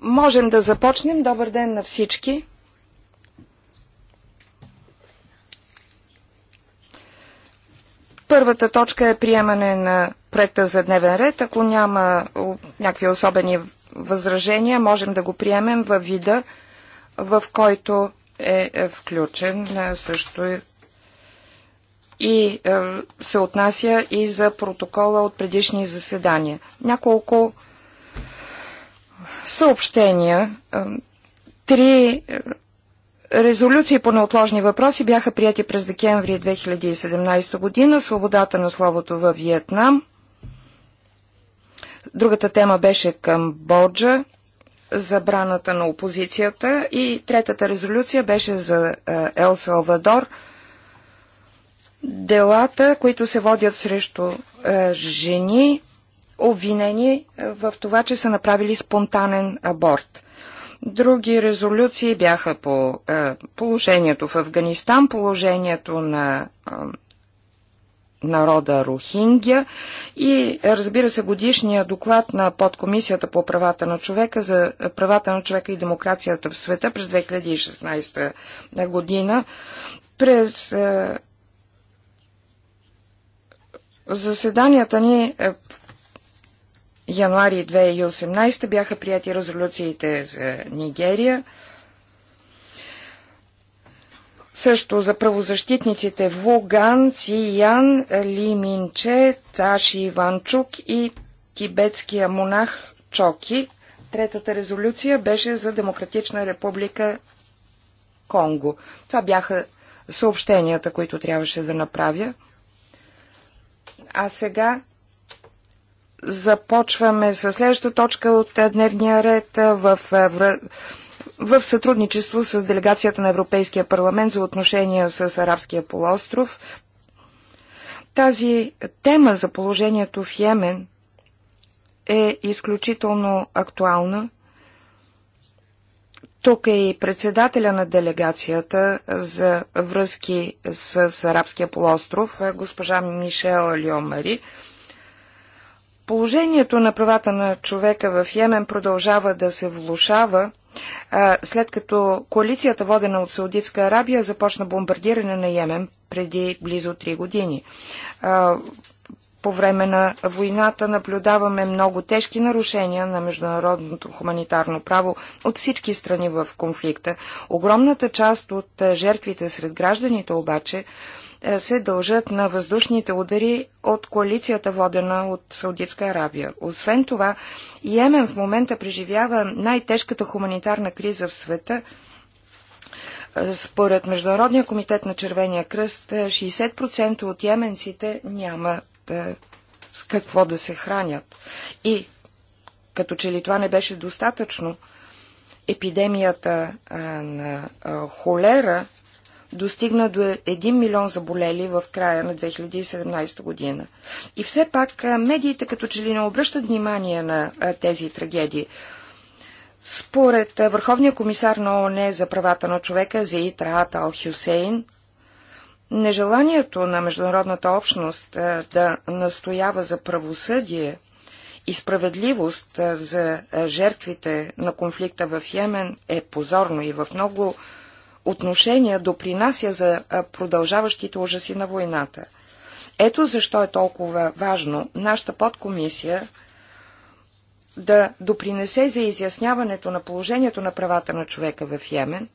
Можем да започнем. Добър ден на всички. Първата точка е приемане на проекта за дневен ред. Ако няма някакви особени възражения, можем да го приемем във вида, в който е, е включен е, също е и е, се отнася и за протокола от предишни заседания. Няколко съобщения. Е, три е, резолюции по неотложни въпроси бяха прияти през декември 2017 година. Свободата на словото във Виетнам. Другата тема беше Камбоджа, забраната на опозицията и третата резолюция беше за Ел Салвадор – делата, които се водят срещу е, жени, обвинени е, в това, че са направили спонтанен аборт. Други резолюции бяха по е, положението в Афганистан, положението на е, народа Рухингя и разбира се годишния доклад на подкомисията по правата на човека за правата на човека и демокрацията в света през 2016 година. През е, заседанията ни в е, януари 2018 бяха прияти резолюциите за Нигерия, също за правозащитниците Вуган, Циян, Ли Минче, Таши Иванчук и тибетския монах Чоки. Третата резолюция беше за Демократична република Конго. Това бяха съобщенията, които трябваше да направя. А сега започваме с следващата точка от дневния ред в, в, в сътрудничество с делегацията на Европейския парламент за отношения с Арабския полуостров. Тази тема за положението в Йемен е изключително актуална тук е и председателя на делегацията за връзки с Арабския полуостров, госпожа Мишел Льомари. Положението на правата на човека в Йемен продължава да се влушава, след като коалицията, водена от Саудитска Арабия, започна бомбардиране на Йемен преди близо 3 години по време на войната наблюдаваме много тежки нарушения на международното хуманитарно право от всички страни в конфликта. Огромната част от е, жертвите сред гражданите обаче е, се дължат на въздушните удари от коалицията водена от Саудитска Арабия. Освен това, Йемен в момента преживява най-тежката хуманитарна криза в света. Е, според Международния комитет на Червения кръст, 60% от йеменците няма е, с какво да се хранят. И като че ли това не беше достатъчно, епидемията е, на е, холера достигна до 1 милион заболели в края на 2017 година. И все пак медиите като че ли не обръщат внимание на тези трагедии. Според Върховния комисар на ООН за правата на човека Зеид Раат Ал Хюсейн, Нежеланието на международната общност е, да настоява за правосъдие и справедливост е, за жертвите на конфликта в Йемен е позорно и в много отношения допринася за е, продължаващите ужаси на войната. Ето защо е толкова важно нашата подкомисия да допринесе за изясняването на положението на правата на човека в Йемен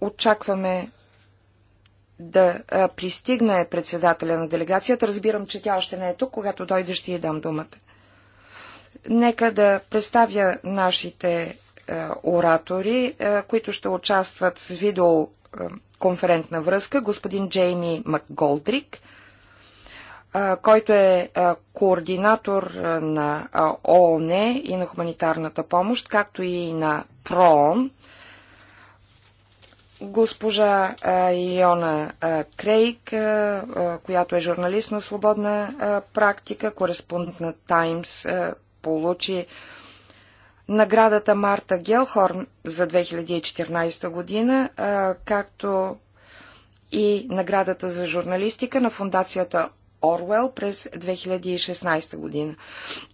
очакваме да пристигне председателя на делегацията. Разбирам, че тя още не е тук. Когато дойде, ще й дам думата. Нека да представя нашите оратори, които ще участват с видеоконферентна връзка. Господин Джейми Макголдрик, който е координатор на ООН и на хуманитарната помощ, както и на ПРООН, госпожа Иона Крейг, която е журналист на свободна практика, кореспондент на Таймс, получи наградата Марта Гелхорн за 2014 година, както и наградата за журналистика на фундацията Орвел през 2016 година.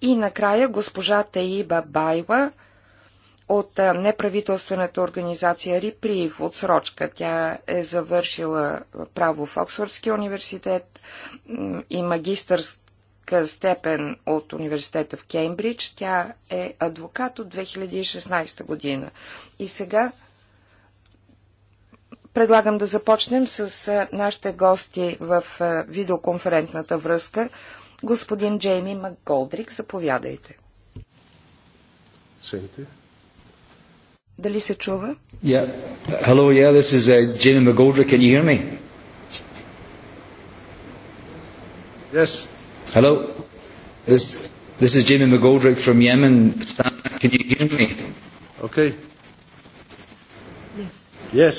И накрая госпожа Таиба Байва – от неправителствената организация Рипри в отсрочка. Тя е завършила право в Оксфордския университет и магистърска степен от университета в Кеймбридж. Тя е адвокат от 2016 година. И сега предлагам да започнем с нашите гости в видеоконферентната връзка. Господин Джейми Макголдрик, заповядайте. Сенте. Дали се чува? Yeah. Hello, yeah, this is uh, Jamie McGoldrick. Can you hear me? Yes. Hello. This this is Jamie McGoldrick from Yemen. Can you hear me? Okay. Yes. Yes.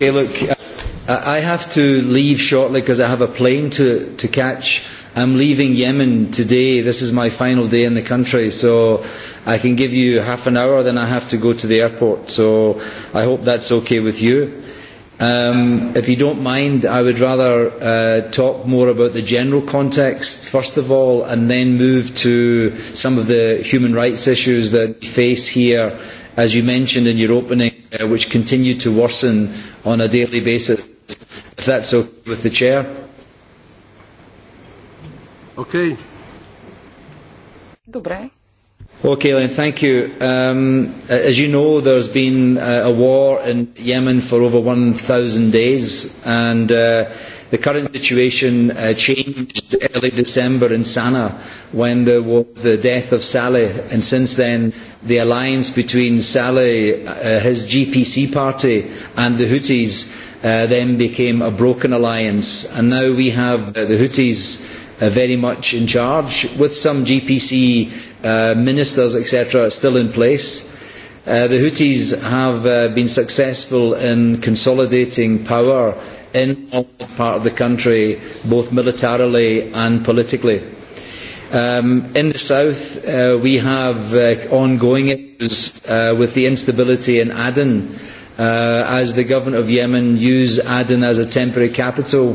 Hey, look, I have to leave shortly because I have a plane to, to catch. I'm leaving Yemen today. This is my final day in the country, so I can give you half an hour, then I have to go to the airport. So I hope that's okay with you. Um, if you don't mind, I would rather uh, talk more about the general context, first of all, and then move to some of the human rights issues that we face here, as you mentioned in your opening, uh, which continue to worsen on a daily basis, if that's okay with the Chair. Окей. Okay. Добре. Okay, Len, thank you. Um, as you know, there's been uh, a war in Yemen for over 1,000 days, and uh, the current situation uh, changed early December in Sana'a when there was the death of Saleh, and since then, the alliance between Saleh, uh, his GPC party, and the Houthis uh, then became a broken alliance, and now we have uh, the Houthis uh, very much in charge, with some GPC uh, ministers, etc., still in place. Uh, the Houthis have uh, been successful in consolidating power in part of the country, both militarily and politically. Um, in the south, uh, we have uh, ongoing issues uh, with the instability in Aden, uh, as the government of Yemen use Aden as a temporary capital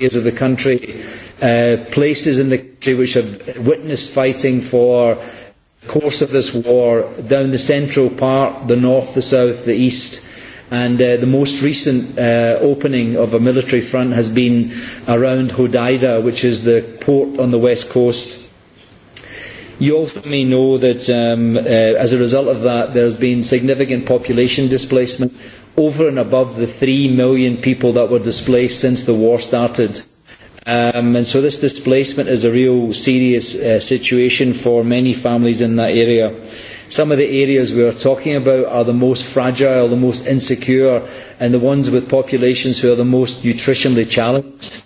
areas of the country, uh, places in the country which have witnessed fighting for the course of this war, down the central part, the north, the south, the east. And uh, the most recent uh, opening of a military front has been around Hodeida, which is the port on the west coast. You also may know that um, uh, as a result of that, there's been significant population displacement over and above the three million people that were displaced since the war started. Um, and so this displacement is a real serious uh, situation for many families in that area. Some of the areas we are talking about are the most fragile, the most insecure, and the ones with populations who are the most nutritionally challenged.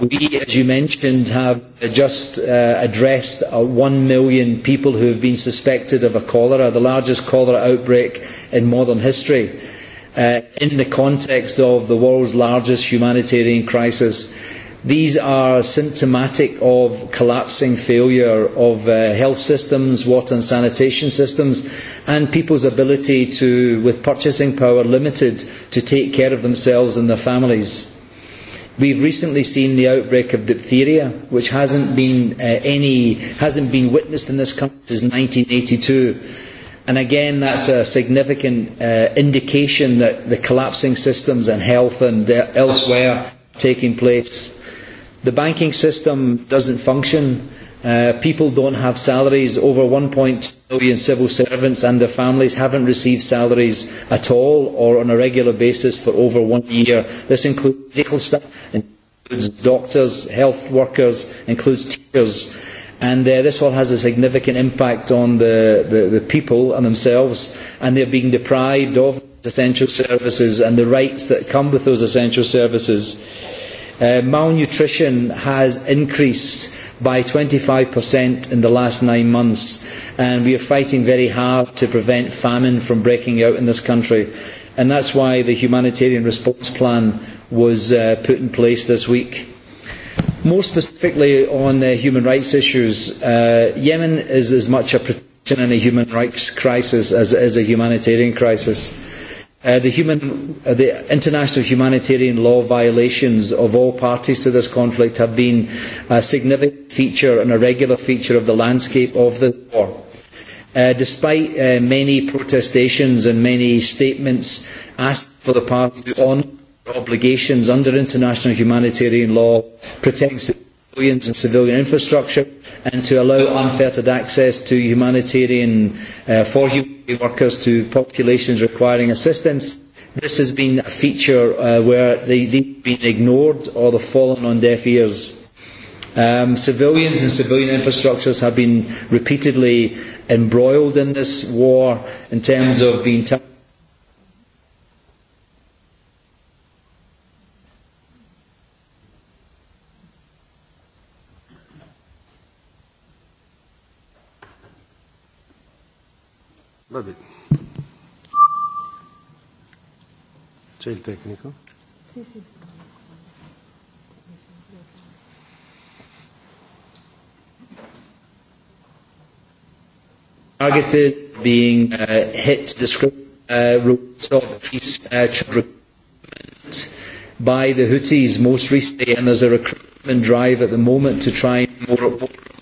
We, as you mentioned, have just uh, addressed uh, one million people who have been suspected of a cholera, the largest cholera outbreak in modern history uh, in the context of the world's largest humanitarian crisis. These are symptomatic of collapsing failure of uh, health systems, water and sanitation systems, and people's ability to, with purchasing power limited, to take care of themselves and their families. We've recently seen the outbreak of diphtheria, which hasn't been uh, any hasn't been witnessed in this country since 1982 And again, that's a significant uh, indication that the collapsing systems in health and uh, elsewhere taking place. The banking system doesn't function. Uh, people don't have salaries. Over 1.2 million civil servants and their families haven't received salaries at all or on a regular basis for over one year. This includes medical staff, includes doctors, health workers, includes teachers and uh, this all has a significant impact on the, the, the people and themselves, and they're being deprived of essential services and the rights that come with those essential services. Uh, malnutrition has increased by 25% in the last nine months, and we are fighting very hard to prevent famine from breaking out in this country. And that's why the humanitarian response plan was uh, put in place this week More specifically on uh, human rights issues, uh, Yemen is as much a protection and a human rights crisis as it is a humanitarian crisis. Uh, the, human, uh, the international humanitarian law violations of all parties to this conflict have been a significant feature and a regular feature of the landscape of the war. Uh, despite uh, many protestations and many statements asked for the parties on obligations under international humanitarian law, protecting civilians and civilian infrastructure, and to allow unfettered access to humanitarian uh, for humanitarian workers to populations requiring assistance. This has been a feature uh, where they, they've been ignored or they've fallen on deaf ears. Um, civilians and civilian infrastructures have been repeatedly embroiled in this war in terms of being targeted C'è il tecnico? Sì, sì. Targeted being uh, hit description uh, of peace uh, recruitment by the Houthis most recently, and there's a recruitment drive at the moment to try and more, more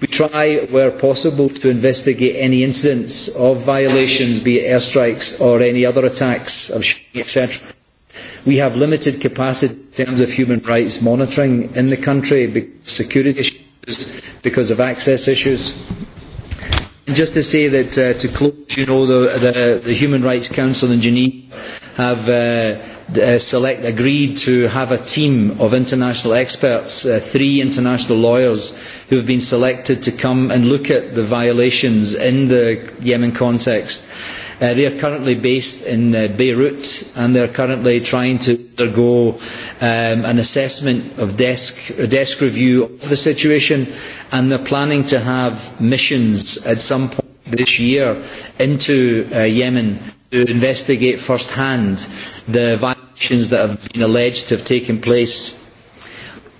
We try, where possible, to investigate any incidents of violations, be it airstrikes or any other attacks of shooting, etc. We have limited capacity in terms of human rights monitoring in the country, because security issues, because of access issues. And just to say that uh, to close, you know, the, the, the Human Rights Council in Geneva have uh, uh, select agreed to have a team of international experts, uh, three international lawyers, who have been selected to come and look at the violations in the Yemen context. Uh, they are currently based in uh, Beirut and they are currently trying to undergo um, an assessment of desk, a desk review of the situation and they are planning to have missions at some point this year into uh, Yemen to investigate firsthand the violations that have been alleged to have taken place.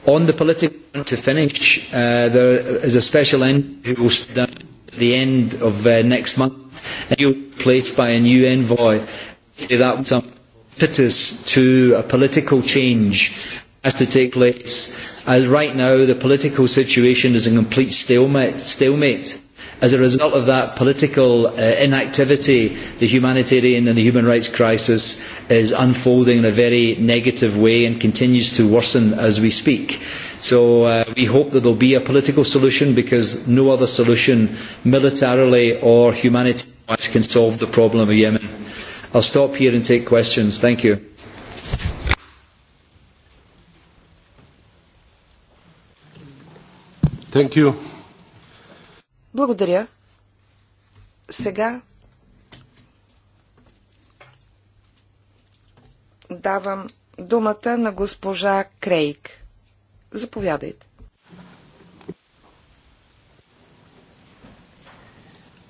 On the political to finish. Uh, there is a special envoy who will sit down at the end of uh, next month, and he will be replaced by a new envoy. That was some impetus to a political change has to take place. As right now, the political situation is a complete stalemate. stalemate. As a result of that political uh, inactivity, the humanitarian and the human rights crisis is unfolding in a very negative way and continues to worsen as we speak. So uh, we hope that there will be a political solution because no other solution militarily or humanitarian can solve the problem of Yemen. I'll stop here and take questions. Thank you. Thank you. Благодаря. Сега давам думата на госпожа Крейг. Заповядайте.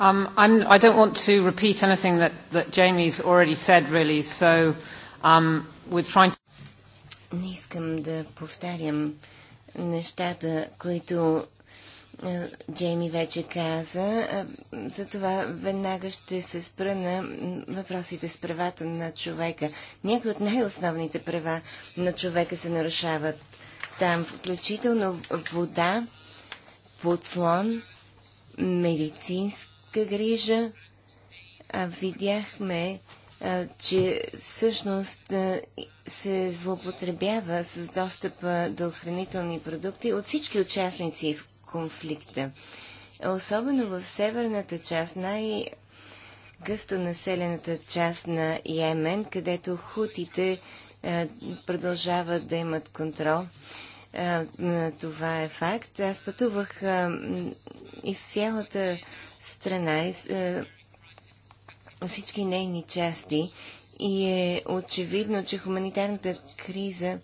Um, I'm, I don't want to repeat anything that, that Jamie's already said, really, so um, we're trying to... Не искам да повтарям нещата, които е, Джейми вече каза. Е, Затова веднага ще се спра на въпросите с правата на човека. Някои от най-основните права на човека се нарушават там, включително вода, подслон, медицинска грижа. а Видяхме, че всъщност се злоупотребява с достъпа до хранителни продукти от всички участници в конфликта. Особено в северната част, най- гъсто населената част на Йемен, където хутите продължават да имат контрол. Е, това е факт. Аз пътувах е, из цялата страна, из е, всички нейни части и е очевидно, че хуманитарната криза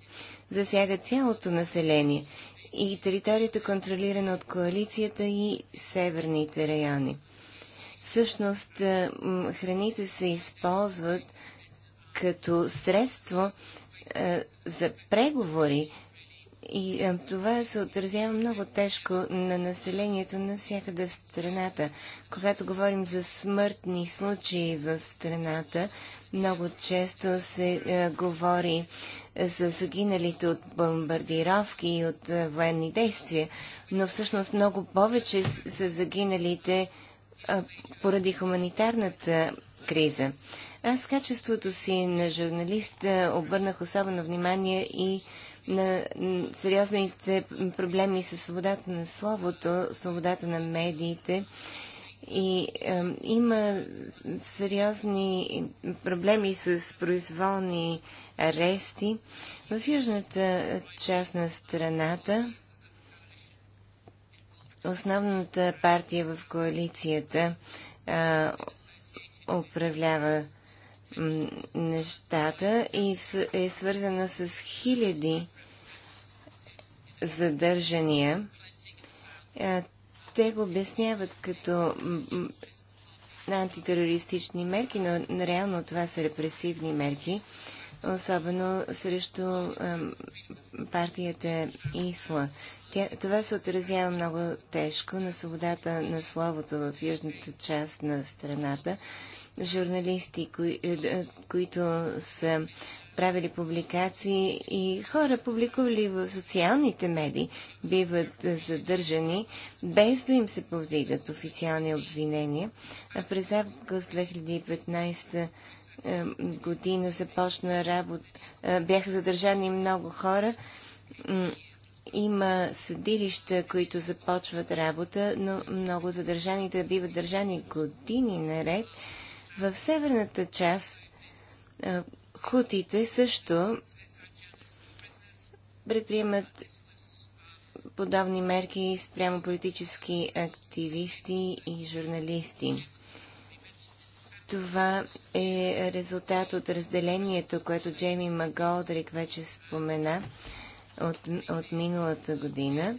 засяга цялото население и територията контролирана от коалицията и северните райони. Всъщност, храните се използват като средство за преговори и а, е, това се отразява много тежко на населението навсякъде в страната. Когато говорим за смъртни случаи в страната, много често се а, е, говори за загиналите от бомбардировки и от а, е, военни действия, но всъщност много повече са загиналите поради хуманитарната криза. Аз в качеството си на журналист обърнах особено внимание и на сериозните проблеми с свободата на словото, свободата на медиите. И е, има сериозни проблеми с произволни арести. В южната част на страната основната партия в коалицията е, управлява нещата и е свързана с хиляди задържания, е, те го обясняват като антитерористични мерки, но реално това са репресивни мерки, особено срещу е, партията Исла. това се отразява много тежко на свободата на словото в южната част на страната. Журналисти, кои, е, които са правили публикации и хора, публикували в социалните медии, биват е, задържани без да им се повдигат официални обвинения. А през август 2015 е, година започна работа, е, бяха задържани много хора. Има съдилища, които започват работа, но много задържаните биват държани години наред. В северната част Хутите също предприемат подобни мерки спрямо политически активисти и журналисти. Това е резултат от разделението, което Джейми Маголдрик вече спомена от, от миналата година.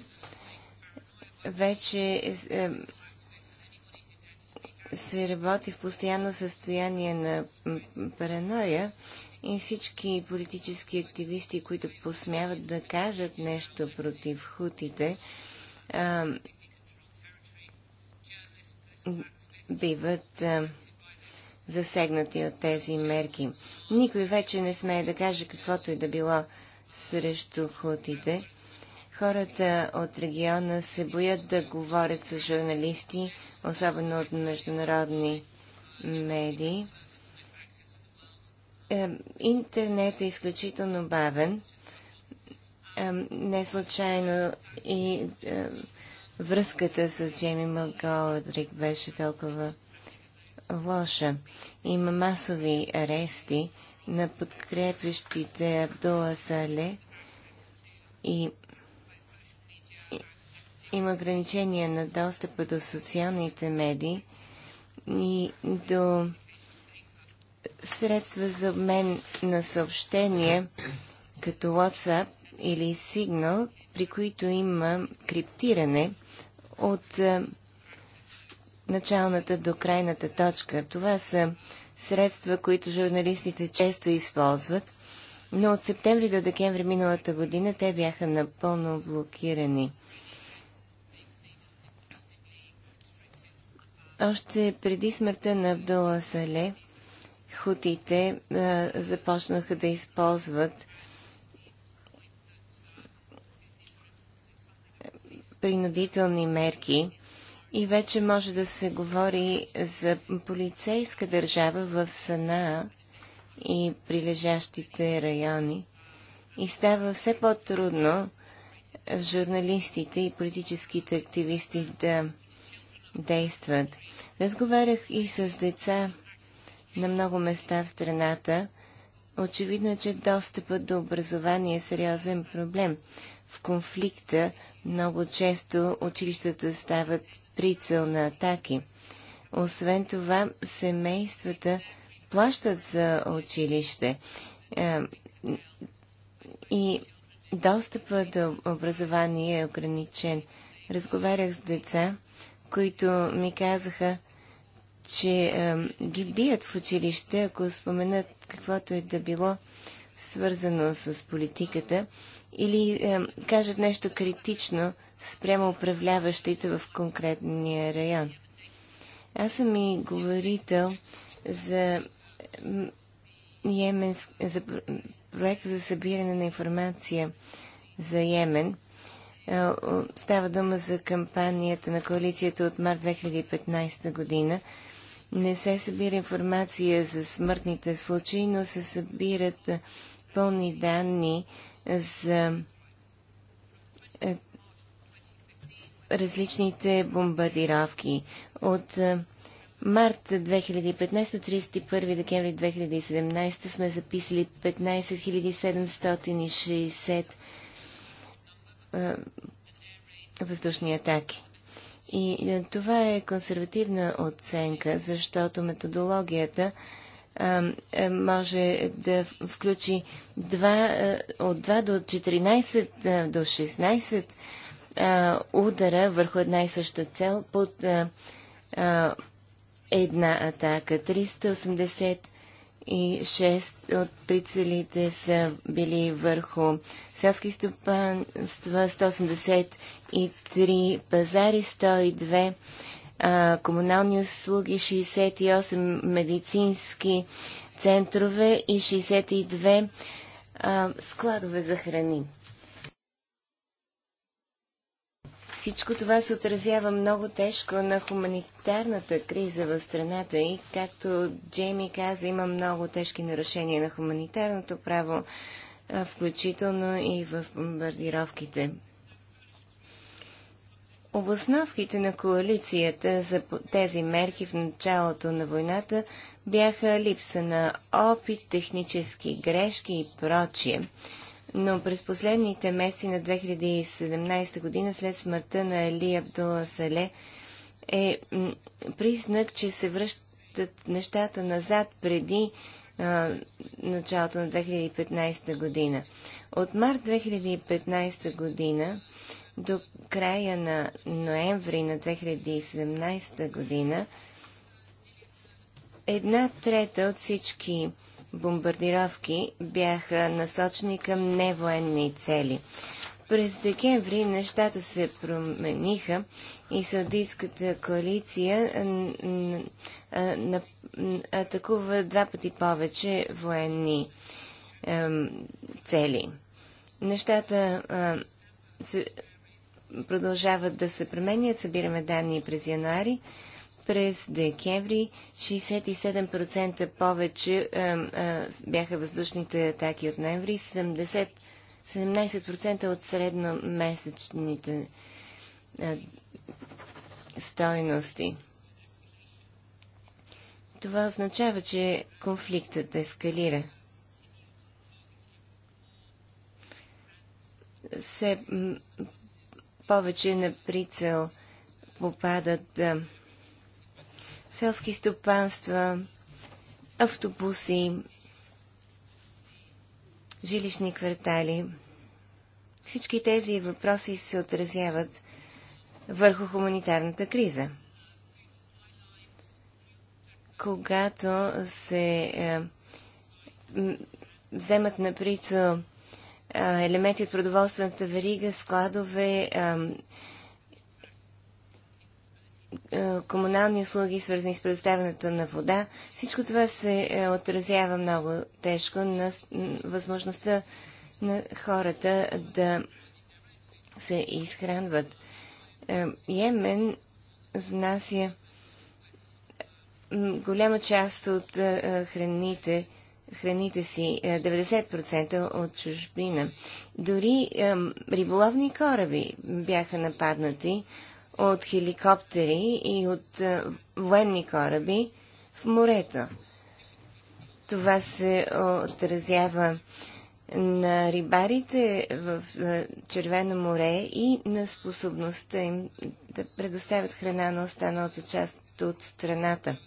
Вече е, се работи в постоянно състояние на параноя и всички политически активисти, които посмяват да кажат нещо против хутите, а, биват а, засегнати от тези мерки. Никой вече не смее да каже каквото и да било срещу хутите. Хората от региона се боят да говорят с журналисти, особено от международни медии. Е, интернет е изключително бавен. Е, не случайно и е, връзката с Джейми Макголдрик беше толкова лоша. Има масови арести на подкрепящите Абдула Сале и има ограничения на достъпа до социалните медии и до средства за обмен на съобщение като WhatsApp или Signal, при които има криптиране от е, началната до крайната точка. Това са средства, които журналистите често използват, но от септември до декември миналата година те бяха напълно блокирани. Още преди смъртта на Абдула Сале, хутите а, започнаха да използват принудителни мерки и вече може да се говори за полицейска държава в Сана и прилежащите райони. И става все по-трудно журналистите и политическите активисти да действат. Разговарях и с деца на много места в страната, очевидно е, че достъпът до образование е сериозен проблем. В конфликта много често училищата стават прицел на атаки. Освен това, семействата плащат за училище. Е, и достъпът до образование е ограничен. Разговарях с деца, които ми казаха, че а, ги бият в училище, ако споменат каквото е да било свързано с политиката или а, кажат нещо критично спрямо управляващите в конкретния район. Аз съм и говорител за, Йеменск, за проект за събиране на информация за Йемен. Е, става дума за кампанията на коалицията от март 2015 година не се събира информация за смъртните случаи, но се събират пълни данни за различните бомбардировки. От март 2015 до 31 декември 2017 сме записали 15 760 въздушни атаки. И е, това е консервативна оценка, защото методологията е, може да включи 2, е, от 2 до 14 до 16 удара върху една и съща цел под една атака. 380 и 6 от прицелите са били върху селски стопанства, 183 пазари, 102 а, комунални услуги, 68 медицински центрове и 62 а, складове за храни. Всичко това се отразява много тежко на хуманитарната криза в страната и, както Джейми каза, има много тежки нарушения на хуманитарното право, включително и в бомбардировките. Обосновките на коалицията за тези мерки в началото на войната бяха липса на опит, технически грешки и прочие но през последните месеци на 2017 година, след смъртта на Али Абдула Сале, е признак, че се връщат нещата назад преди а, началото на 2015 година. От март 2015 година до края на ноември на 2017 година една трета от всички бомбардировки бяха насочени към невоенни цели. През декември нещата се промениха и Саудийската коалиция атакува два пъти повече военни цели. Нещата се продължават да се променят. Събираме данни през януари през декември 67% повече а, а, е, бяха въздушните атаки от ноември, 70, 17% от средномесечните а, е, стойности. Това означава, че конфликтът ескалира. Все повече на прицел попадат селски стопанства, автобуси, жилищни квартали. Всички тези въпроси се отразяват върху хуманитарната криза. Когато се е, вземат на прицел е, елементи от продоволствената верига, складове, е, е, комунални услуги, свързани с предоставянето на вода. Всичко това се е, отразява много тежко на възможността на хората да се изхранват. Е, Йемен внася голяма част от храните, храните си, 90% от чужбина. Дори риболовни кораби бяха нападнати от хеликоптери и от е, военни кораби в морето. Това се отразява на рибарите в е, Червено море и на способността им да предоставят храна на останалата част от страната.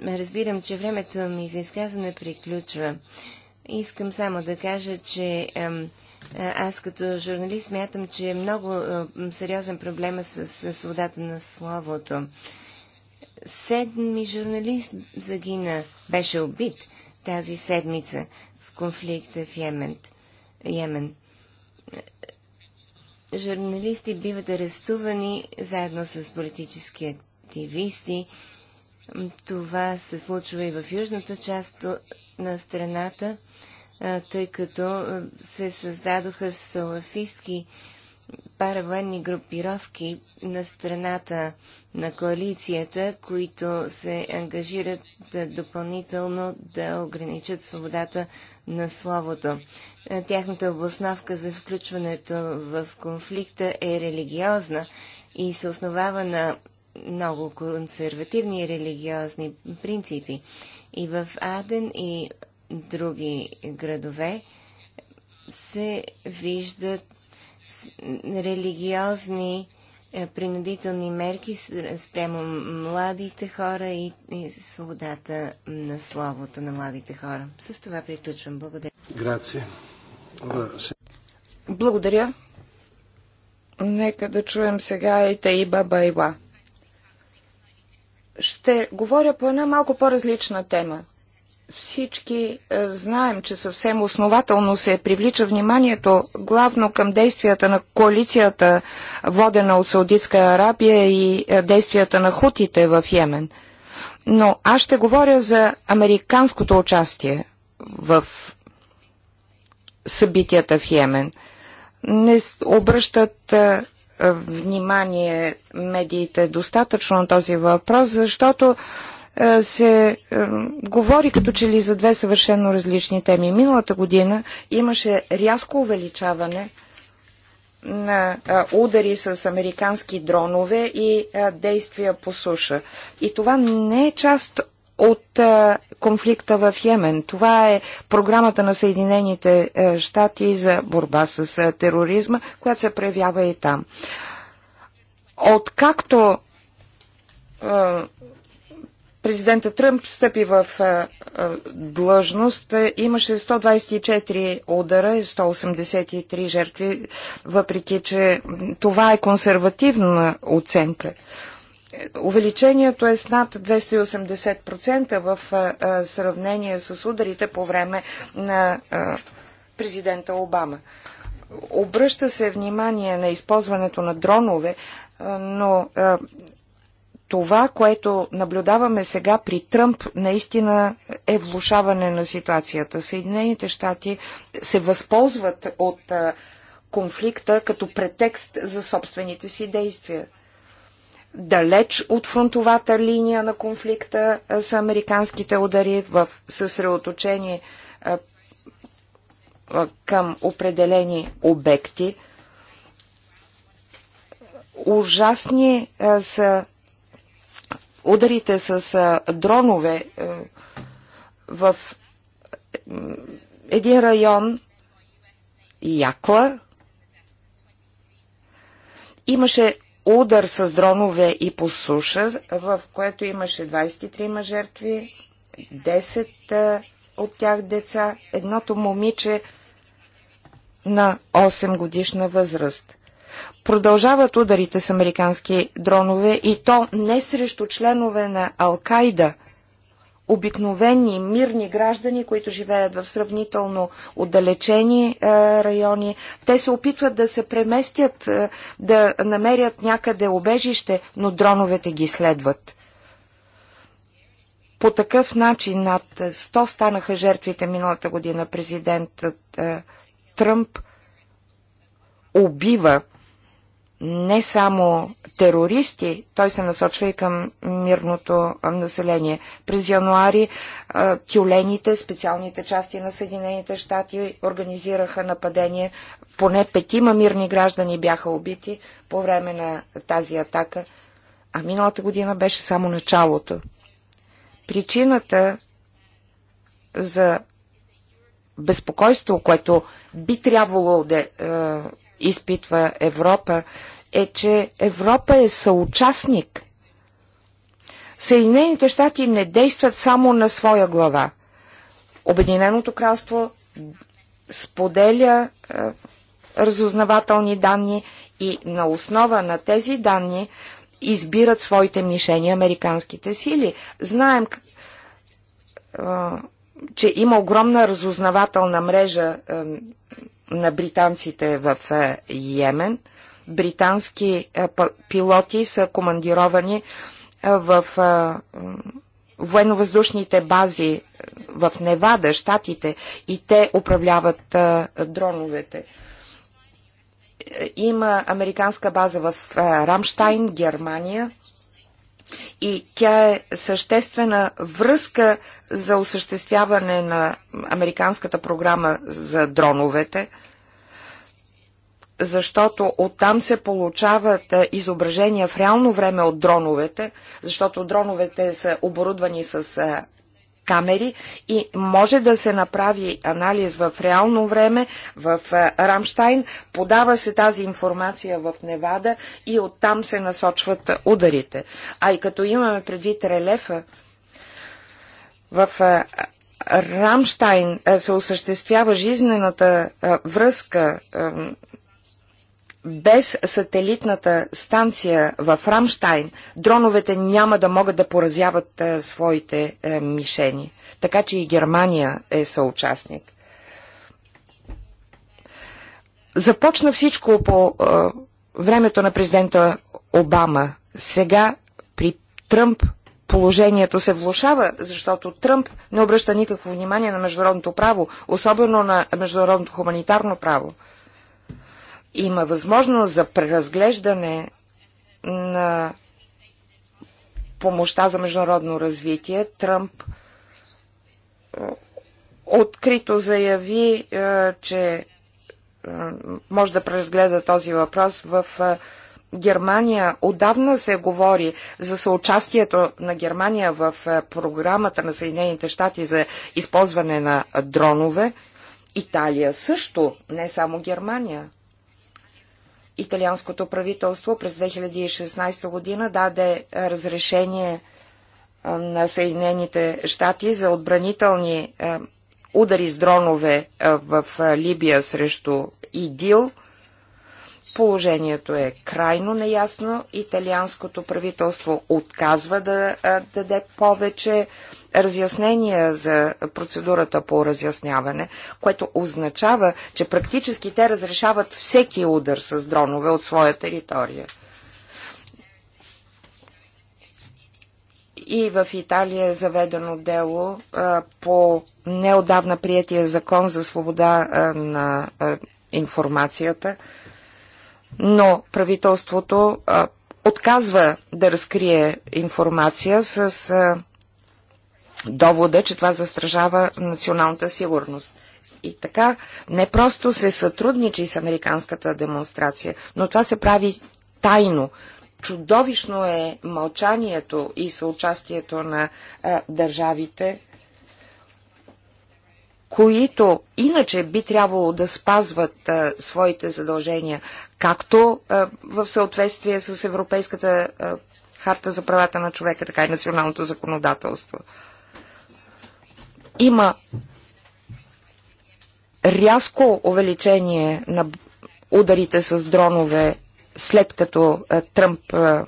разбирам, че времето ми за изказване приключва. Искам само да кажа, че ам, е, аз като журналист смятам, че е много е, сериозен проблема с свободата на словото. Седми журналист загина, беше убит тази седмица в конфликта в Йемен. Йемен. Журналисти биват арестувани заедно с политически активисти. Това се случва и в южната част на страната – тъй като се създадоха салафистски паравоенни групировки на страната на коалицията, които се ангажират да допълнително да ограничат свободата на словото. Тяхната обосновка за включването в конфликта е религиозна и се основава на много консервативни религиозни принципи. И в Аден и други градове, се виждат религиозни е, принудителни мерки спрямо младите хора и, свободата на словото на младите хора. С това приключвам. Благодаря. Грация. Благодаря. Нека да чуем сега и Таиба Байба. Ще говоря по една малко по-различна тема. Всички е, знаем, че съвсем основателно се привлича вниманието главно към действията на коалицията, водена от Саудитска Арабия и е, действията на хутите в Йемен. Но аз ще говоря за американското участие в събитията в Йемен. Не обръщат е, внимание медиите достатъчно на този въпрос, защото е, се е, говори като че ли за две съвършено различни теми. Миналата година имаше рязко увеличаване на е, удари с американски дронове и действия по суша. И това не е част от конфликта в Йемен. Това е програмата на Съединените щати за борба с тероризма, която се проявява и там. Откакто президента Тръмп стъпи в длъжност, имаше 124 удара и 183 жертви, въпреки че това е консервативна оценка. Увеличението е с над 280% в сравнение с ударите по време на президента Обама. Обръща се внимание на използването на дронове, но това, което наблюдаваме сега при Тръмп, наистина е влушаване на ситуацията. Съединените щати се възползват от конфликта като претекст за собствените си действия. Далеч от фронтовата линия на конфликта са американските удари в съсредоточение към определени обекти. Ужасни са ударите с дронове е, в един район, Якла, имаше удар с дронове и по суша, в което имаше 23 жертви, 10 е, от тях деца, едното момиче на 8 годишна възраст. Продължават ударите с американски дронове и то не срещу членове на Алкайда, обикновени мирни граждани, които живеят в сравнително отдалечени е, райони. Те се опитват да се преместят, е, да намерят някъде обежище, но дроновете ги следват. По такъв начин над 100 станаха жертвите миналата година. Президентът е, Тръмп убива не само терористи, той се насочва и към мирното население. През януари тюлените, специалните части на Съединените щати организираха нападение. Поне петима мирни граждани бяха убити по време на тази атака, а миналата година беше само началото. Причината за безпокойство, което би трябвало да е, изпитва Европа, е, че Европа е съучастник. Съединените щати не действат само на своя глава. Обединеното кралство споделя е, разузнавателни данни и на основа на тези данни избират своите мишени американските сили. Знаем е, че има огромна разузнавателна мрежа на британците в е, Йемен. Британски е, пилоти са командировани е, в военновъздушните бази в Невада, щатите, и те управляват дроновете. Има американска база в Рамштайн, Германия и тя е съществена връзка за осъществяване на американската програма за дроновете, защото оттам се получават е, изображения в реално време от дроновете, защото дроновете са оборудвани с е, камери и може да се направи анализ в реално време в Рамштайн. Подава се тази информация в Невада и оттам се насочват ударите. А и като имаме предвид релефа, в Рамштайн се осъществява жизнената връзка без сателитната станция в Рамштайн, дроновете няма да могат да поразяват а, е, своите а, е, мишени. Така че и Германия е съучастник. Започна всичко по а, е, времето на президента Обама. Сега при Тръмп положението се влушава, защото Тръмп не обръща никакво внимание на международното право, особено на международното хуманитарно право има възможност за преразглеждане на помощта за международно развитие, Тръмп открито заяви, че може да преразгледа този въпрос в Германия. Отдавна се говори за съучастието на Германия в програмата на Съединените щати за използване на дронове. Италия също, не само Германия италианското правителство през 2016 година даде разрешение на Съединените щати за отбранителни удари с дронове в Либия срещу ИДИЛ. Положението е крайно неясно. Италианското правителство отказва да даде повече разяснения за процедурата по разясняване, което означава, че практически те разрешават всеки удар с дронове от своя територия. И в Италия е заведено дело а, по неодавна приятия закон за свобода а, на а, информацията, но правителството а, отказва да разкрие информация с а, довода, че това застражава националната сигурност. И така не просто се сътрудничи с американската демонстрация, но това се прави тайно. Чудовищно е мълчанието и съучастието на а, държавите, които иначе би трябвало да спазват а, своите задължения, както а, в съответствие с Европейската а, харта за правата на човека, така и националното законодателство. Има рязко увеличение на ударите с дронове след като е, Тръмп е,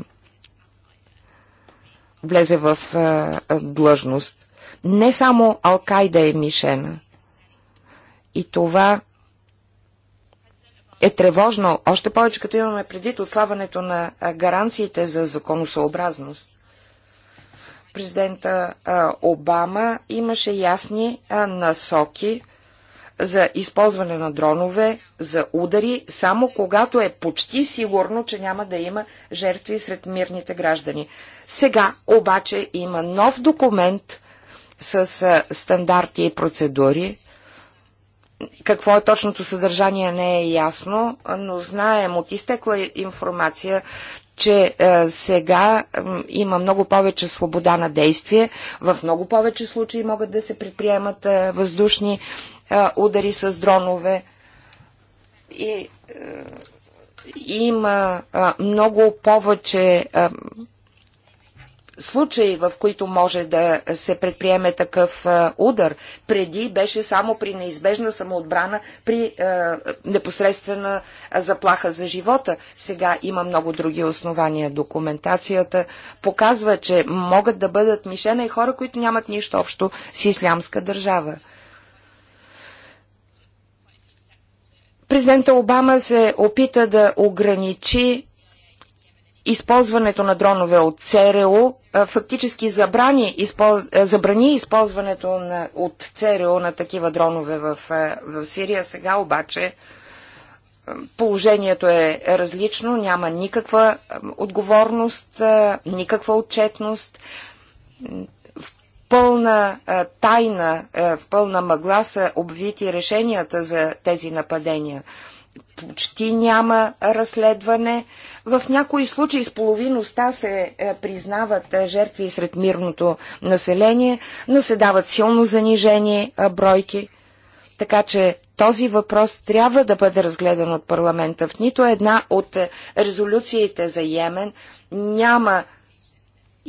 влезе в е, длъжност. Не само Алкайда е мишена. И това е тревожно, още повече като имаме предвид отслабването на гаранциите за законосъобразност президента Обама имаше ясни насоки за използване на дронове, за удари, само когато е почти сигурно, че няма да има жертви сред мирните граждани. Сега обаче има нов документ с стандарти и процедури. Какво е точното съдържание не е ясно, но знаем от изтекла информация, че е, сега е, има много повече свобода на действие. В много повече случаи могат да се предприемат е, въздушни е, удари с дронове. И е, има е, много повече случаи, в които може да се предприеме такъв удар. Преди беше само при неизбежна самоотбрана, при непосредствена заплаха за живота. Сега има много други основания. Документацията показва, че могат да бъдат мишена и хора, които нямат нищо общо с ислямска държава. Президента Обама се опита да ограничи използването на дронове от ЦРУ фактически забрани, използ... забрани използването на, от ЦРУ на такива дронове в, в Сирия. Сега обаче положението е различно, няма никаква отговорност, никаква отчетност. В пълна тайна, в пълна мъгла са обвити решенията за тези нападения почти няма разследване. В някои случаи с половиността се е, признават е, жертви сред мирното население, но се дават силно занижени е, бройки. Така че този въпрос трябва да бъде разгледан от парламента. В нито една от резолюциите за Йемен няма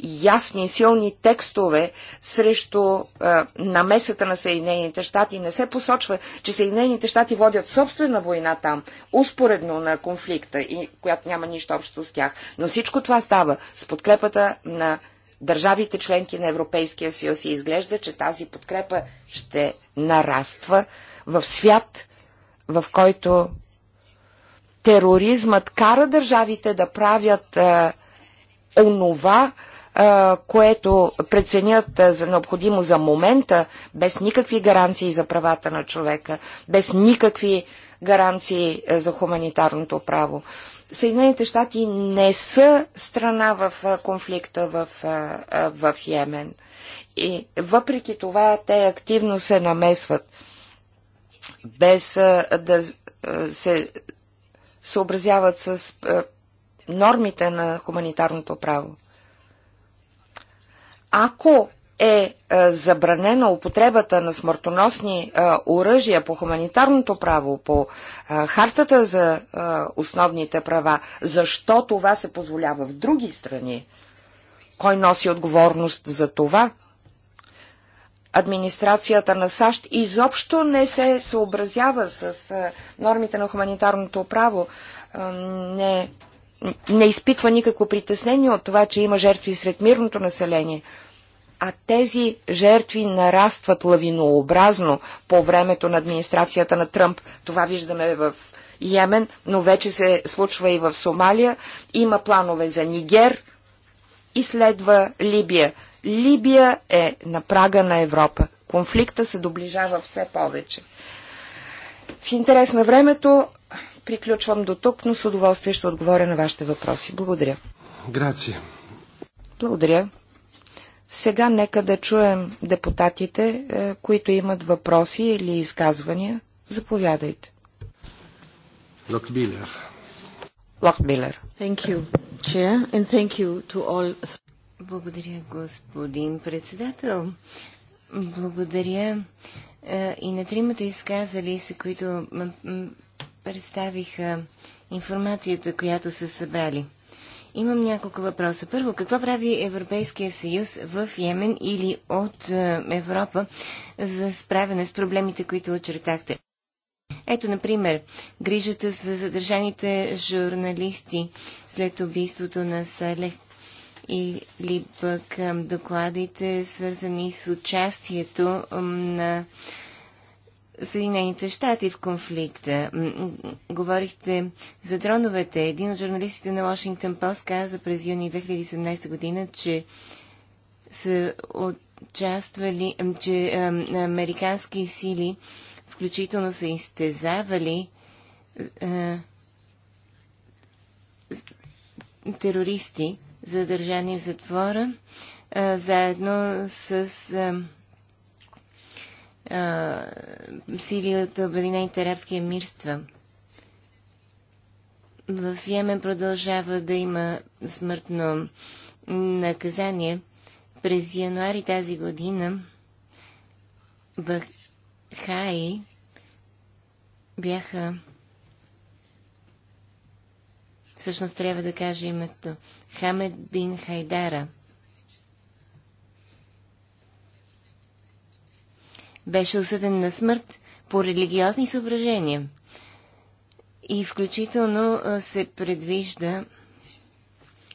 ясни, силни текстове срещу а, е, намесата на Съединените щати. Не се посочва, че Съединените щати водят собствена война там, успоредно на конфликта, и, която няма нищо общо с тях. Но всичко това става с подкрепата на държавите членки на Европейския съюз и изглежда, че тази подкрепа ще нараства в свят, в който тероризмът кара държавите да правят а, е, онова, което преценят за необходимо за момента, без никакви гаранции за правата на човека, без никакви гаранции за хуманитарното право. Съединените щати не са страна в конфликта в, в Йемен. И въпреки това те активно се намесват, без да се съобразяват с нормите на хуманитарното право. Ако е, е забранена употребата на смъртоносни е, оръжия по хуманитарното право, по е, хартата за основните права, защо това се позволява в други страни? Кой носи отговорност за това? Администрацията на САЩ изобщо не се съобразява с нормите на хуманитарното право. не, не изпитва никакво притеснение от това, че има жертви сред мирното население – а тези жертви нарастват лавинообразно по времето на администрацията на Тръмп. Това виждаме в Йемен, но вече се случва и в Сомалия. Има планове за Нигер и следва Либия. Либия е на прага на Европа. Конфликта се доближава все повече. В интерес на времето приключвам до тук, но с удоволствие ще отговоря на вашите въпроси. Благодаря. Грация. Благодаря. Сега нека да чуем депутатите, е, които имат въпроси или изказвания. Заповядайте. Локбилер. Локбилер. Благодаря, господин председател. Благодаря е, и на тримата изказали се, които представиха информацията, която са събрали. Имам няколко въпроса. Първо, какво прави Европейския съюз в Йемен или от е, Европа за справяне с проблемите, които очертахте? Ето, например, грижата за задържаните журналисти след убийството на Сале или пък докладите, свързани с участието на Съединените щати в конфликта. Говорихте за дроновете. Един от журналистите на Washington Post каза през юни 2017 година, че са участвали, че американски сили включително са изтезавали а, терористи, задържани в затвора, а, заедно с а, сили от Обединените арабски емирства. В Йемен продължава да има смъртно наказание. През януари тази година Бахаи бяха всъщност трябва да кажа името Хамед бин Хайдара – беше осъден на смърт по религиозни съображения. И включително се предвижда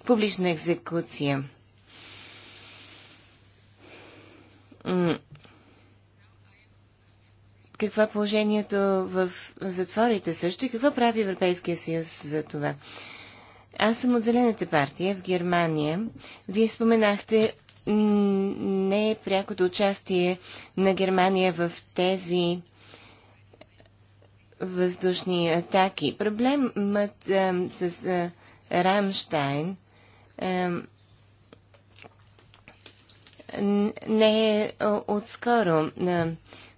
публична екзекуция. Какво е положението в затворите също и какво прави Европейския съюз за това? Аз съм от Зелената партия в Германия. Вие споменахте не е прякото участие на Германия в тези въздушни атаки. Проблемът а, с а, Рамштайн а, не е отскоро.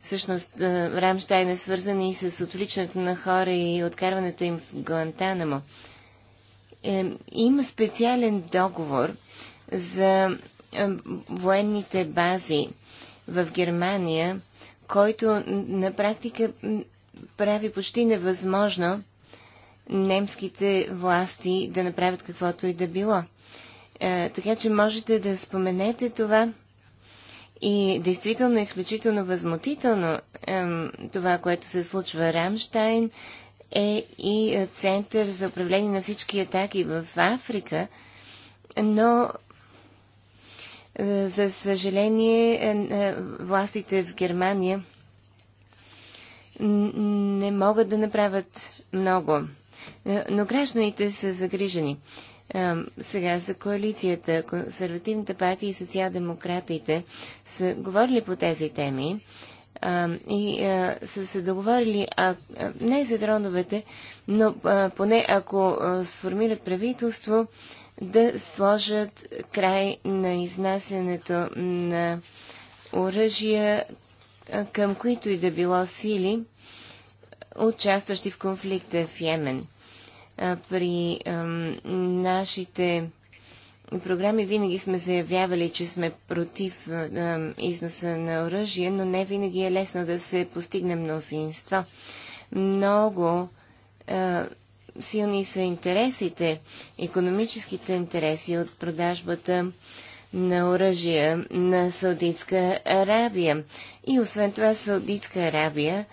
Всъщност, Рамштайн е свързан и с отвличането на хора и откарването им в Гуантанамо. Има специален договор за е, военните бази в Германия, който на практика прави почти невъзможно немските власти да направят каквото и да било. Е, така че можете да споменете това. И действително изключително възмутително това, което се случва Рамштайн е и е, център за управление на всички атаки в Африка, но за съжаление, е, е, властите в Германия не могат да направят много. Е, но гражданите са загрижени. Сега за коалицията, консервативната партия и социал-демократите са говорили по тези теми и са се договорили, а, не за дроновете, но поне ако сформират правителство, да сложат край на изнасянето на оръжия към които и да било сили, участващи в конфликта в Йемен. При нашите програми винаги сме заявявали, че сме против ам, износа на оръжие, но не винаги е лесно да се постигне мнозинство. Много а, силни са интересите, економическите интереси от продажбата на оръжия на Саудитска Арабия. И освен това Саудитска Арабия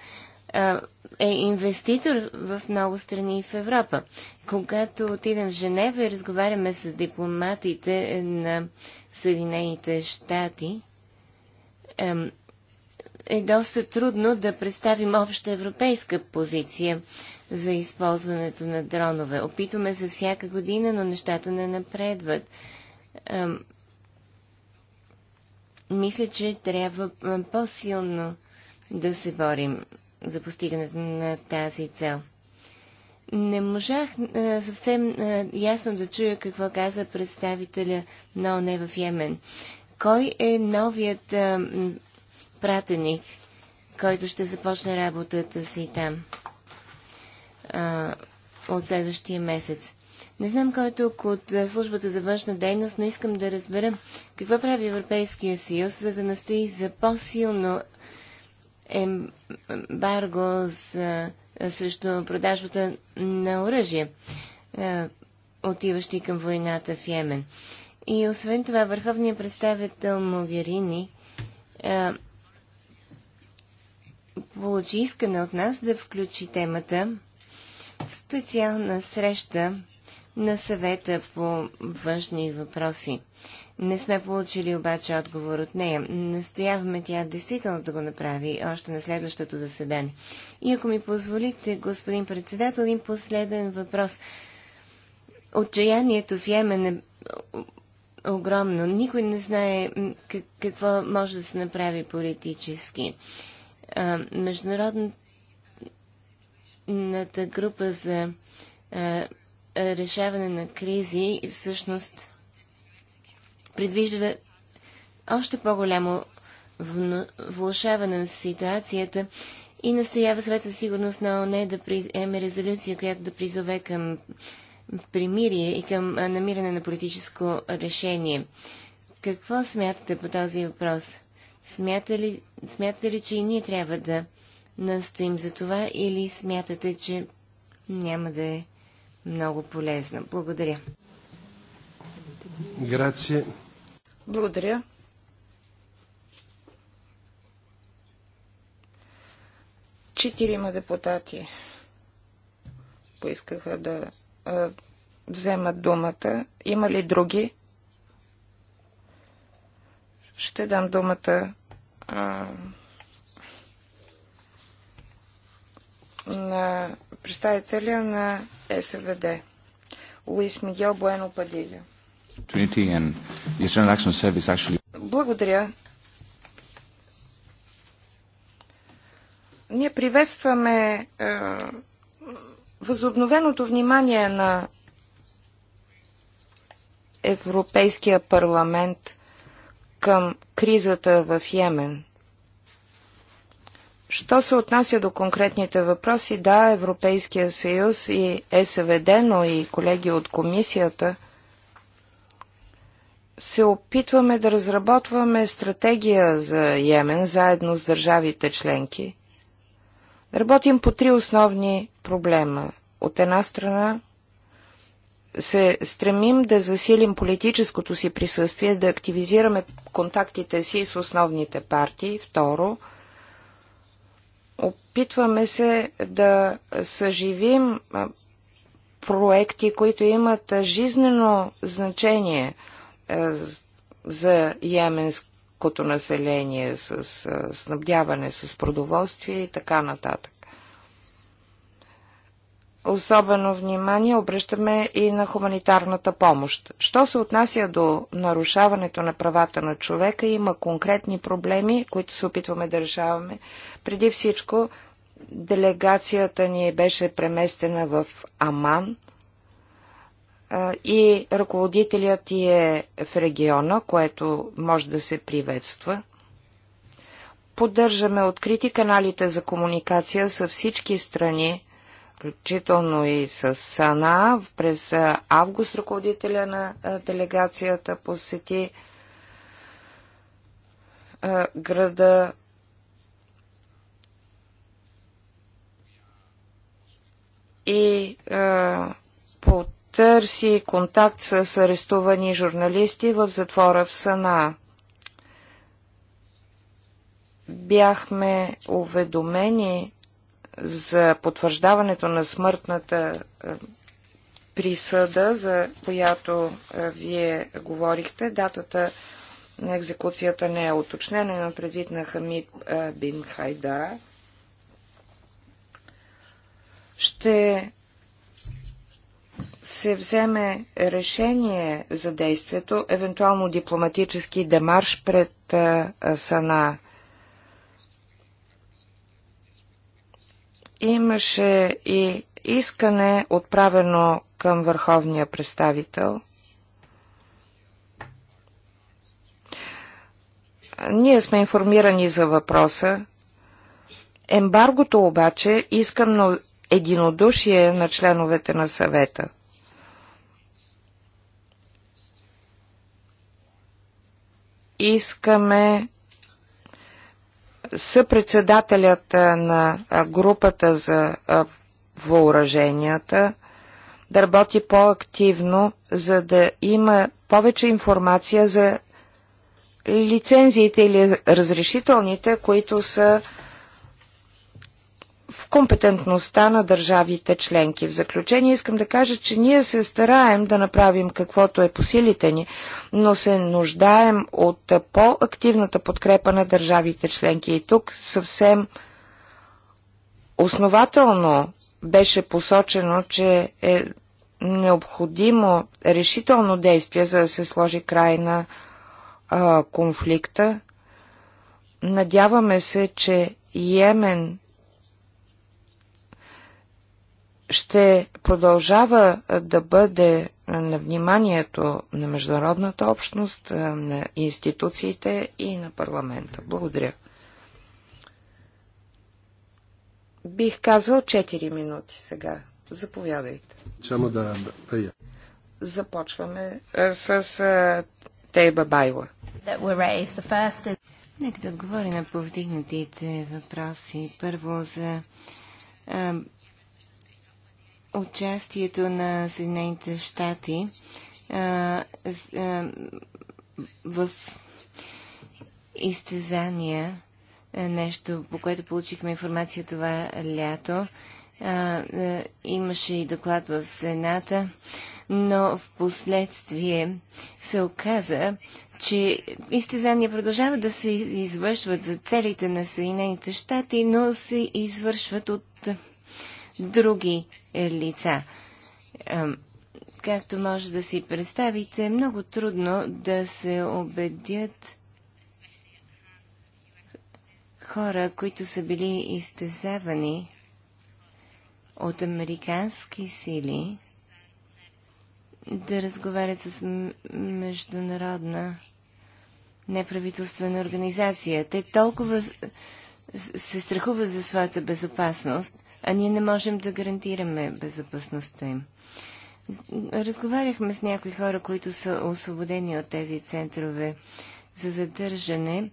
а, е инвеститор в много страни в Европа. Когато отидем в Женева и разговаряме с дипломатите на Съединените щати, е доста трудно да представим обща европейска позиция за използването на дронове. Опитваме се всяка година, но нещата не напредват. Мисля, че трябва по-силно да се борим за постигането на тази цел. Не можах а, съвсем а, ясно да чуя какво каза представителя на ОНЕ в Йемен. Кой е новият а, пратеник, който ще започне работата си там? а, от следващия месец. Не знам кой е тук от службата за външна дейност, но искам да разбера какво прави Европейския съюз, за да настои за по-силно ембарго за, срещу продажбата на оръжие, отиващи към войната в Йемен. И освен това, върховният представител Могерини получи искане от нас да включи темата в специална среща на съвета по външни въпроси. Не сме получили обаче отговор от нея. Настояваме тя действително да го направи още на следващото заседание. И ако ми позволите, господин председател, един последен въпрос. Отчаянието в Йемен е огромно. Никой не знае какво може да се направи политически. Международното работната група за е, решаване на кризи всъщност предвижда още по-голямо влушаване на ситуацията и настоява света сигурност на ОНЕ да приеме резолюция, която да призове към примирие и към намиране на политическо решение. Какво смятате по този въпрос? Смятате ли, смятате ли че и ние трябва да настоим за това или смятате, че няма да е много полезно? Благодаря. Грация. Благодаря. Четирима депутати поискаха да а, вземат думата. Има ли други? Ще дам думата а, на представителя на СВД Луис Мигел Буено Падиля. Благодаря. Ние приветстваме е, възобновеното внимание на Европейския парламент към кризата в Йемен. Що се отнася до конкретните въпроси, да, Европейския съюз и СВД, но и колеги от комисията се опитваме да разработваме стратегия за Йемен заедно с държавите членки. Работим по три основни проблема. От една страна се стремим да засилим политическото си присъствие, да активизираме контактите си с основните партии. Второ – Опитваме се да съживим проекти, които имат жизнено значение за яменското население с снабдяване с продоволствие и така нататък особено внимание обръщаме и на хуманитарната помощ. Що се отнася до нарушаването на правата на човека, има конкретни проблеми, които се опитваме да решаваме. Преди всичко, делегацията ни беше преместена в Аман и ръководителят ти е в региона, което може да се приветства. Поддържаме открити каналите за комуникация с всички страни, включително и с САНА. През август ръководителя на делегацията посети града. И потърси контакт с арестувани журналисти в затвора в Сана. Бяхме уведомени за потвърждаването на смъртната е, присъда, за която е, вие говорихте. Датата на екзекуцията не е уточнена, има предвид на Хамид е, Бин Хайда. Ще се вземе решение за действието, евентуално дипломатически демарш пред Сана Имаше и искане, отправено към върховния представител. Ние сме информирани за въпроса. Ембаргото обаче искам на единодушие на членовете на съвета. Искаме съпредседателят на групата за въоръженията да работи по-активно, за да има повече информация за лицензиите или разрешителните, които са в компетентността на държавите членки. В заключение искам да кажа, че ние се стараем да направим каквото е по силите ни, но се нуждаем от по-активната подкрепа на държавите членки. И тук съвсем основателно беше посочено, че е необходимо решително действие, за да се сложи край на а, конфликта. Надяваме се, че Йемен ще продължава да бъде на вниманието на международната общност, на институциите и на парламента. Благодаря. Бих казал 4 минути сега. Заповядайте. Само да я. Започваме с Тейба Байла. Нека да отговори на повдигнатите въпроси. Първо за участието на Съединените щати в изтезания, нещо, по което получихме информация това лято. имаше и доклад в Сената, но в последствие се оказа, че изтезания продължават да се извършват за целите на Съединените щати, но се извършват от други е, лица. Както може да си представите, е много трудно да се убедят хора, които са били изтезавани от американски сили, да разговарят с международна неправителствена организация. Те толкова се страхуват за своята безопасност, а ние не можем да гарантираме безопасността им. Разговаряхме с някои хора, които са освободени от тези центрове за задържане.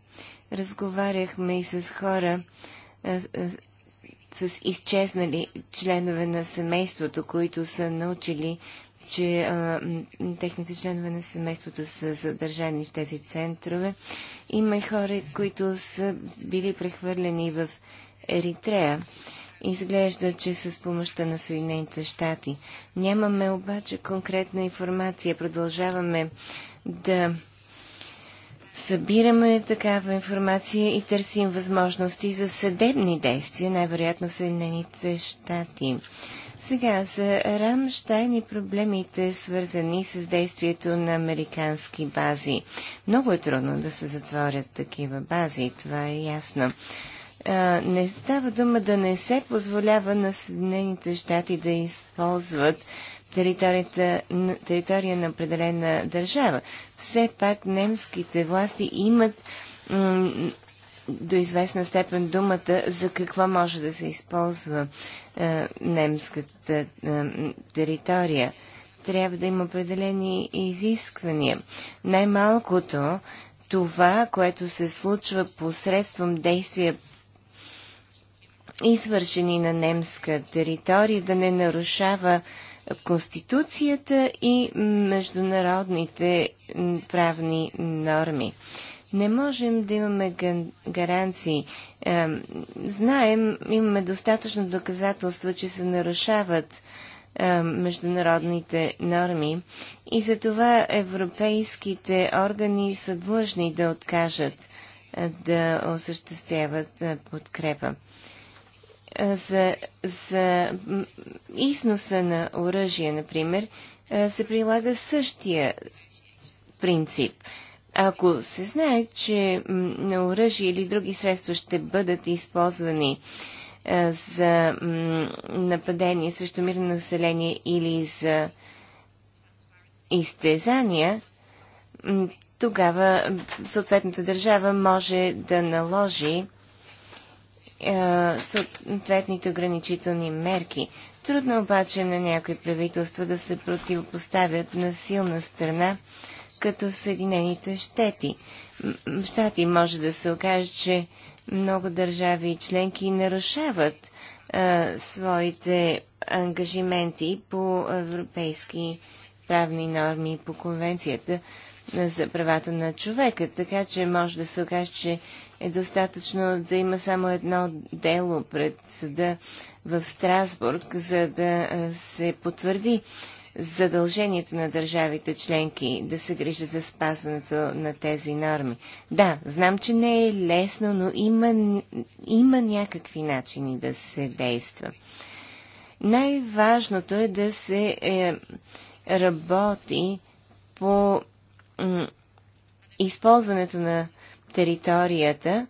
Разговаряхме и с хора а, а, с изчезнали членове на семейството, които са научили, че а, техните членове на семейството са задържани в тези центрове. Има и хора, които са били прехвърлени в Еритрея. Изглежда, че с помощта на Съединените щати. Нямаме обаче конкретна информация. Продължаваме да събираме такава информация и търсим възможности за съдебни действия, най-вероятно Съединените щати. Сега за Рамштайн и проблемите, свързани с действието на американски бази. Много е трудно да се затворят такива бази, това е ясно не става дума да не се позволява на Съединените щати да използват територията, територия на определена държава. Все пак немските власти имат до известна степен думата за какво може да се използва е, немската е, територия. Трябва да има определени изисквания. Най-малкото това, което се случва посредством действия извършени на немска територия, да не нарушава Конституцията и международните правни норми. Не можем да имаме гаранции. Знаем, имаме достатъчно доказателства, че се нарушават международните норми и за това европейските органи са длъжни да откажат е, да осъществяват е, подкрепа за, за износа на оръжие, например, се прилага същия принцип. Ако се знае, че на оръжие или други средства ще бъдат използвани за нападение срещу мирно население или за изтезания, тогава съответната държава може да наложи е, съответните ограничителни мерки. Трудно е обаче на някои правителства да се противопоставят на силна страна, като Съединените щети. Щати може да се окаже, че много държави и членки нарушават а, е, своите ангажименти по европейски правни норми по конвенцията за правата на човека. Така че може да се окаже, че е достатъчно да има само едно дело пред съда в Страсбург, за да се потвърди задължението на държавите членки да се грижат за спазването на тези норми. Да, знам, че не е лесно, но има, има някакви начини да се действа. Най-важното е да се е, работи по използването на територията,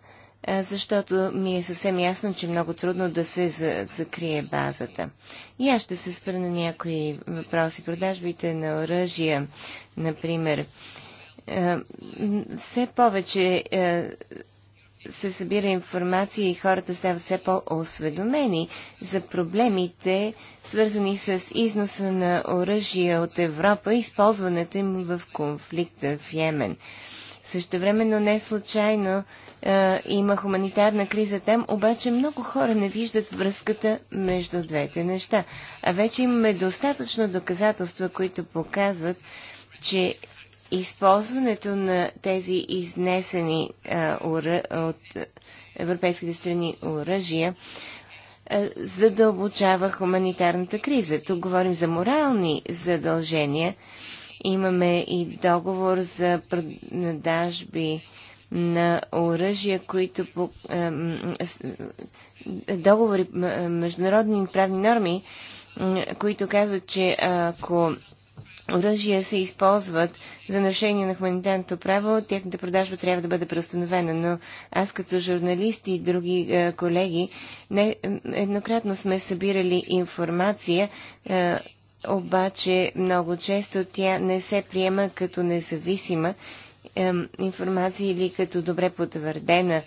защото ми е съвсем ясно, че е много трудно да се закрие базата. И аз ще се спра на някои въпроси. Продажбите на оръжия, например. Все повече се събира информация и хората стават все по-осведомени за проблемите, свързани с износа на оръжия от Европа и използването им в конфликта в Йемен. Също времено не случайно а, има хуманитарна криза там, обаче много хора не виждат връзката между двете неща. А вече имаме достатъчно доказателства, които показват, че използването на тези изнесени а, ура, от европейските страни оръжия задълбочава хуманитарната криза. Тук говорим за морални задължения Имаме и договор за продажби на оръжия, които по, е, договори, международни правни норми, които казват, че ако оръжия се използват за нарушение на хуманитарното право, тяхната продажба трябва да бъде преустановена. Но аз като журналист и други е, колеги не, еднократно сме събирали информация е, обаче много често тя не се приема като независима информация или като добре потвърдена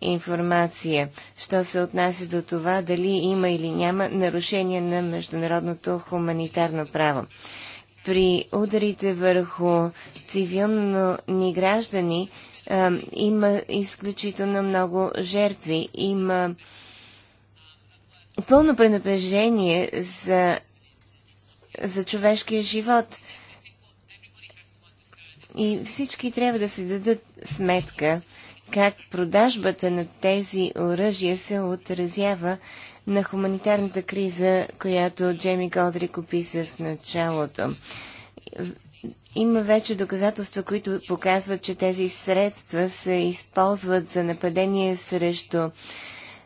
информация, що се отнася до това дали има или няма нарушение на международното хуманитарно право. При ударите върху ни граждани има изключително много жертви. Има пълно пренапрежение за за човешкия живот. И всички трябва да си дадат сметка как продажбата на тези оръжия се отразява на хуманитарната криза, която Джеми Голдрик описа в началото. Има вече доказателства, които показват, че тези средства се използват за нападение срещу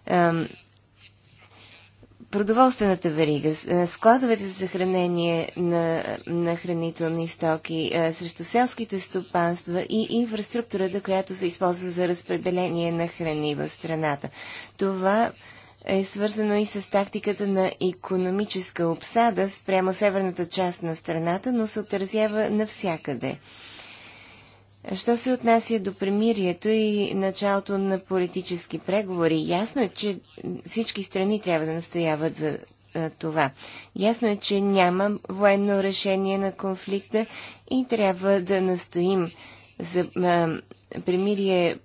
ам, продоволствената верига, е, складовете за съхранение на, на хранителни стоки, е, срещу селските стопанства и инфраструктурата, която се използва за разпределение на храни в страната. Това е свързано и с тактиката на економическа обсада спрямо северната част на страната, но се отразява навсякъде. Що се отнася до премирието и началото на политически преговори, ясно е, че всички страни трябва да настояват за това. Ясно е, че няма военно решение на конфликта и трябва да настоим за премирие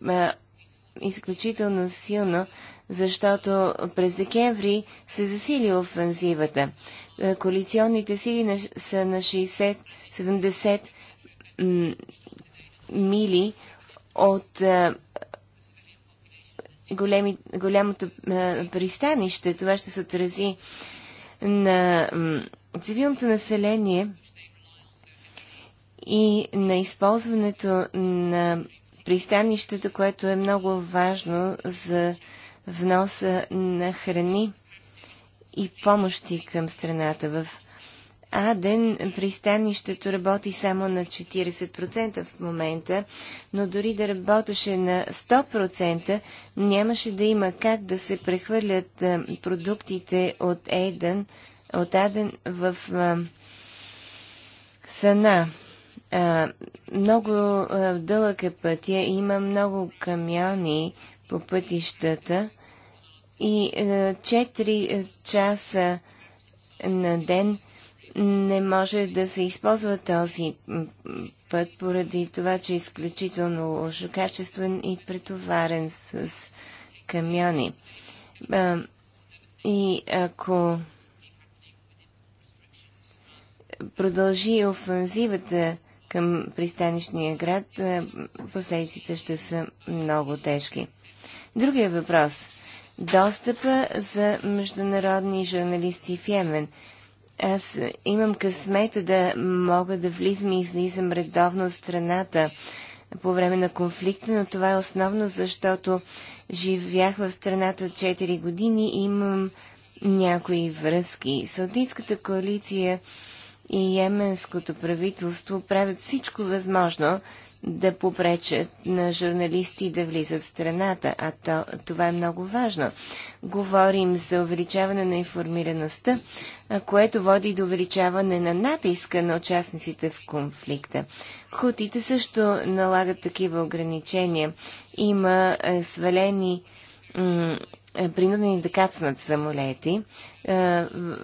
изключително силно, защото през декември се засили офензивата. Коалиционните сили са на 60-70 мили от а, е, големи, голямото а, е, пристанище. Това ще се отрази на цивилното население и на използването на пристанището, което е много важно за вноса на храни и помощи към страната. В Аден пристанището работи само на 40% в момента, но дори да работеше на 100%, нямаше да има как да се прехвърлят продуктите от Ейден, от Аден в а, Сана. А, много а, дълъг е пътя, има много камиони по пътищата и а, 4 часа на ден – не може да се използва този път, поради това, че е изключително лошокачествен и претоварен с камиони. и ако продължи офанзивата към пристанищния град, последиците ще са много тежки. Другия въпрос. Достъпа за международни журналисти в Йемен – аз имам късмета да мога да влизам и излизам редовно от страната по време на конфликта, но това е основно, защото живях в страната 4 години и имам някои връзки. Саудитската коалиция и Йеменското правителство правят всичко възможно да попречат на журналисти да влизат в страната, а то, това е много важно. Говорим за увеличаване на информираността, което води до увеличаване на натиска на участниците в конфликта. Хутите също налагат такива ограничения. Има е, свалени е, принудени да кацнат самолети е,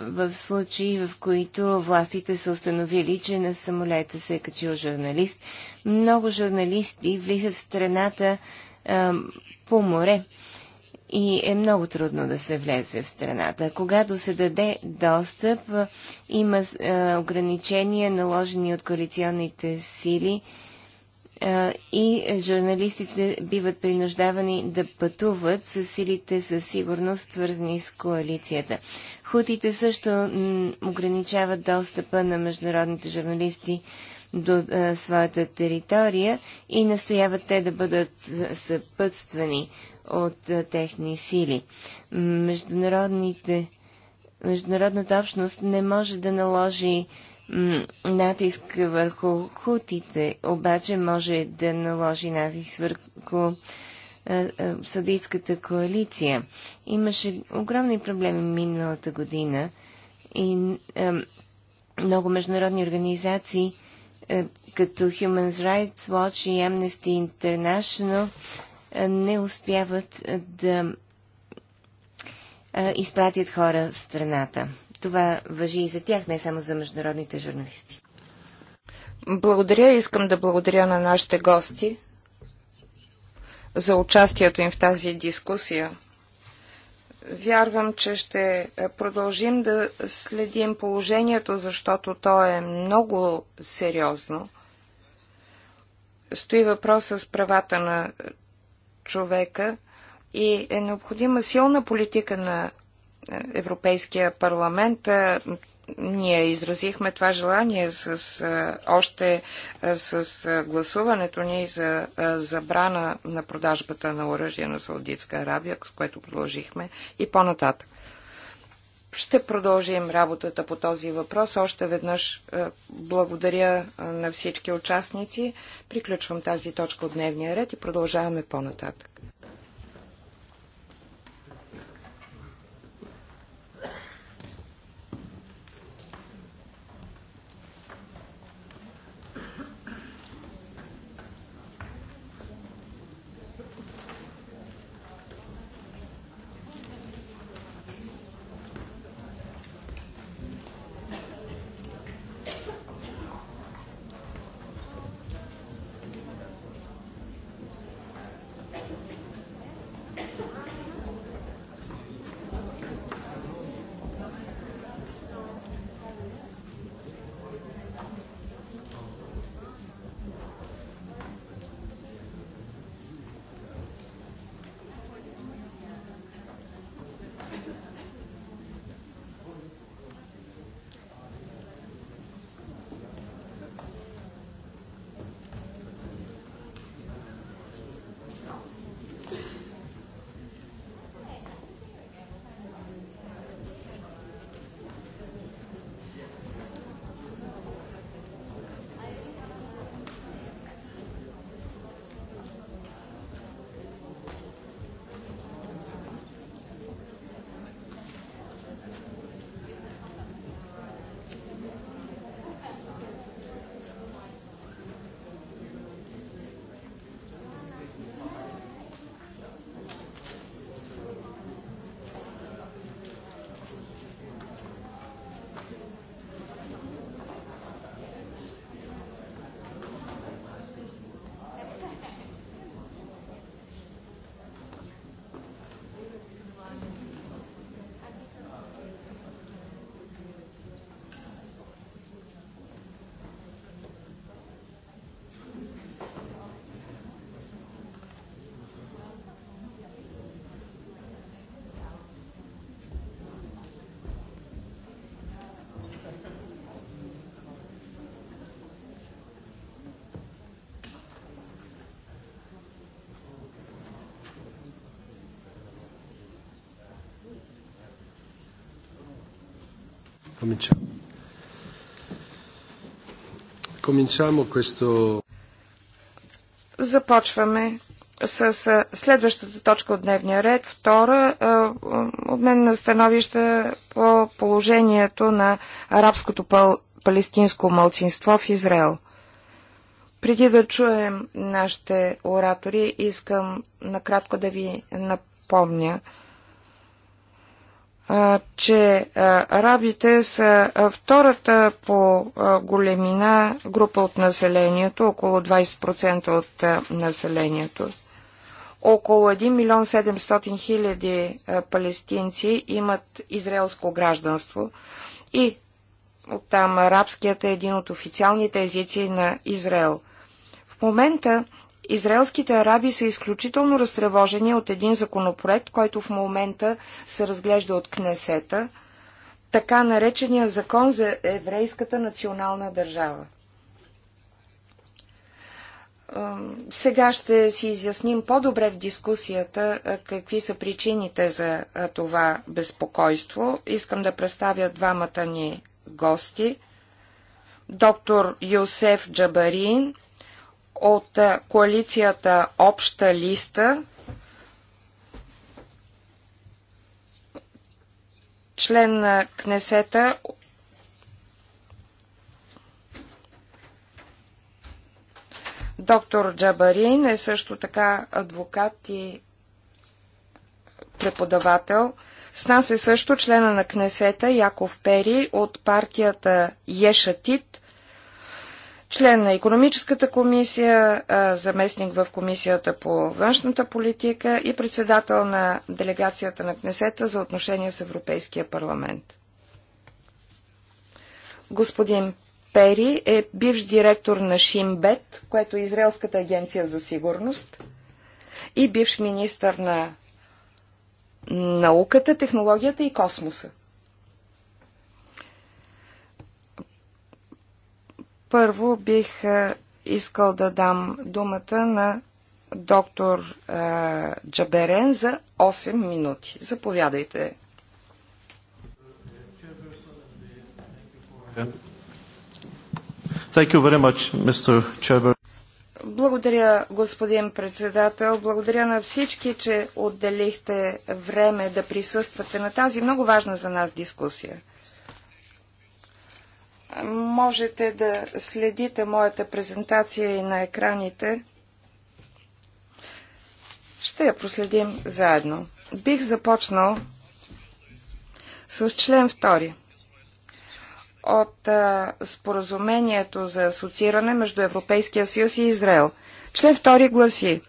в случаи, в които властите са установили, че на самолета се е качил журналист. Много журналисти влизат в страната е, по море и е много трудно да се влезе в страната. Когато се даде достъп, има ограничения наложени от коалиционните сили – и журналистите биват принуждавани да пътуват с силите със сигурност, свързани с коалицията. Хутите също ограничават достъпа на международните журналисти до своята територия и настояват те да бъдат съпътствани от техни сили. Международните, международната общност не може да наложи натиск върху хутите, обаче може да наложи натиск върху Саудитската коалиция. Имаше огромни проблеми миналата година и много международни организации като Human Rights Watch и Amnesty International не успяват да изпратят хора в страната. Това въжи и за тях, не само за международните журналисти. Благодаря. Искам да благодаря на нашите гости за участието им в тази дискусия. Вярвам, че ще продължим да следим положението, защото то е много сериозно. Стои въпроса с правата на човека и е необходима силна политика на Европейския парламент ние изразихме това желание с, още с гласуването ни за забрана на продажбата на оръжие на Саудитска Арабия, с което продължихме и по-нататък. Ще продължим работата по този въпрос. Още веднъж благодаря на всички участници. Приключвам тази точка от дневния ред и продължаваме по-нататък. Cominciamo. Cominciamo questo... Започваме с следващата точка от дневния ред. Втора, обмен на становища по положението на арабското палестинско мълцинство в Израел. Преди да чуем нашите оратори, искам накратко да ви напомня, че арабите са втората по големина група от населението, около 20% от населението. Около 1 милион 700 хиляди палестинци имат израелско гражданство и оттам арабският е един от официалните езици на Израел. В момента Израелските араби са изключително разтревожени от един законопроект, който в момента се разглежда от Кнесета, така наречения закон за еврейската национална държава. Сега ще си изясним по-добре в дискусията какви са причините за това безпокойство. Искам да представя двамата ни гости. Доктор Йосеф Джабарин – от коалицията Обща листа, член на Кнесета Доктор Джабарин е също така адвокат и преподавател. С нас е също члена на Кнесета Яков Пери от партията Ешатит, член на економическата комисия, заместник в комисията по външната политика и председател на делегацията на Кнесета за отношения с Европейския парламент. Господин Пери е бивш директор на Шимбет, което е Израелската агенция за сигурност, и бивш министър на науката, технологията и космоса. Първо бих е, искал да дам думата на доктор е, Джаберен за 8 минути. Заповядайте. Much, Благодаря, господин председател. Благодаря на всички, че отделихте време да присъствате на тази много важна за нас дискусия. Можете да следите моята презентация и на екраните. Ще я проследим заедно. Бих започнал с член 2 от споразумението за асоцииране между Европейския съюз и Израел. Член 2 гласи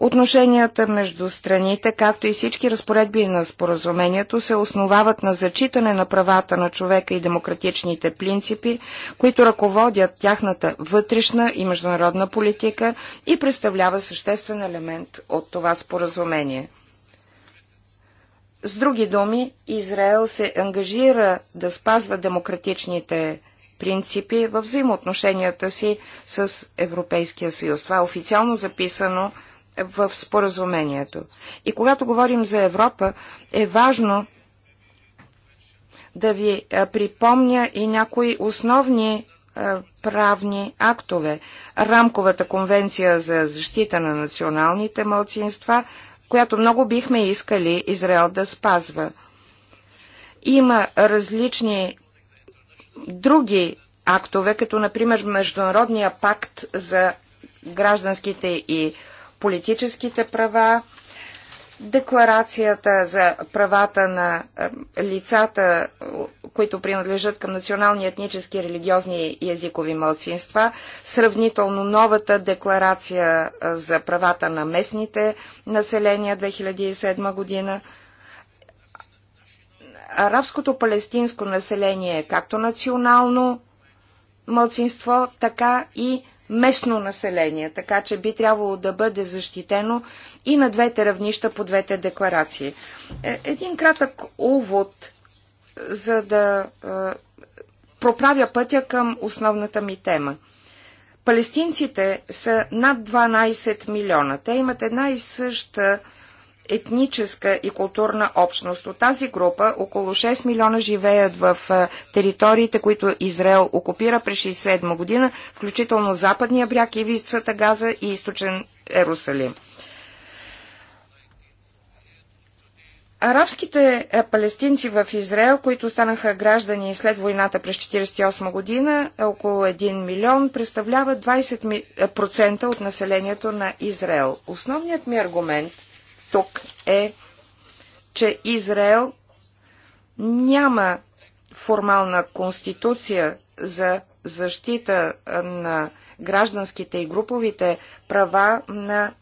Отношенията между страните, както и всички разпоредби на споразумението, се основават на зачитане на правата на човека и демократичните принципи, които ръководят тяхната вътрешна и международна политика и представлява съществен елемент от това споразумение. С други думи, Израел се ангажира да спазва демократичните принципи в взаимоотношенията си с Европейския съюз. Това е официално записано в споразумението. И когато говорим за Европа, е важно да ви припомня и някои основни правни актове. Рамковата конвенция за защита на националните мълцинства, която много бихме искали Израел да спазва. Има различни други актове, като например Международния пакт за гражданските и политическите права, Декларацията за правата на е, лицата, които принадлежат към национални, етнически, религиозни и езикови мълцинства, сравнително новата декларация е, за правата на местните населения 2007 година – арабското палестинско население, както национално мълцинство, така и местно население, така че би трябвало да бъде защитено и на двете равнища по двете декларации. Е, един кратък увод, за да проправя пътя към основната ми тема. Палестинците са над 12 милиона. Те имат една и съща етническа и културна общност. От тази група около 6 милиона живеят в териториите, които Израел окупира през 67 година, включително Западния бряг, Ивицата Газа и Източен Ерусалим. Арабските палестинци в Израел, които станаха граждани след войната през 1948 година, около 1 милион, представляват 20% от населението на Израел. Основният ми аргумент – тук е, че Израел няма формална конституция за защита на гражданските и груповите права на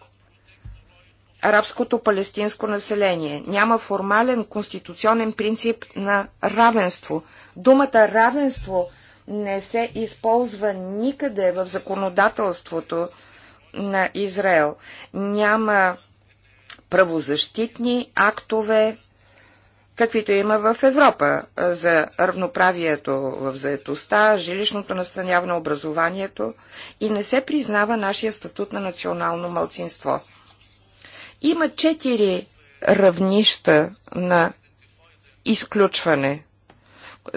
арабското палестинско население. Няма формален конституционен принцип на равенство. Думата равенство не се използва никъде в законодателството на Израел. Няма правозащитни актове, каквито има в Европа за равноправието в заетостта, жилищното настаняване, образованието и не се признава нашия статут на национално мълцинство. Има четири равнища на изключване,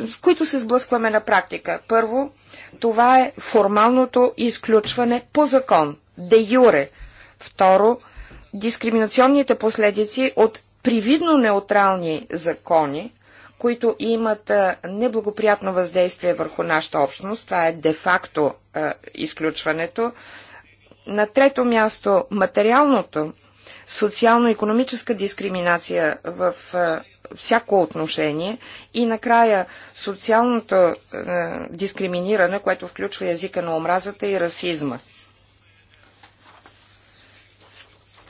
с които се сблъскваме на практика. Първо, това е формалното изключване по закон, де юре. Второ, дискриминационните последици от привидно неутрални закони, които имат неблагоприятно въздействие върху нашата общност. Това е де-факто изключването. На трето място, материалното, социално-економическа дискриминация в всяко отношение и накрая социалното е, дискриминиране, което включва езика на омразата и расизма.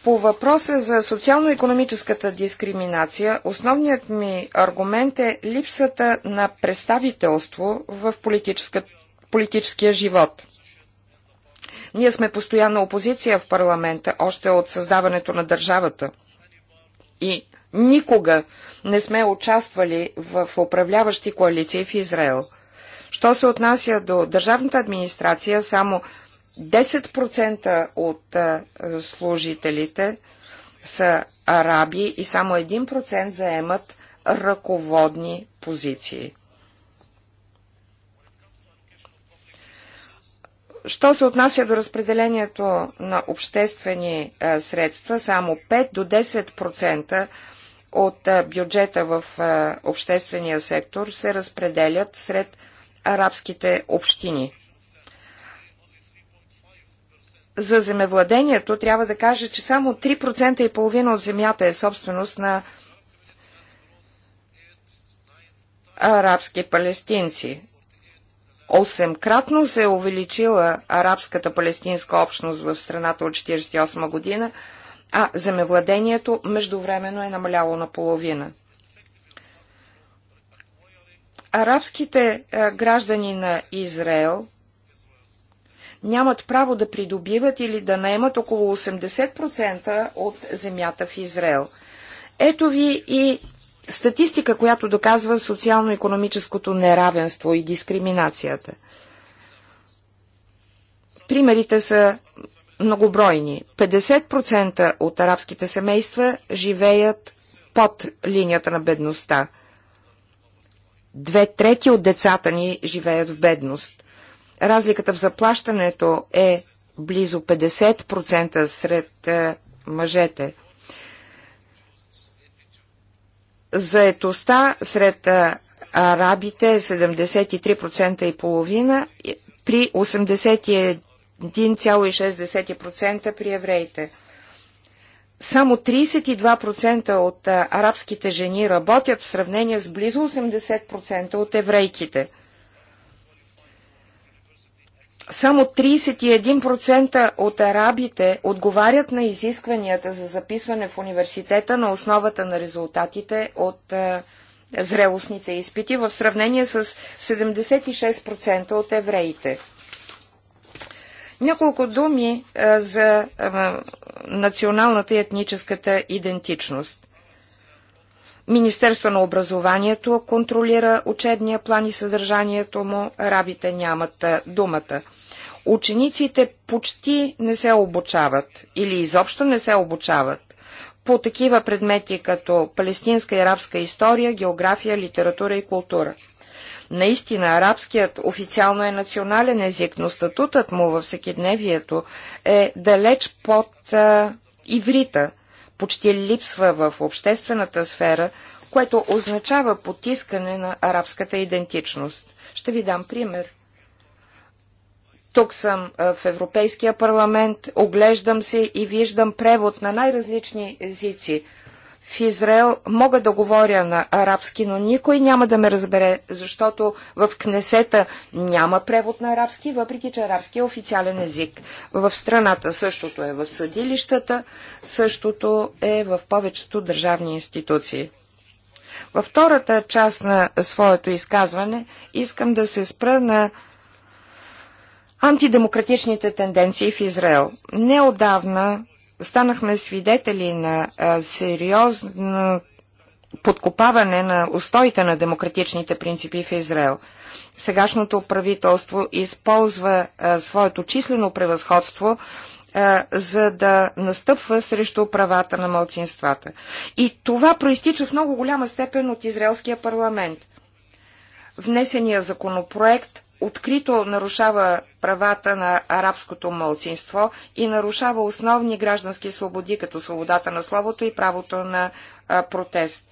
По въпроса за социално-економическата дискриминация, основният ми аргумент е липсата на представителство в политическия живот. Ние сме постоянна опозиция в парламента, още от създаването на държавата. И никога не сме участвали в управляващи коалиции в Израел. Що се отнася до държавната администрация, само 10% от служителите са араби и само 1% заемат ръководни позиции. Що се отнася до разпределението на обществени средства, само 5 до 10% от бюджета в обществения сектор се разпределят сред арабските общини за земевладението, трябва да кажа, че само 3% и половина от земята е собственост на арабски палестинци. Осемкратно се е увеличила арабската палестинска общност в страната от 1948 година, а земевладението междувременно е намаляло наполовина. Арабските граждани на Израел – нямат право да придобиват или да наемат около 80% от земята в Израел. Ето ви и статистика, която доказва социално-економическото неравенство и дискриминацията. Примерите са многобройни. 50% от арабските семейства живеят под линията на бедността. Две трети от децата ни живеят в бедност. Разликата в заплащането е близо 50% сред е, мъжете. Заетостта сред е, арабите е 73% и половина при 81,6% при евреите. Само 32% от е, арабските жени работят в сравнение с близо 80% от еврейките – само 31% от арабите отговарят на изискванията за записване в университета на основата на резултатите от е, зрелостните изпити в сравнение с 76% от евреите. Няколко думи е, за е, националната и етническата идентичност. Министерство на образованието контролира учебния план и съдържанието му. Рабите нямат думата. Учениците почти не се обучават или изобщо не се обучават по такива предмети като палестинска и арабска история, география, литература и култура. Наистина, арабският официално е национален език, но статутът му във всекидневието е далеч под а, иврита почти липсва в обществената сфера, което означава потискане на арабската идентичност. Ще ви дам пример. Тук съм в Европейския парламент, оглеждам се и виждам превод на най-различни езици – в Израел мога да говоря на арабски, но никой няма да ме разбере, защото в Кнесета няма превод на арабски, въпреки че арабски е официален език. В страната същото е в съдилищата, същото е в повечето държавни институции. Във втората част на своето изказване искам да се спра на антидемократичните тенденции в Израел. Неодавна станахме свидетели на сериозно подкопаване на устоите на демократичните принципи в Израел. Сегашното правителство използва своето числено превъзходство, за да настъпва срещу правата на мълцинствата. И това проистича в много голяма степен от израелския парламент. Внесения законопроект открито нарушава правата на арабското мълцинство и нарушава основни граждански свободи, като свободата на словото и правото на протест.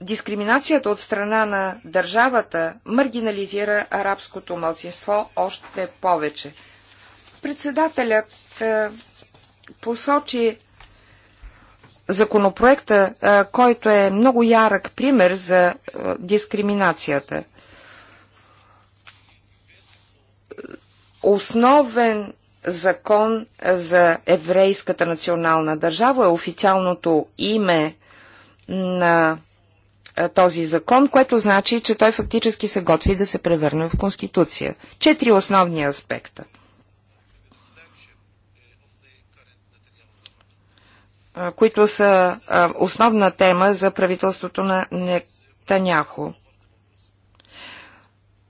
Дискриминацията от страна на държавата маргинализира арабското мълцинство още повече. Председателят посочи законопроекта, който е много ярък пример за дискриминацията. Основен закон за еврейската национална държава е официалното име на този закон, което значи, че той фактически се готви да се превърне в Конституция. Четири основни аспекта – които са основна тема за правителството на Нетаняхо.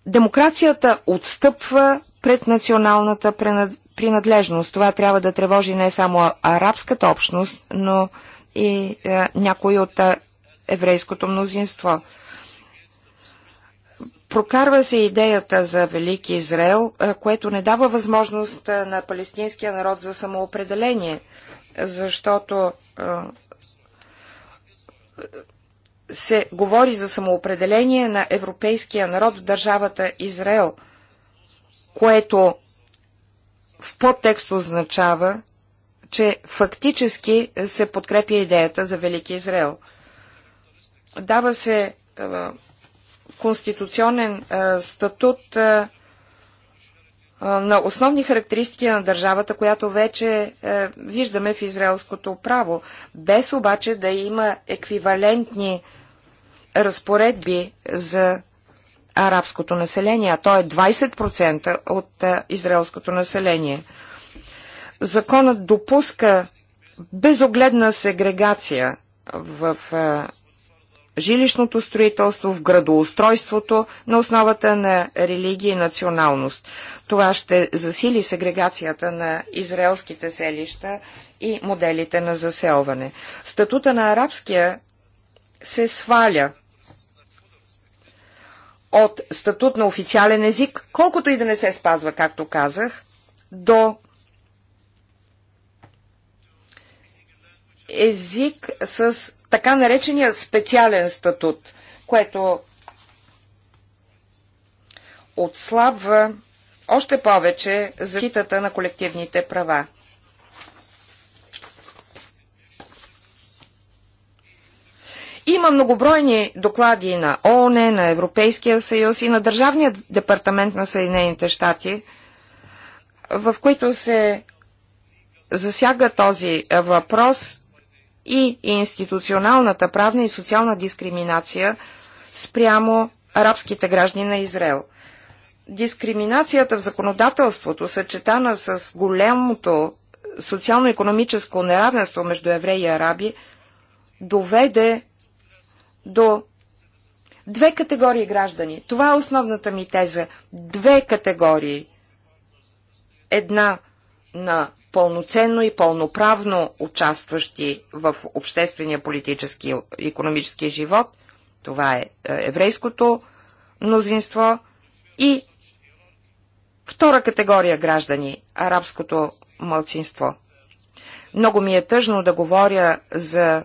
Демокрацията отстъпва пред националната принадлежност. Това трябва да тревожи не само арабската общност, но и някои от еврейското мнозинство. Прокарва се идеята за Велики Израел, което не дава възможност на палестинския народ за самоопределение – защото се говори за самоопределение на европейския народ в държавата Израел, което в подтекст означава, че фактически се подкрепя идеята за Велики Израел. Дава се конституционен статут на основни характеристики на държавата, която вече е, виждаме в израелското право, без обаче да има еквивалентни разпоредби за арабското население, а то е 20% от е, израелското население. Законът допуска безогледна сегрегация в е, жилищното строителство, в градоустройството на основата на религия и националност. Това ще засили сегрегацията на израелските селища и моделите на заселване. Статута на арабския се сваля от статут на официален език, колкото и да не се спазва, както казах, до език с така наречения специален статут, което отслабва още повече защитата на колективните права. Има многобройни доклади на ООН, на Европейския съюз и на Държавния департамент на Съединените щати, в които се засяга този въпрос и институционалната правна и социална дискриминация спрямо арабските граждани на Израел. Дискриминацията в законодателството, съчетана с голямото социално-економическо неравенство между евреи и араби, доведе до две категории граждани. Това е основната ми теза. Две категории. Една на пълноценно и пълноправно участващи в обществения политически и економически живот. Това е, е еврейското мнозинство и втора категория граждани – арабското мълцинство. Много ми е тъжно да говоря за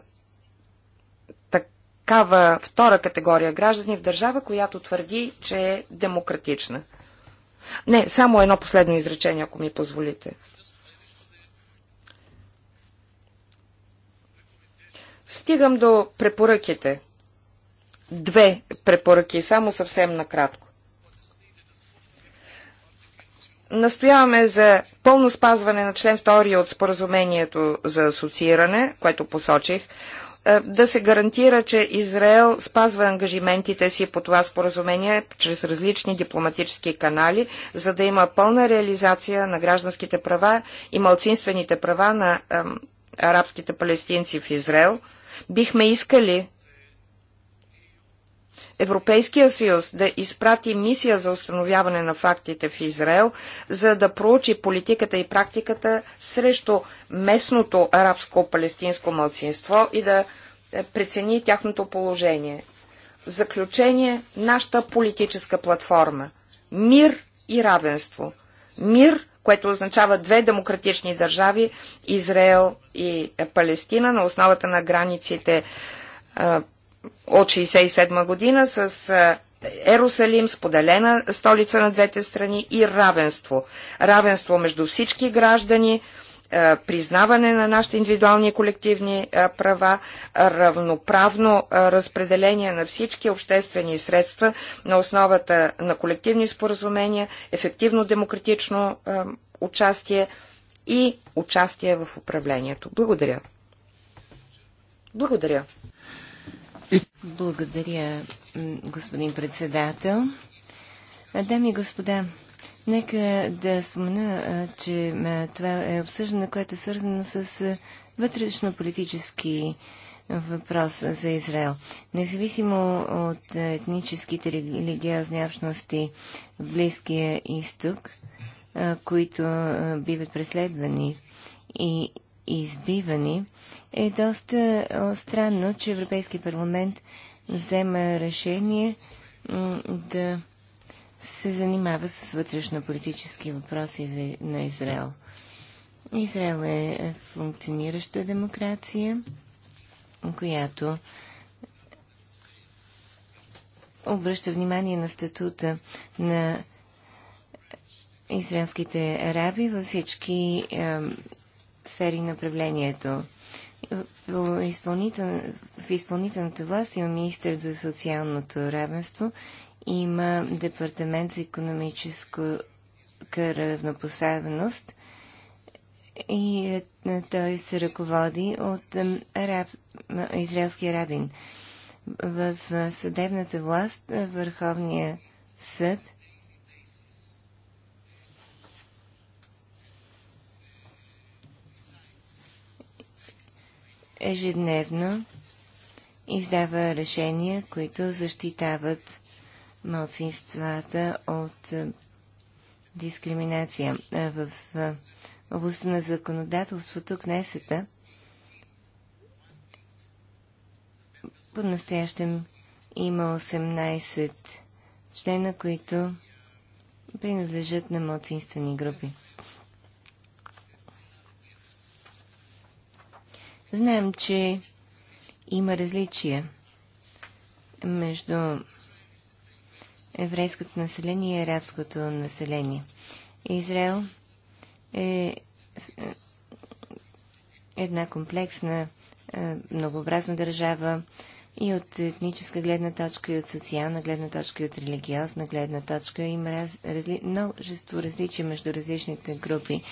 такава втора категория граждани в държава, която твърди, че е демократична. Не, само едно последно изречение, ако ми позволите. Стигам до препоръките. Две препоръки, само съвсем накратко. Настояваме за пълно спазване на член 2 от споразумението за асоцииране, което посочих, е, да се гарантира, че Израел спазва ангажиментите си по това споразумение чрез различни дипломатически канали, за да има пълна реализация на гражданските права и малцинствените права на арабските палестинци в Израел – Бихме искали Европейския съюз да изпрати мисия за установяване на фактите в Израел, за да проучи политиката и практиката срещу местното арабско-палестинско мълцинство и да е, прецени тяхното положение. В заключение, нашата политическа платформа – мир и равенство. Мир което означава две демократични държави Израел и Палестина на основата на границите от 1967 година с Ерусалим, споделена столица на двете страни и равенство. Равенство между всички граждани, е, признаване на нашите индивидуални и колективни е, права, равноправно е, разпределение на всички обществени средства на основата на колективни споразумения, ефективно демократично участие и участие в управлението. Благодаря. Благодаря. Благодаря, господин председател. Дами и господа, Нека да спомена, че това е обсъждане, което е свързано с вътрешно-политически въпрос за Израел. Независимо от етническите религиозни общности в Близкия изток, които биват преследвани и избивани, е доста странно, че Европейски парламент взема решение да се занимава с вътрешно-политически въпроси на Израел. Израел е функционираща демокрация, която обръща внимание на статута на израелските араби във всички е, сфери на правлението. В, изпълнител... в изпълнителната власт има министър за социалното равенство има Департамент за економическа равнопоставеност и е, е, той се ръководи от араб, израелски арабин. В е, съдебната власт, Върховния съд ежедневно издава решения, които защитават малцинствата от е, дискриминация. Е, в областта на законодателството Кнесета по-настоящем има 18 члена, които принадлежат на малцинствени групи. Знаем, че има различия между еврейското население и арабското население. Израел е, е една комплексна, е, многообразна държава и от етническа гледна точка, и от социална гледна точка, и от религиозна гледна точка. Има раз, разли, множество различия между различните групи.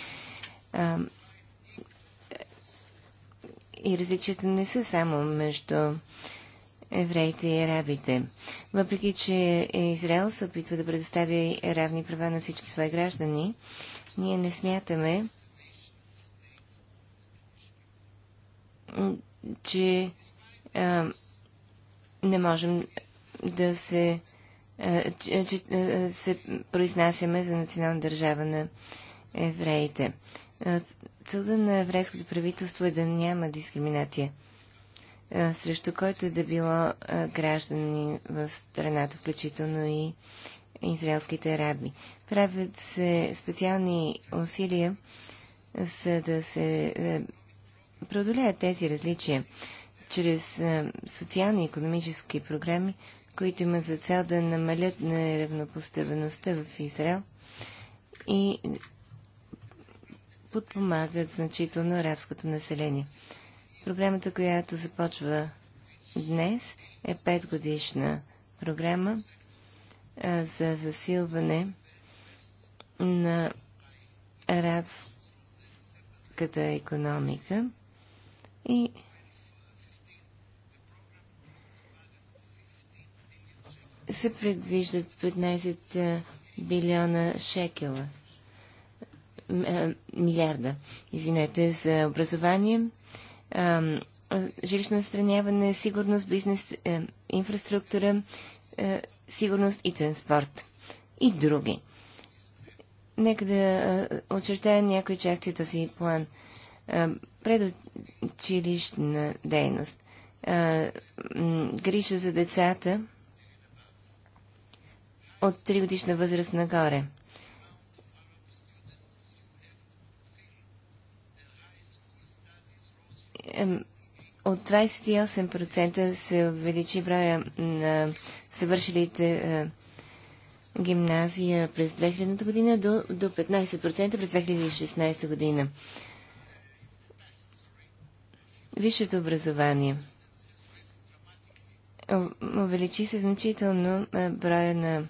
и различията не са само между евреите и арабите. Въпреки, че Израел се опитва да предоставя равни права на всички свои граждани, ние не смятаме, че а, не можем да се а, че, че а, се произнасяме за национална държава на евреите. Целта на еврейското правителство е да няма дискриминация срещу който е да било граждани в страната, включително и израелските араби. Правят се специални усилия, за да се преодолеят тези различия чрез социални и економически програми, които имат за цел да намалят неравнопоставеността в Израел и подпомагат значително арабското население. Програмата, която започва днес, е 5 годишна програма за засилване на арабската економика и се предвиждат 15 билиона шекела. Милиарда. Извинете, за образование, жилищно настраняване, сигурност, бизнес, е, инфраструктура, е, сигурност и транспорт. И други. Нека да очертая някои части от този план. Предучилищна дейност. Грижа за децата от 3 годишна възраст нагоре – от 28% се увеличи броя на съвършилите е, гимназия през 2000 година до, до 15% през 2016 година. Висшето образование. Увеличи се значително е, броя на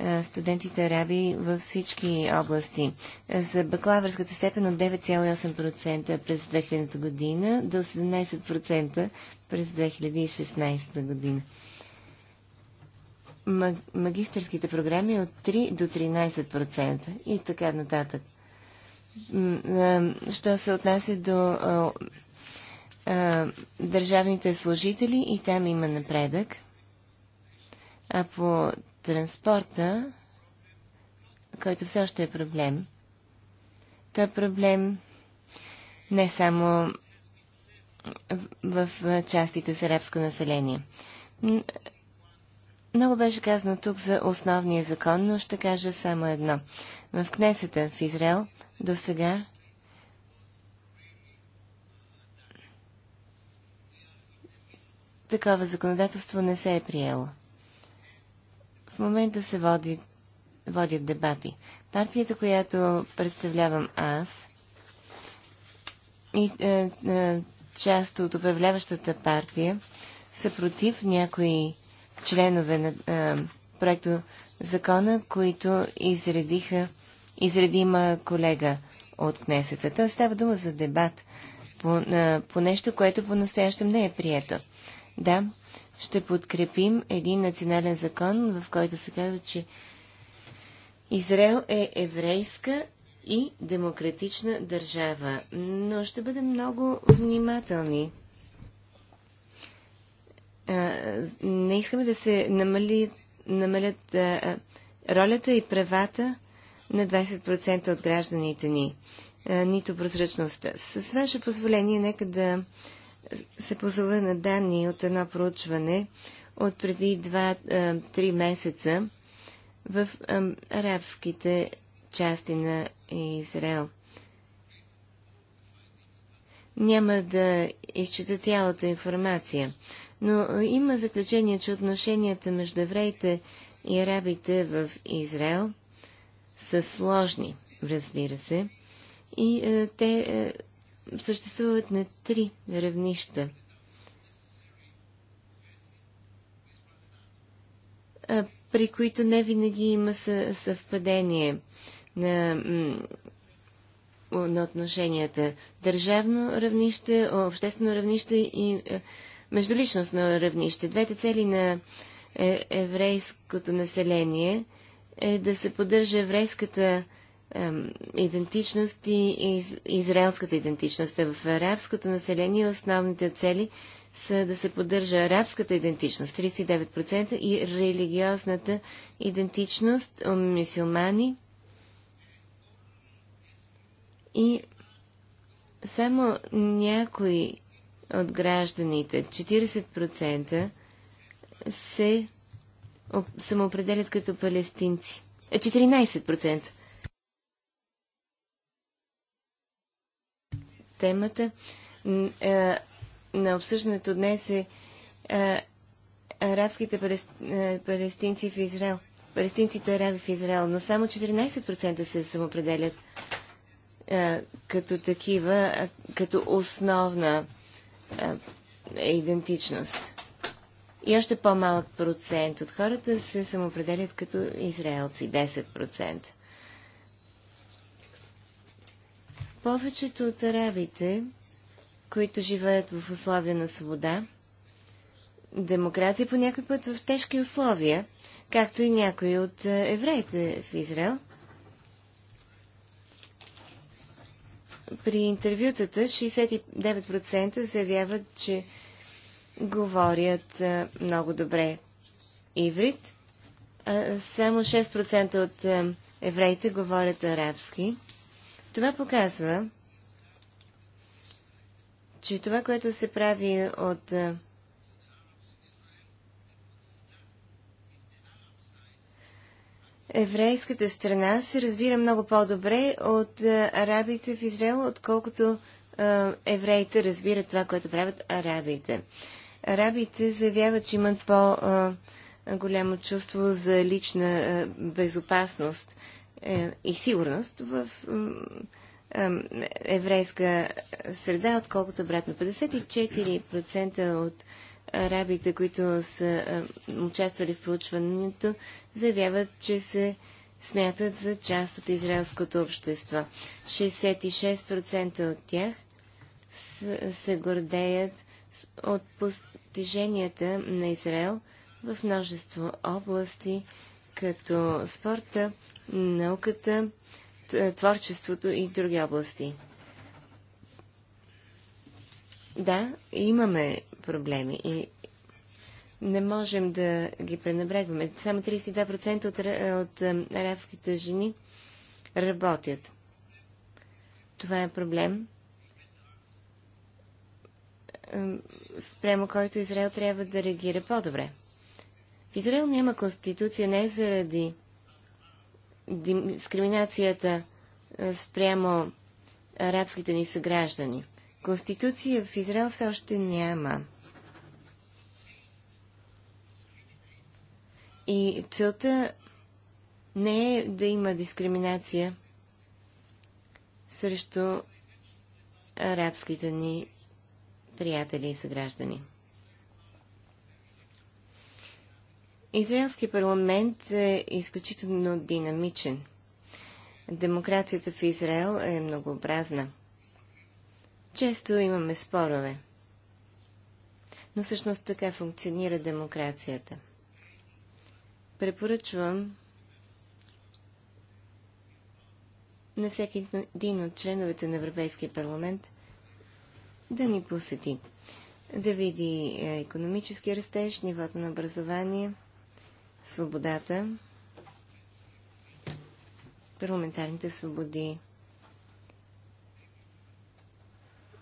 е, студентите араби във всички области. Е, за бакалавърската степен от 9,8% през 2000 година до 17% през 2016 година. Магистърските програми от 3 до 13% и така нататък. Е, що се отнася до държавните служители и там има напредък. А по транспорта, който все още е проблем. Той е проблем не само в частите с арабско население. Много беше казано тук за основния закон, но ще кажа само едно. В Кнесета в Израел до сега такова законодателство не се е приело. В момента се води, водят дебати. Партията, която представлявам аз и е, е, част от управляващата партия са против някои членове на е, проекто закона, които изредиха, изредима колега от Кнесета. Той става дума за дебат по, е, по нещо, което по-настоящем не е прието. Да, ще подкрепим един национален закон, в който се казва, че Израел е еврейска и демократична държава. Но ще бъдем много внимателни. Не искаме да се намали, намалят ролята и правата на 20% от гражданите ни, нито прозрачността. С ваше позволение, нека да се позова на данни от едно проучване от преди 2-3 месеца в арабските части на Израел. Няма да изчета цялата информация, но има заключение, че отношенията между евреите и арабите в Израел са сложни, разбира се, и те съществуват на три равнища. при които не винаги има съвпадение на, на отношенията. Държавно равнище, обществено равнище и междуличностно равнище. Двете цели на е, еврейското население е да се поддържа еврейската идентичност и из, израелската идентичност. А е в арабското население основните цели са да се поддържа арабската идентичност 39% и религиозната идентичност мюсюлмани и само някои от гражданите 40% се самоопределят като палестинци. 14% е, темата. Е, на обсъждането днес е, е арабските е, палестинци в Израел. Палестинците араби в Израел, но само 14% се самоопределят като такива, като основна идентичност. И още по-малък процент от хората се самоопределят като израелци 10%. Повечето от арабите, които живеят в условия на свобода, демокрация по някой път в тежки условия, както и някои от е, евреите в Израел. При интервютата 69% заявяват, че говорят е, много добре иврит, а само 6% от е, евреите говорят арабски. Това показва, че това, което се прави от еврейската страна, се разбира много по-добре от арабите в Израел, отколкото евреите разбират това, което правят арабите. Арабите заявяват, че имат по-голямо чувство за лична безопасност е, и сигурност в еврейска среда, отколкото обратно. 54% от арабите, които са участвали в проучването, заявяват, че се смятат за част от израелското общество. 66% от тях се гордеят от постиженията на Израел в множество области, като спорта, науката, творчеството и други области. Да, имаме проблеми и не можем да ги пренебрегваме. Само 32% от, от арабските жени работят. Това е проблем, спрямо който Израел трябва да реагира по-добре. В Израел няма конституция не заради дискриминацията спрямо арабските ни съграждани. Конституция в Израел все още няма. И целта не е да има дискриминация срещу арабските ни приятели и съграждани. Израелски парламент е изключително динамичен. Демокрацията в Израел е многообразна. Често имаме спорове. Но всъщност така функционира демокрацията. Препоръчвам на всеки един от членовете на Европейския парламент да ни посети, да види економически растеж, нивото на образование – свободата, парламентарните свободи.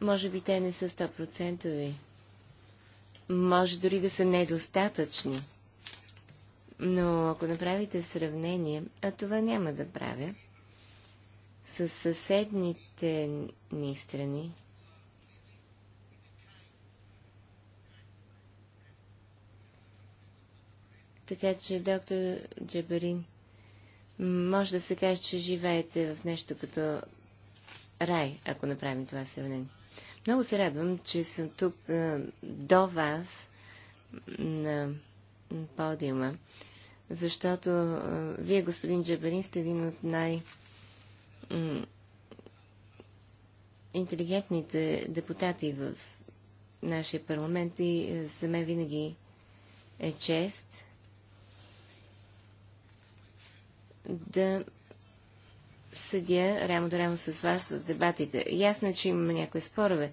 Може би те не са 100%. Може дори да са недостатъчни. Но ако направите сравнение, а това няма да правя, с съседните ни страни, Така че, доктор Джабарин, може да се каже, че живеете в нещо като рай, ако направим това сравнение. Много се радвам, че съм тук а, до вас на подиума, защото а, вие, господин Джабарин, сте един от най- интелигентните депутати в нашия парламент и за мен винаги е чест да съдя рамо до рамо с вас в дебатите. Ясно е, че имаме някои спорове,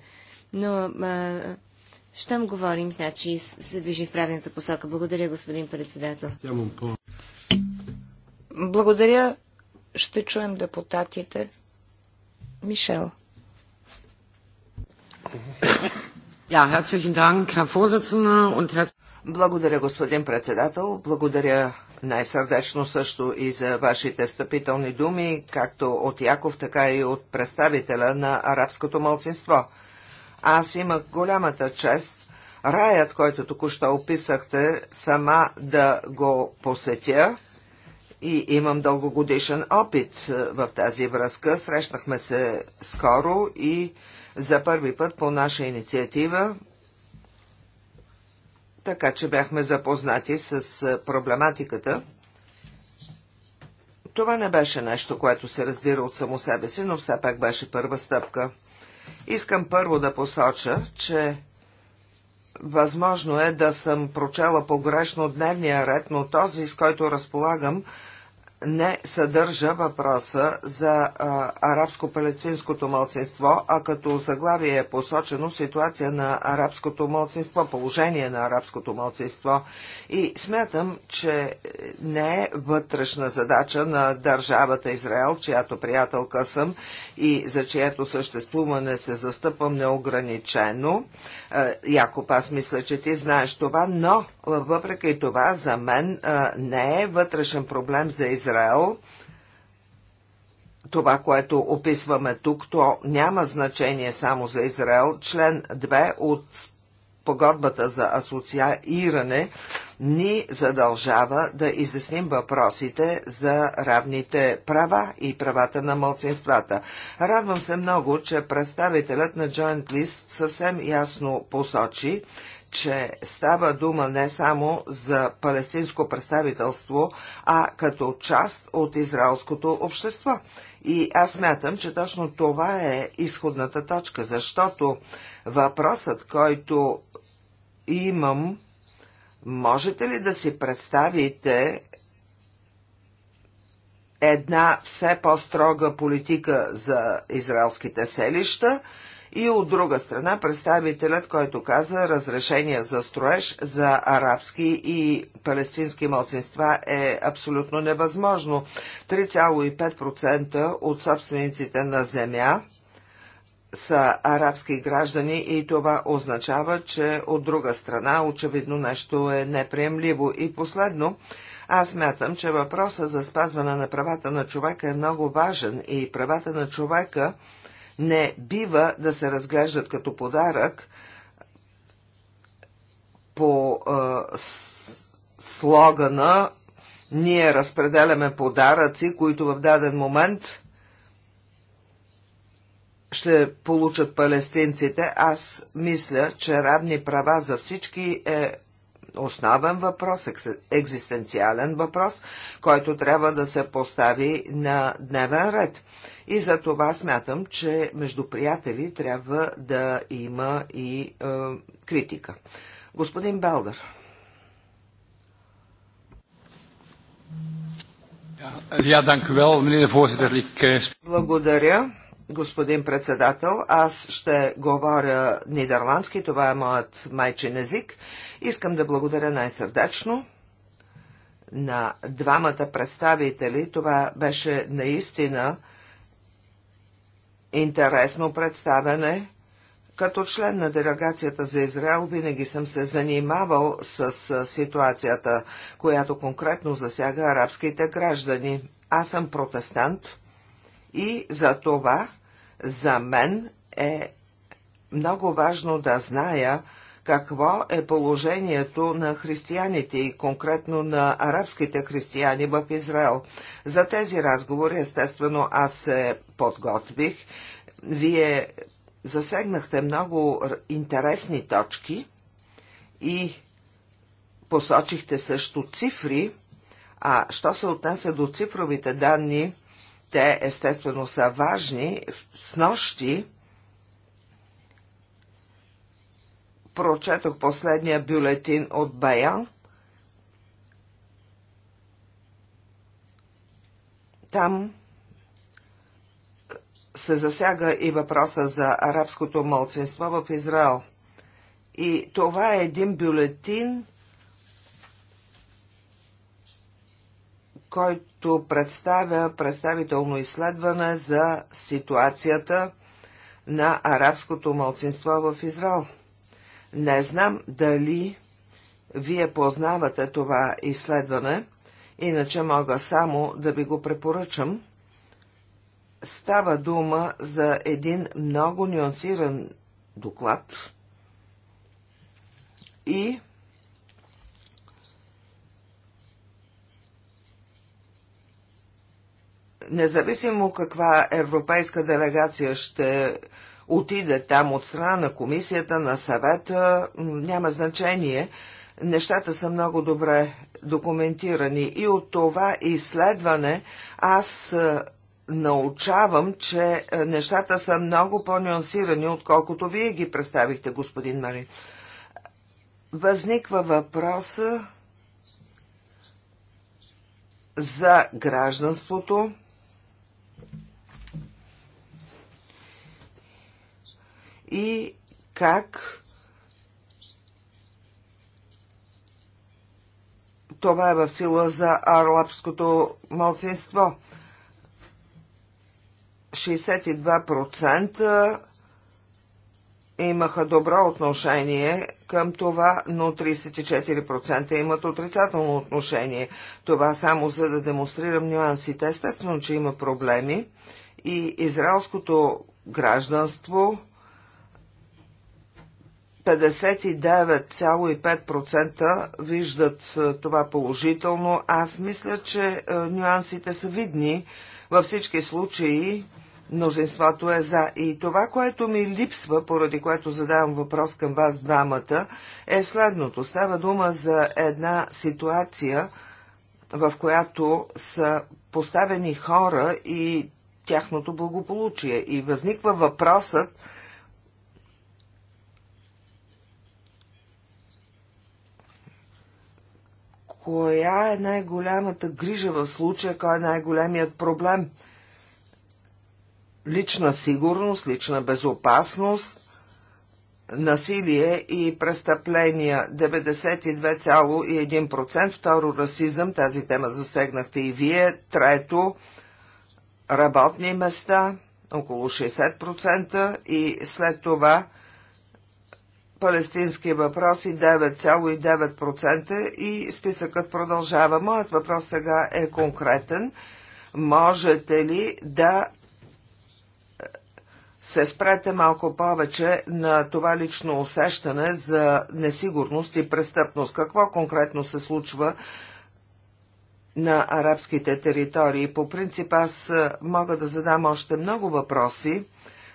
но а, щом говорим, значи се движи в правилната посока. Благодаря, господин председател. Благодаря. Ще чуем депутатите. Мишел. Благодаря, господин председател. Благодаря най-сърдечно също и за вашите встъпителни думи, както от Яков, така и от представителя на арабското мълцинство. Аз имах голямата чест раят, който току-що описахте, сама да го посетя и имам дългогодишен опит е, в тази връзка. Срещнахме се скоро и за първи път по наша инициатива така че бяхме запознати с проблематиката. Това не беше нещо, което се разбира от само себе си, но все пак беше първа стъпка. Искам първо да посоча, че възможно е да съм прочела погрешно дневния ред, но този, с който разполагам, не съдържа въпроса за арабско-палестинското мълцинство, а като заглавие е посочено ситуация на арабското мълцинство, положение на арабското мълцинство. И смятам, че не е вътрешна задача на държавата Израел, чиято приятелка съм и за чието съществуване се застъпвам неограничено. Якоб, аз мисля, че ти знаеш това, но въпреки това за мен не е вътрешен проблем за Израел Израел, това, което описваме тук, то няма значение само за Израел. Член 2 от погодбата за асоцииране ни задължава да изясним въпросите за равните права и правата на мълцинствата. Радвам се много, че представителят на Joint List съвсем ясно посочи, че става дума не само за палестинско представителство, а като част от израелското общество. И аз мятам, че точно това е изходната точка, защото въпросът, който имам, можете ли да си представите една все по-строга политика за израелските селища – и от друга страна представителят, който каза разрешение за строеж за арабски и палестински младсинства е абсолютно невъзможно. 3,5% от собствениците на земя са арабски граждани и това означава, че от друга страна очевидно нещо е неприемливо. И последно, аз мятам, че въпросът за спазване на правата на човека е много важен и правата на човека – не бива да се разглеждат като подарък по е, слогана ние разпределяме подаръци, които в даден момент ще получат палестинците. Аз мисля, че равни права за всички е основен въпрос, екзистенциален въпрос, който трябва да се постави на дневен ред. И за това смятам, че между приятели трябва да има и е, критика. Господин Белдър. Е, благодаря, господин председател. Аз ще говоря нидерландски, това е моят майчин език. Искам да благодаря най-сърдечно на двамата представители. Това беше наистина интересно представяне. Като член на делегацията за Израел винаги съм се занимавал с ситуацията, която конкретно засяга арабските граждани. Аз съм протестант и за това за мен е много важно да зная какво е положението на християните и конкретно на арабските християни в Израел. За тези разговори, естествено, аз се подготвих. Вие засегнахте много интересни точки и посочихте също цифри, а що се отнася до цифровите данни, те естествено са важни. С нощи прочетох последния бюлетин от Баян. Там се засяга и въпроса за арабското мълцинство в Израел. И това е един бюлетин, който представя представително изследване за ситуацията на арабското мълцинство в Израел. Не знам дали вие познавате това изследване, иначе мога само да ви го препоръчам. Става дума за един много нюансиран доклад и независимо каква европейска делегация ще отиде там от страна на комисията, на съвета, няма значение. Нещата са много добре документирани и от това изследване аз научавам, че нещата са много по-нюансирани, отколкото вие ги представихте, господин Марин. Възниква въпроса за гражданството, и как това е в сила за арлапското младсинство. 62% имаха добро отношение към това, но 34% имат отрицателно отношение. Това само за да демонстрирам нюансите. Естествено, че има проблеми и израелското гражданство – 59,5% виждат е, това положително. Аз мисля, че е, нюансите са видни. Във всички случаи мнозинството е за. И това, което ми липсва, поради което задавам въпрос към вас двамата, е следното. Става дума за една ситуация, в която са поставени хора и тяхното благополучие. И възниква въпросът, коя е най-голямата грижа в случая, кой е най-големият проблем? Лична сигурност, лична безопасност, насилие и престъпления 92,1%, второ расизъм, тази тема засегнахте и вие, трето работни места около 60% и след това палестински въпроси 9,9% и списъкът продължава. Моят въпрос сега е конкретен. Можете ли да е, се спрете малко повече на това лично усещане за несигурност и престъпност? Какво конкретно се случва на арабските територии? По принцип аз е, мога да задам още много въпроси.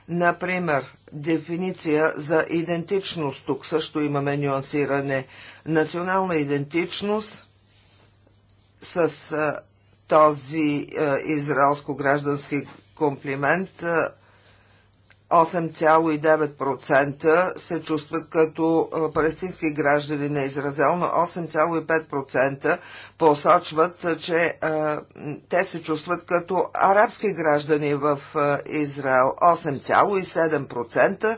Например, дефиниция за идентичност. Тук също имаме нюансиране. Национална идентичност с този израелско граждански комплимент 8,9% се чувстват като палестински граждани на но 8,5% посочват, че те се чувстват като арабски граждани в Израел, 8,7%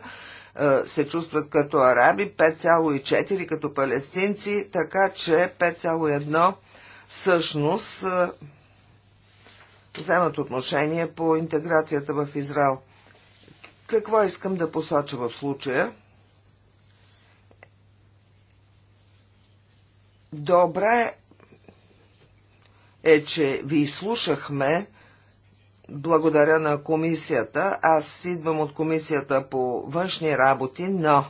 се чувстват като араби, 5,4 като палестинци, така че 5,1 всъщност вземат отношение по интеграцията в Израел. Какво искам да посоча в случая? Добре е, че ви слушахме. Благодаря на комисията. Аз идвам от комисията по външни работи, но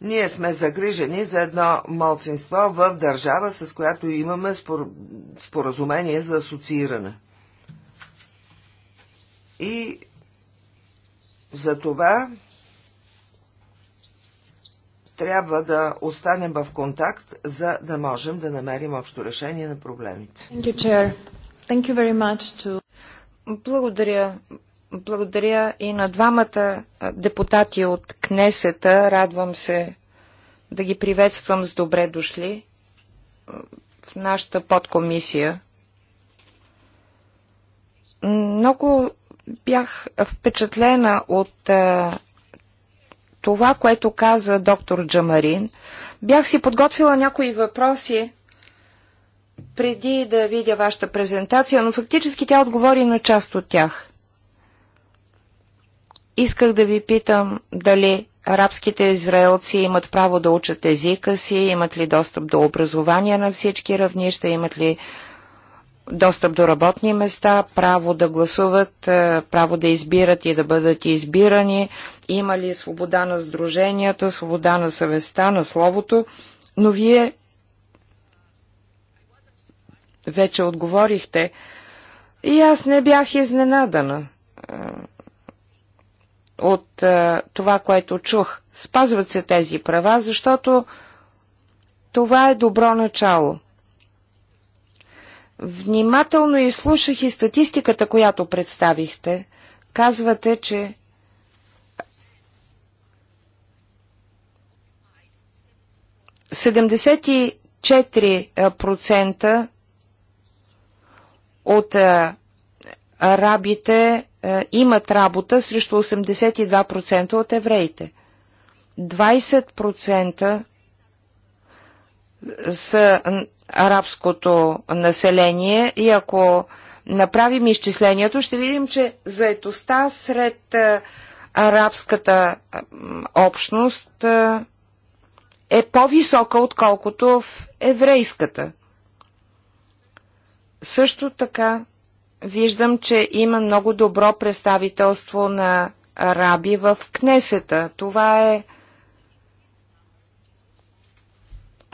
Ние сме загрижени за едно малцинство в държава, с която имаме спор... споразумение за асоцииране. И за това трябва да останем в контакт, за да можем да намерим общо решение на проблемите. Благодаря. Благодаря и на двамата депутати от Кнесета. Радвам се да ги приветствам с добре дошли в нашата подкомисия. Много бях впечатлена от а, това, което каза доктор Джамарин. Бях си подготвила някои въпроси преди да видя вашата презентация, но фактически тя отговори на част от тях. Исках да ви питам дали арабските израелци имат право да учат езика си, имат ли достъп до образование на всички равнища, имат ли достъп до работни места, право да гласуват, е, право да избират и да бъдат избирани, има ли свобода на сдруженията, свобода на съвестта, на словото, но вие вече отговорихте и аз не бях изненадана. Е, от а, е, това, което чух. Спазват се тези права, защото това е добро начало. Внимателно изслушах и статистиката, която представихте. Казвате, че Седемдесет и 4% от е, арабите е, имат работа срещу 82% от евреите. 20% са арабското население и ако направим изчислението, ще видим, че заетостта сред е, арабската общност е, е по-висока, отколкото в еврейската. Също така виждам, че има много добро представителство на араби в Кнесета. Това е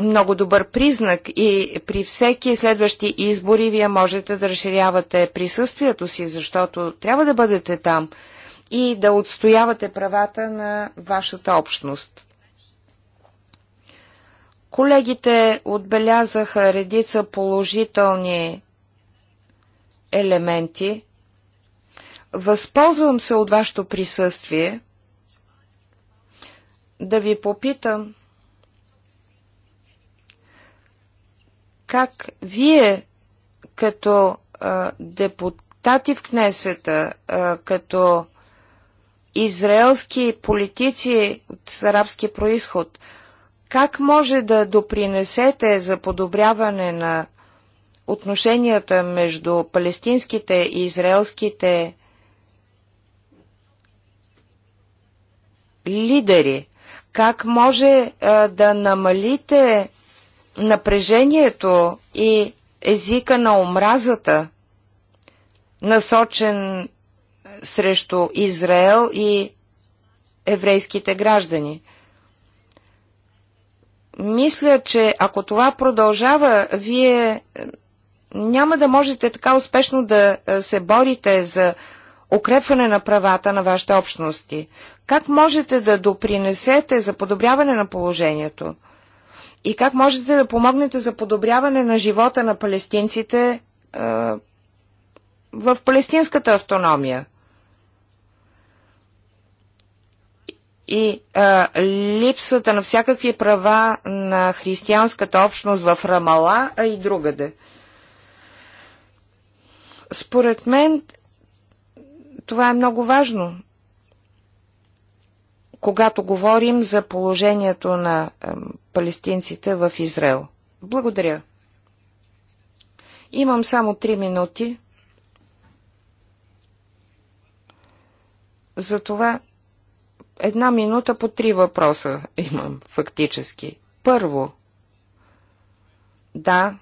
много добър признак и при всеки следващи избори вие можете да разширявате присъствието си, защото трябва да бъдете там и да отстоявате правата на вашата общност. Колегите отбелязаха редица положителни елементи. Възползвам се от вашето присъствие да ви попитам как вие като а, депутати в Кнесета, а, като израелски политици от арабски происход, как може да допринесете за подобряване на отношенията между палестинските и израелските лидери. Как може а, да намалите напрежението и езика на омразата, насочен срещу Израел и еврейските граждани? Мисля, че ако това продължава, вие няма да можете така успешно да е, се борите за укрепване на правата на вашите общности? Как можете да допринесете за подобряване на положението? И как можете да помогнете за подобряване на живота на палестинците е, в палестинската автономия? И а, е, липсата на всякакви права на християнската общност в Рамала, а и другаде. Според мен това е много важно, когато говорим за положението на палестинците в Израел. Благодаря. Имам само три минути. Затова една минута по три въпроса имам фактически. Първо, да,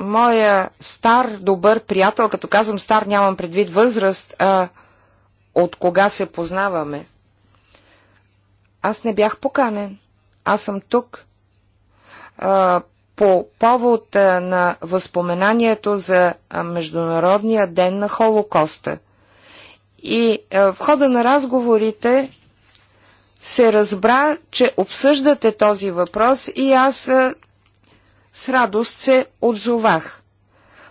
моя стар, добър приятел, като казвам стар, нямам предвид възраст, а от кога се познаваме. Аз не бях поканен. Аз съм тук. А, по повод а, на възпоменанието за а, Международния ден на Холокоста. И а, в хода на разговорите се разбра, че обсъждате този въпрос и аз с радост се отзовах.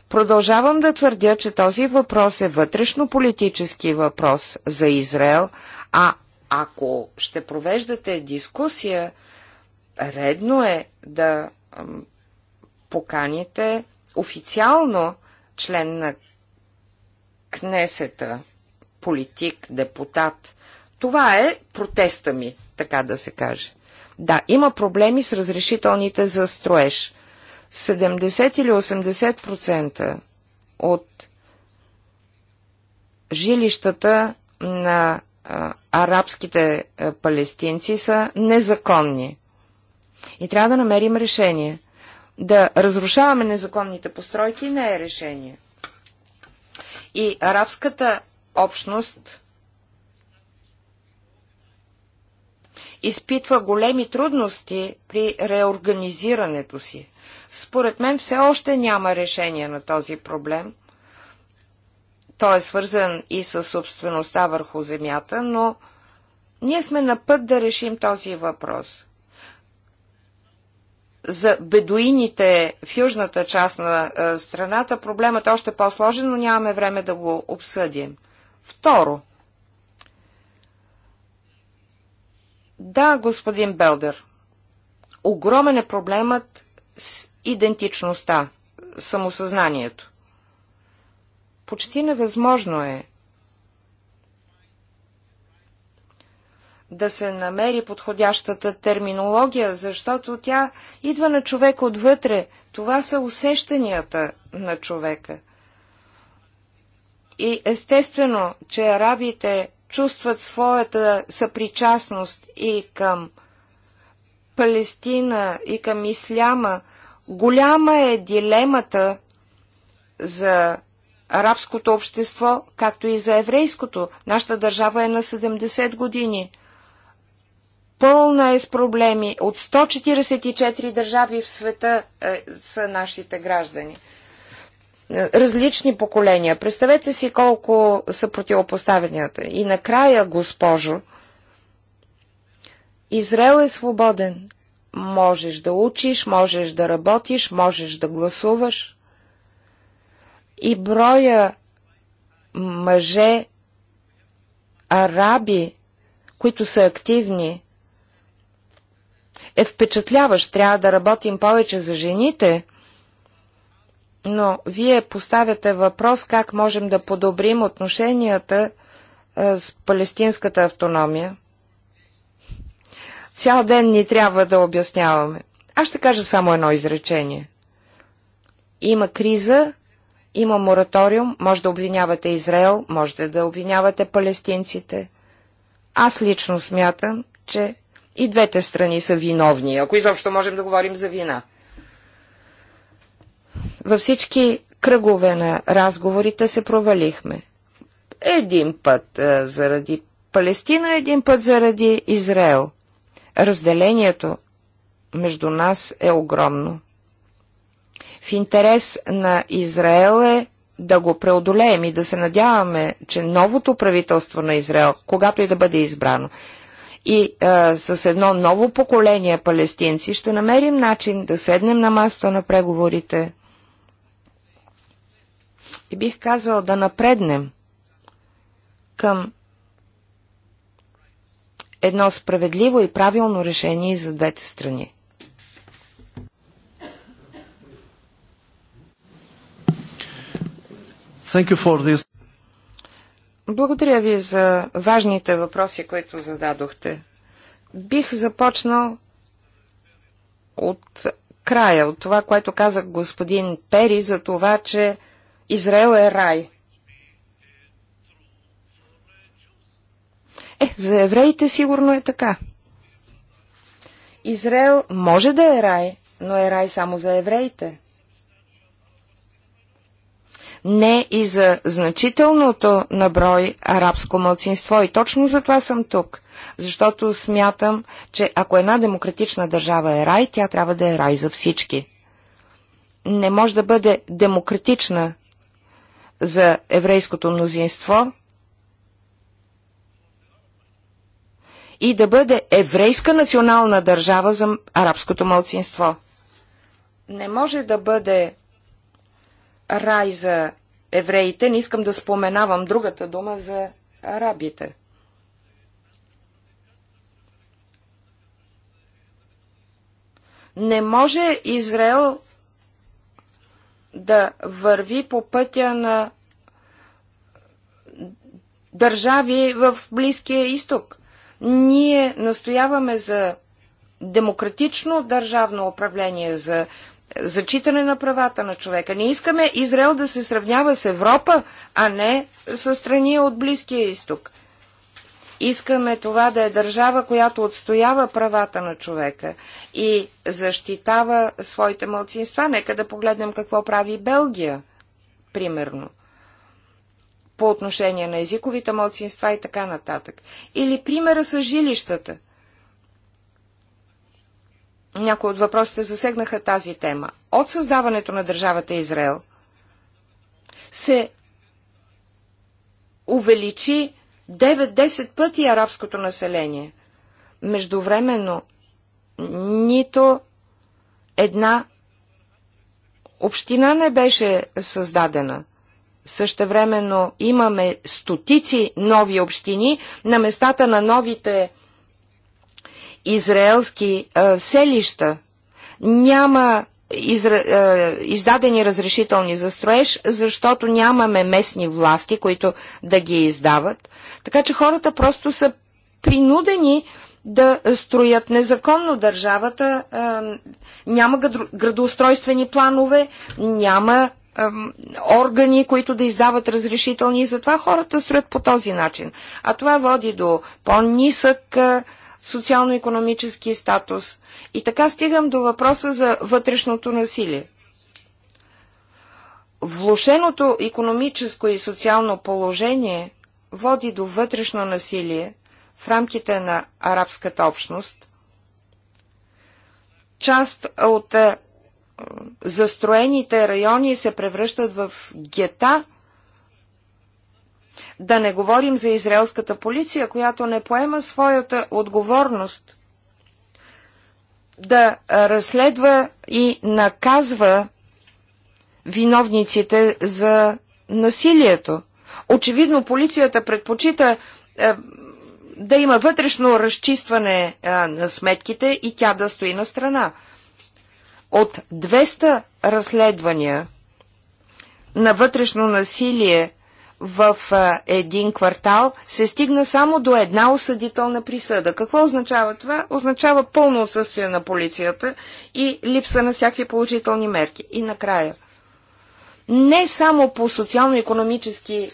Продължавам да твърдя, че този въпрос е вътрешно-политически въпрос за Израел, а ако ще провеждате дискусия, редно е да поканите официално член на Кнесета, политик, депутат. Това е протеста ми, така да се каже. Да, има проблеми с разрешителните за строеж. 70 или 80% от жилищата на арабските палестинци са незаконни. И трябва да намерим решение. Да разрушаваме незаконните постройки не е решение. И арабската общност изпитва големи трудности при реорганизирането си. Според мен все още няма решение на този проблем. Той е свързан и с собствеността върху земята, но ние сме на път да решим този въпрос. За бедуините в южната част на е, страната проблемът е още по-сложен, но нямаме време да го обсъдим. Второ. Да, господин Белдер, огромен е проблемът с идентичността, самосъзнанието. Почти невъзможно е да се намери подходящата терминология, защото тя идва на човек отвътре. Това са усещанията на човека. И естествено, че арабите чувстват своята съпричастност и към Палестина, и към Исляма, Голяма е дилемата за арабското общество, както и за еврейското. Нашата държава е на 70 години. Пълна е с проблеми. От 144 държави в света е, са нашите граждани. Е, различни поколения. Представете си колко са противопоставенията. И накрая, госпожо, Израел е свободен можеш да учиш, можеш да работиш, можеш да гласуваш. И броя мъже, араби, които са активни, е впечатляващ. Трябва да работим повече за жените, но вие поставяте въпрос как можем да подобрим отношенията с палестинската автономия. Цял ден ни трябва да обясняваме. Аз ще кажа само едно изречение. Има криза, има мораториум, може да обвинявате Израел, може да обвинявате палестинците. Аз лично смятам, че и двете страни са виновни, ако изобщо можем да говорим за вина. Във всички кръгове на разговорите се провалихме. Един път а, заради Палестина, един път заради Израел. Разделението между нас е огромно. В интерес на Израел е да го преодолеем и да се надяваме, че новото правителство на Израел, когато и да бъде избрано, и а, с едно ново поколение палестинци ще намерим начин да седнем на маста на преговорите и бих казал да напреднем към едно справедливо и правилно решение за двете страни. Thank you for this. Благодаря ви за важните въпроси, които зададохте. Бих започнал от края, от това, което каза господин Пери за това, че Израел е рай. Е, за евреите сигурно е така. Израел може да е рай, но е рай само за евреите. Не и за значителното наброй арабско мълцинство. И точно за това съм тук. Защото смятам, че ако една демократична държава е рай, тя трябва да е рай за всички. Не може да бъде демократична за еврейското мнозинство, и да бъде еврейска национална държава за арабското мълцинство. Не може да бъде рай за евреите, не искам да споменавам другата дума за арабите. Не може Израел да върви по пътя на държави в Близкия изток. Ние настояваме за демократично държавно управление, за зачитане на правата на човека. Не искаме Израел да се сравнява с Европа, а не с страни от Близкия изток. Искаме това да е държава, която отстоява правата на човека и защитава своите мълцинства. Нека да погледнем какво прави Белгия, примерно по отношение на езиковите младсинства и така нататък. Или примера с жилищата. Някои от въпросите засегнаха тази тема. От създаването на държавата Израел се увеличи 9-10 пъти арабското население. Междувременно нито една община не беше създадена – Същевременно имаме стотици нови общини на местата на новите израелски а, селища. Няма изра... а, издадени разрешителни за строеж, защото нямаме местни власти, които да ги издават. Така че хората просто са принудени да строят незаконно държавата, а, няма градоустройствени планове, няма органи, които да издават разрешителни и затова хората строят по този начин. А това води до по-нисък социално-економически статус. И така стигам до въпроса за вътрешното насилие. Влушеното економическо и социално положение води до вътрешно насилие в рамките на арабската общност, част от застроените райони се превръщат в гета. Да не говорим за израелската полиция, която не поема своята отговорност да разследва и наказва виновниците за насилието. Очевидно полицията предпочита е, да има вътрешно разчистване е, на сметките и тя да стои на страна. От 200 разследвания на вътрешно насилие в един квартал се стигна само до една осъдителна присъда. Какво означава това? Означава пълно отсъствие на полицията и липса на всякакви положителни мерки. И накрая, не само по социално-економически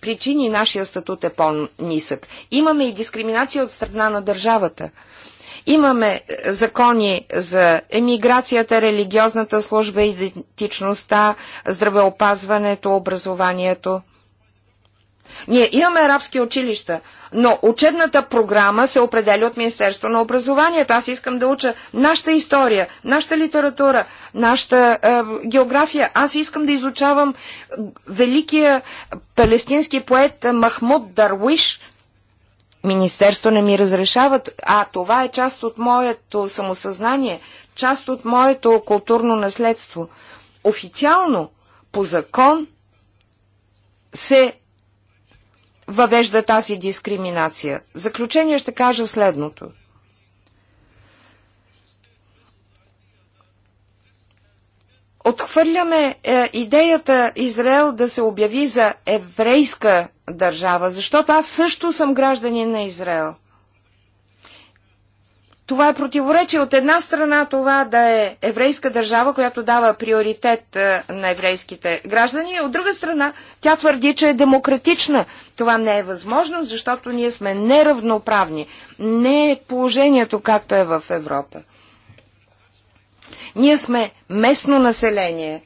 причини нашия статут е по-нисък. Имаме и дискриминация от страна на държавата. Имаме е, закони за емиграцията, религиозната служба, идентичността, здравеопазването, образованието. Ние имаме арабски училища, но учебната програма се определя от Министерство на образованието. Аз искам да уча нашата история, нашата литература, нашата е, география. Аз искам да изучавам великия палестински поет Махмуд Дарвиш, министерство не ми разрешават, а това е част от моето самосъзнание, част от моето културно наследство. Официално, по закон, се въвежда тази дискриминация. В заключение ще кажа следното. отхвърляме е, идеята Израел да се обяви за еврейска държава, защото аз също съм гражданин на Израел. Това е противоречие от една страна това да е еврейска държава, която дава приоритет е, на еврейските граждани, от друга страна тя твърди, че е демократична. Това не е възможно, защото ние сме неравноправни. Не е положението както е в Европа. Ние сме местно население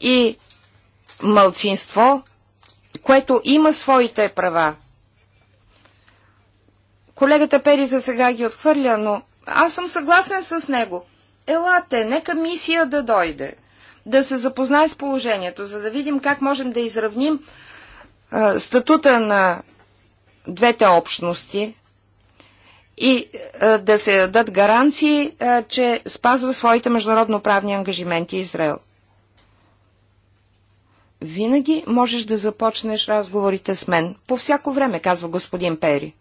и мълцинство, което има своите права. Колегата Пери за сега ги отхвърля, но аз съм съгласен с него. Елате, нека мисия да дойде, да се запознае с положението, за да видим как можем да изравним а, статута на двете общности и е, да се дадат гаранции, е, че спазва своите международно-правни ангажименти Израел. Винаги можеш да започнеш разговорите с мен. По всяко време, казва господин Пери.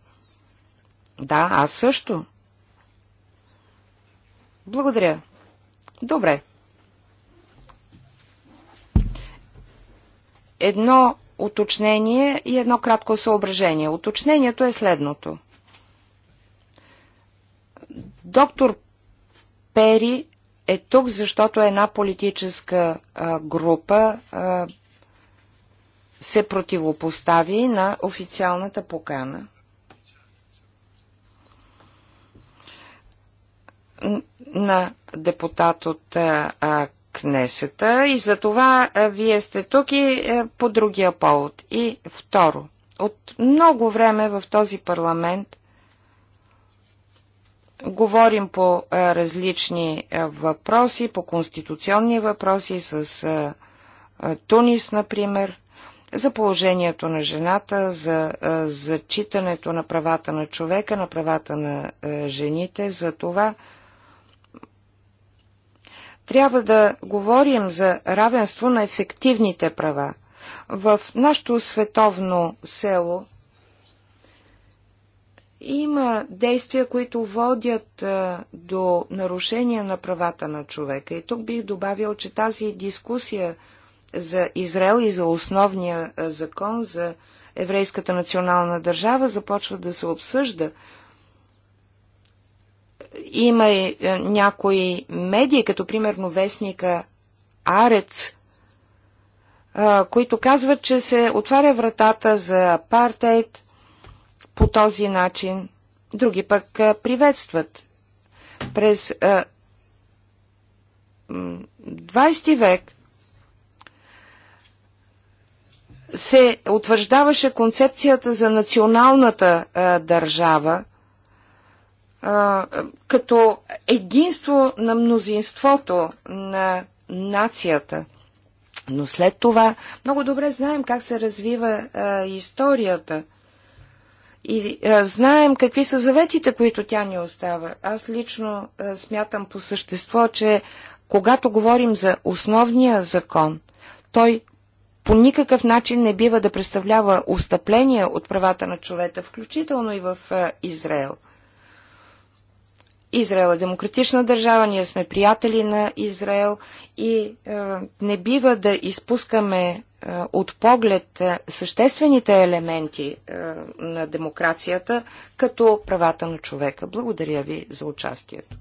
Да, аз също. Благодаря. Добре. Едно уточнение и едно кратко съображение. Уточнението е следното – Доктор Пери е тук, защото една политическа а, група а, се противопостави на официалната покана. на депутат от а, Кнесета и за това а, вие сте тук и а, по другия повод. И второ, от много време в този парламент Говорим по е, различни е, въпроси, по конституционни въпроси с е, Тунис, например, за положението на жената, за зачитането на правата на човека, на правата на жените, за това трябва да говорим за равенство на ефективните права. В нашето световно село – има действия, които водят до нарушения на правата на човека. И тук бих добавил, че тази дискусия за Израел и за основния закон за еврейската национална държава започва да се обсъжда. Има и някои медии, като примерно вестника Арец, които казват, че се отваря вратата за апартейт – по този начин, други пък приветстват. През 20 век се утвърждаваше концепцията за националната държава като единство на мнозинството на нацията. Но след това много добре знаем как се развива а, историята – и а, знаем какви са заветите, които тя ни остава. Аз лично а, смятам по същество, че когато говорим за основния закон, той по никакъв начин не бива да представлява устъпление от правата на човека, включително и в а, Израел. Израел е демократична държава, ние сме приятели на Израел и е, не бива да изпускаме е, от поглед е, съществените елементи е, на демокрацията, като правата на човека. Благодаря ви за участието.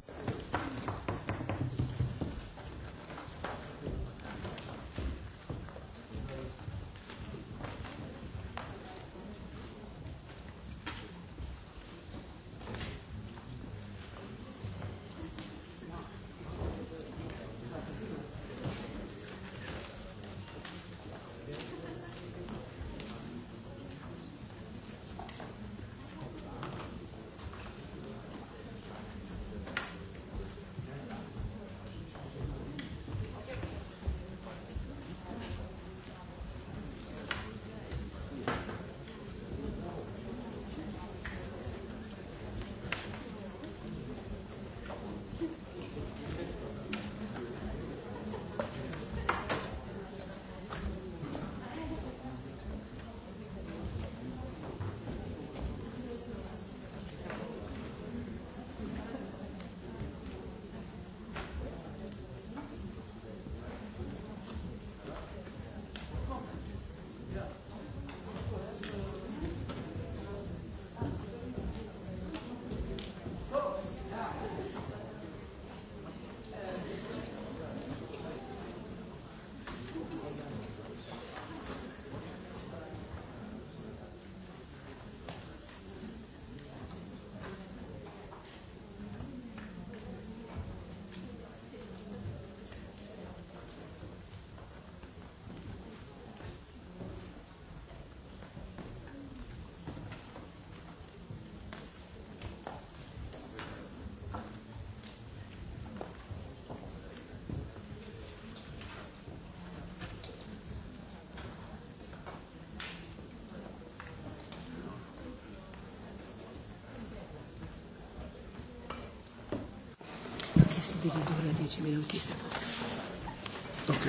Ok,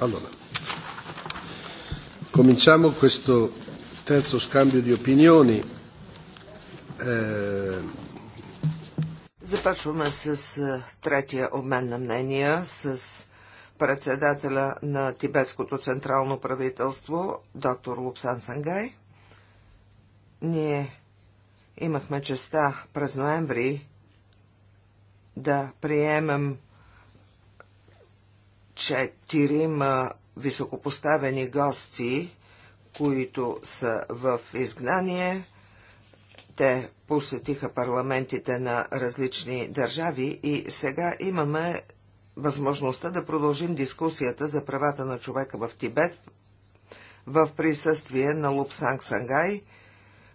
allora. Cominciamo questo terzo scambio di opinioni. Eh, Започваме с е, третия обмен на мнения с председателя на Тибетското централно правителство, доктор Лупсан Сангай. Ние имахме честа през ноември да приемам четирима високопоставени гости, които са в изгнание. Те посетиха парламентите на различни държави и сега имаме възможността да продължим дискусията за правата на човека в Тибет в присъствие на Лупсанг Сангай,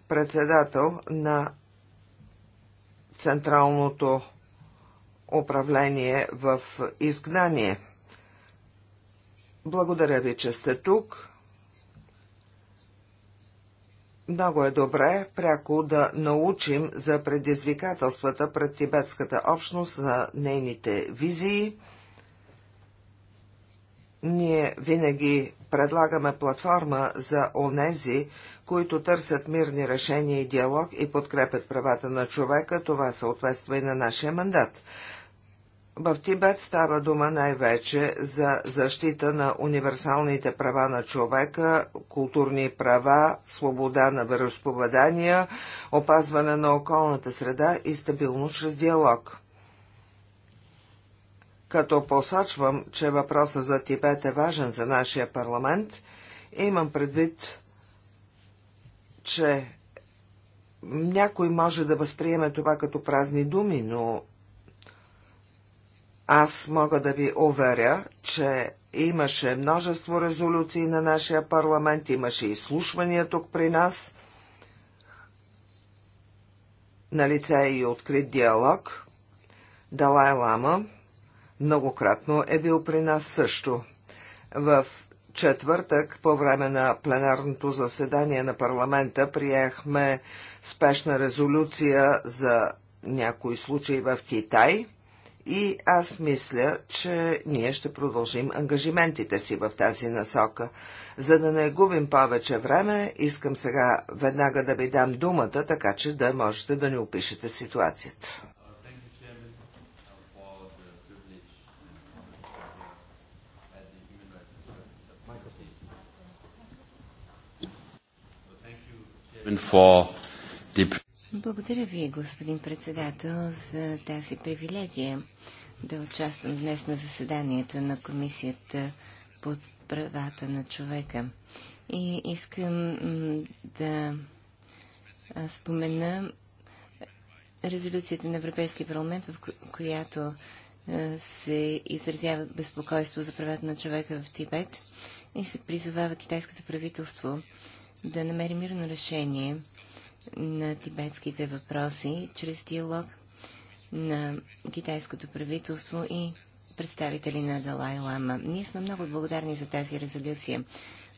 председател на Централното управление в изгнание. Благодаря ви, че сте тук. Много е добре пряко да научим за предизвикателствата пред тибетската общност на нейните визии. Ние винаги предлагаме платформа за онези, които търсят мирни решения и диалог и подкрепят правата на човека. Това съответства и на нашия мандат. В Тибет става дума най-вече за защита на универсалните права на човека, културни права, свобода на вероисповедания, опазване на околната среда и стабилност чрез диалог. Като посочвам, че въпроса за Тибет е важен за нашия парламент, имам предвид, че някой може да възприеме това като празни думи, но аз мога да ви уверя, че имаше множество резолюции на нашия парламент, имаше изслушвания тук при нас. На лице е и открит диалог. Далай Лама многократно е бил при нас също. В четвъртък, по време на пленарното заседание на парламента, приехме спешна резолюция за някои случаи в Китай – и аз мисля, че ние ще продължим ангажиментите си в тази насока. За да не губим повече време, искам сега веднага да ви дам думата, така че да можете да ни опишете ситуацията. For the благодаря ви, господин председател, за тази привилегия да участвам днес на заседанието на Комисията под правата на човека. И искам да спомена резолюцията на Европейския парламент, в която се изразява безпокойство за правата на човека в Тибет и се призовава китайското правителство да намери мирно решение на тибетските въпроси чрез диалог на китайското правителство и представители на Далай Лама. Ние сме много благодарни за тази резолюция.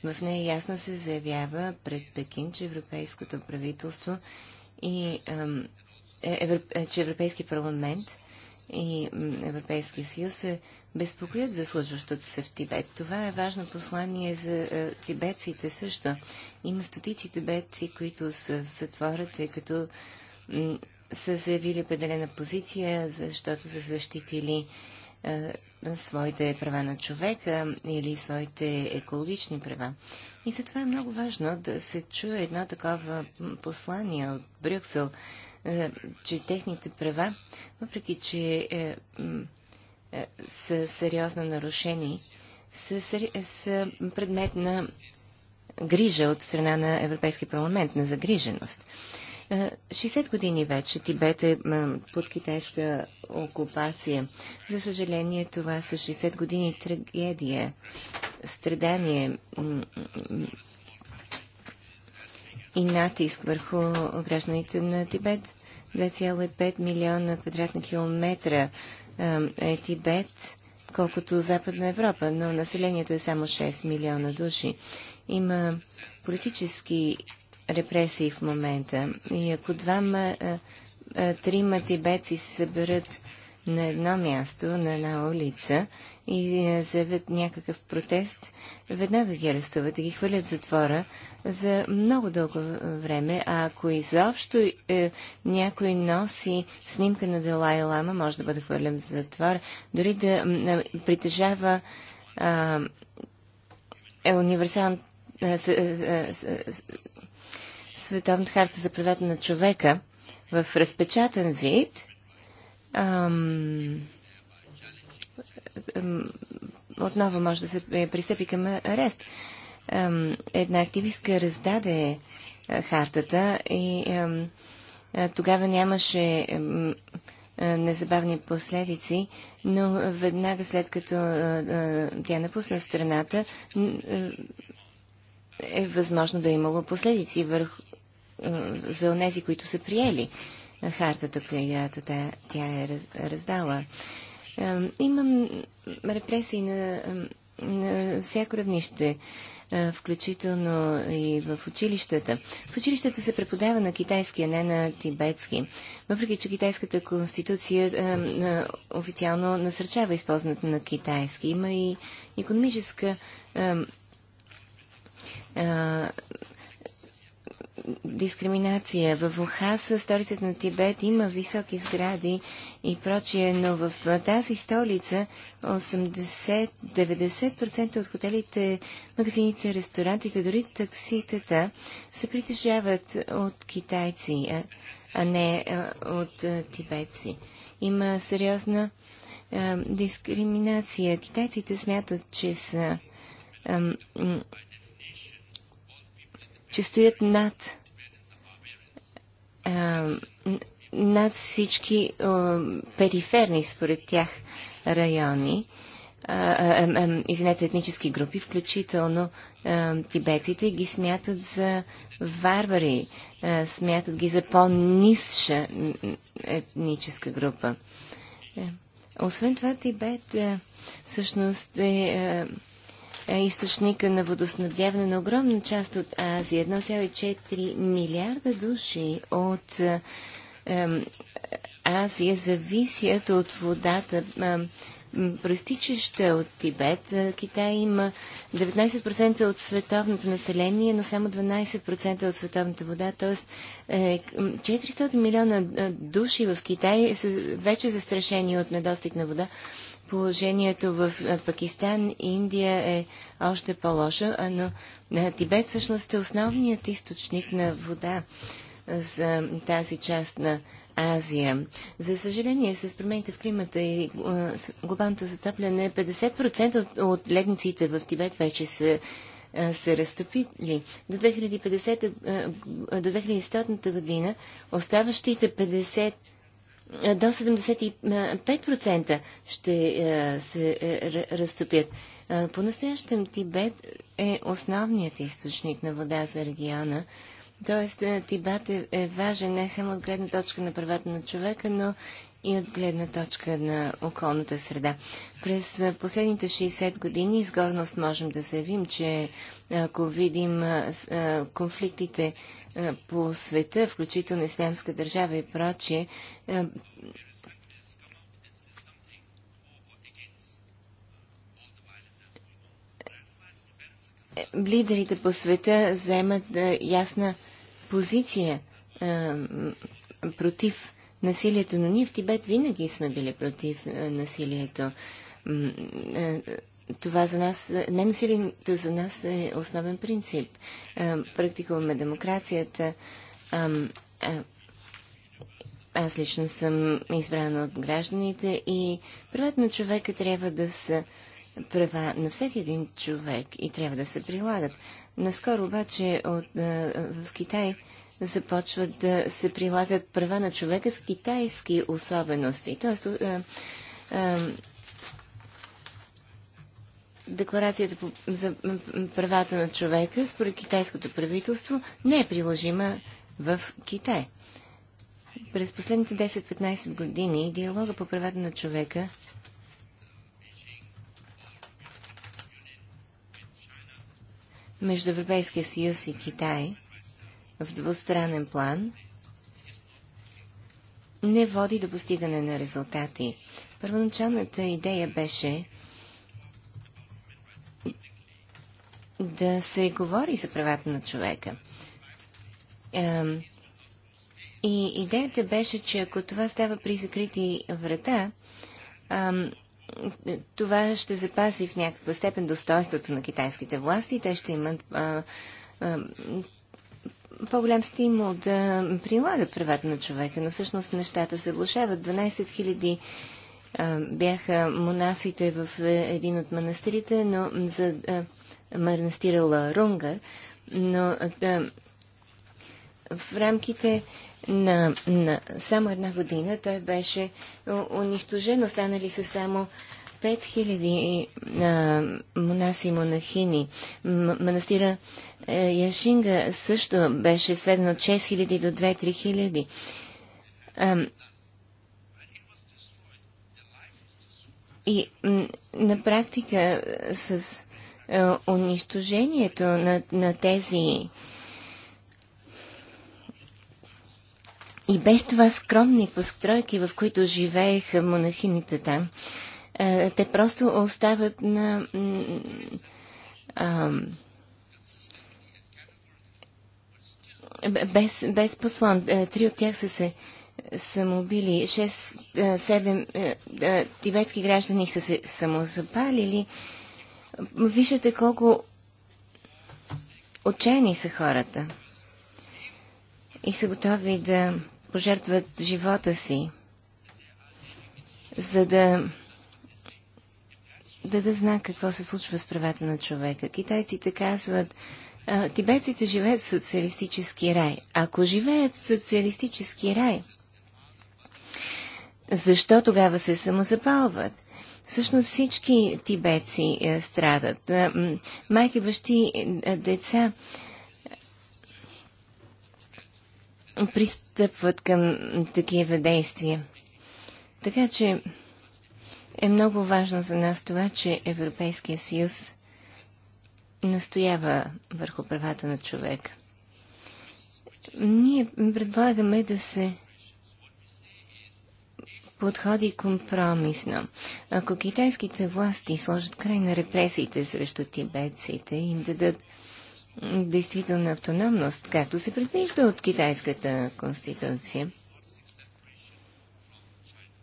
В нея ясно се заявява пред Пекин, че Европейското правителство и е, е, че Европейски парламент и Европейския съюз са безпокоят за случващото се в Тибет. Това е важно послание за а, е, тибетците също. Има стотици тибетци, които са в затвора, тъй като са заявили определена позиция, защото са защитили а, е, своите права на човека или своите екологични права. И затова е много важно да се чуе едно такова послание от Брюксел, е, че техните права, въпреки че е, са сериозно нарушени, са, са предмет на грижа от страна на Европейски парламент, на загриженост. 60 е, години вече Тибет е под китайска окупация. За съжаление, това са 60 години трагедия, страдание и натиск върху гражданите на Тибет. 2,5 милиона квадратни километра е Тибет, колкото Западна Европа, но населението е само 6 милиона души. Има политически репресии в момента. И ако двама, трима тибетци се съберат на едно място, на една улица и заявят някакъв протест, веднага ги арестуват и ги хвърлят затвора, за много дълго време, а ако изобщо е, някой носи снимка на Далай Лама, може да бъде хвърлен за затвор, дори да е, притежава а, е, универсален е, Световната харта за правата на човека в разпечатан вид, ам, ам, отново може да се пристъпи към арест една активистка раздаде е, хартата и е, тогава нямаше е, незабавни последици, но веднага след като тя напусна страната, е възможно да е имало последици върху, за онези, които са приели хартата, която тя, е раздала. Имам репресии на, на всяко равнище. Е, включително и в училищата. В училищата се преподава на китайски, а не на тибетски. Въпреки, че китайската конституция е, е, официално насърчава използването на китайски. Има и економическа дискриминация. В Ухаса, столицата на Тибет, има високи сгради и прочие, но в тази столица 80-90% от хотелите, магазините, ресторантите, дори такситата се притежават от китайци, а, не от тибетци. Има сериозна дискриминация. Китайците смятат, че са че стоят над а, над всички а, периферни според тях райони, а, а, извинете, етнически групи, включително тибетите, ги смятат за варвари, смятат ги за по-низша етническа група. Е, освен това, Тибет е, всъщност е, е е източника на водоснабдяване на огромна част от Азия. 1,4 милиарда души от е, Азия зависят от водата, проистичаща от Тибет. Е, Китай има 19% от световното население, но само 12% от световната вода. Тоест 400 милиона души в Китай са вече застрашени от недостиг на вода положението в Пакистан, Индия е още по-лошо, но Тибет всъщност е основният източник на вода за тази част на Азия. За съжаление, с промените в климата и глобалното затопляне, 50% от, от ледниците в Тибет вече са се разтопили. До 2050, до 2100 година оставащите 50 до 75% ще е, се е, разтопят. Е, по-настоящем Тибет е основният източник на вода за региона. Тоест, Тибет е, важен не само от гледна точка на правата на човека, но и от гледна точка на околната среда. През последните 60 години с горност можем да заявим, че ако видим конфликтите е, по света, включително ислямска държава и прочие, е, лидерите по света заемат е, ясна позиция против насилието, но ние в Тибет винаги сме били против насилието това за нас, ненасилието за нас е основен принцип. Е, практикуваме демокрацията. Аз лично съм избрана от гражданите и правата на човека трябва да са права на всеки един човек и трябва да се прилагат. Наскоро обаче от, в Китай започват да се прилагат права на човека с китайски особености. Тоест, Декларацията за правата на човека според китайското правителство не е приложима в Китай. През последните 10-15 години диалога по правата на човека между Европейския съюз и Китай в двустранен план не води до постигане на резултати. Първоначалната идея беше да се говори за правата на човека. И идеята беше, че ако това става при закрити врата, това ще запази в някаква степен достоинството на китайските власти. Те ще имат по-голям стимул да прилагат правата на човека, но всъщност нещата се влушават. 12 000 бяха монасите в е, един от манастирите, но за а, Марнастирала Рунгър, но да, в рамките на, на само една година той беше унищожен. Останали са само 5000 монаси и монахини. манастира е, Яшинга също беше сведен от 6000 до 2-3 хиляди. И на практика с е, унищожението на, на тези и без това скромни постройки, в които живееха монахините там. Е, те просто остават на без, без послон. Е, три от тях са се самоубили. Шест, седем тибетски граждани са се самозапалили. Виждате колко отчаяни са хората и са готови да пожертват живота си, за да да да знак какво се случва с правата на човека. Китайците казват, тибетците живеят в социалистически рай. Ако живеят в социалистически рай, защо тогава се самозапалват? Всъщност всички тибетци е, страдат. Е, майки, бащи, е, деца пристъпват към такива действия. Така че е много важно за нас това, че Европейския съюз настоява върху правата на човека. Ние предлагаме да се подходи компромисно. Ако китайските власти сложат край на репресиите срещу тибетците и им дадат действителна автономност, както се предвижда от китайската конституция,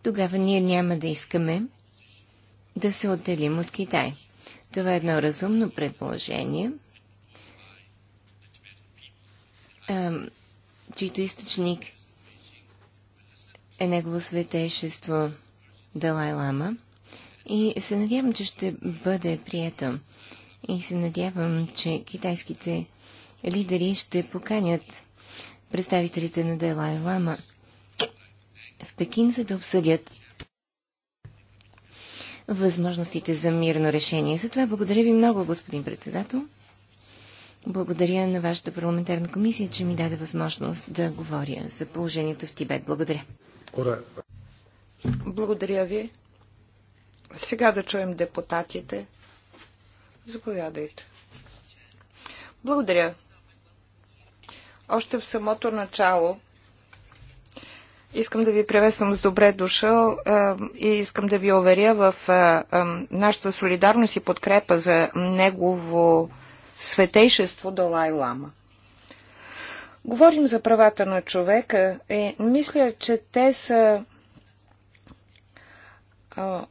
тогава ние няма да искаме да се отделим от Китай. Това е едно разумно предположение, чийто източник е негово светейшество Далай Лама и се надявам, че ще бъде прието. И се надявам, че китайските лидери ще поканят представителите на Далай Лама в Пекин, за да обсъдят възможностите за мирно решение. За това благодаря ви много, господин председател. Благодаря на вашата парламентарна комисия, че ми даде възможност да говоря за положението в Тибет. Благодаря. Благодаря ви. Сега да чуем депутатите. Заповядайте. Благодаря. Още в самото начало искам да ви приветствам с добре дошъл и искам да ви уверя в нашата солидарност и подкрепа за негово светейшество долай Лама. Говорим за правата на човека и мисля, че те са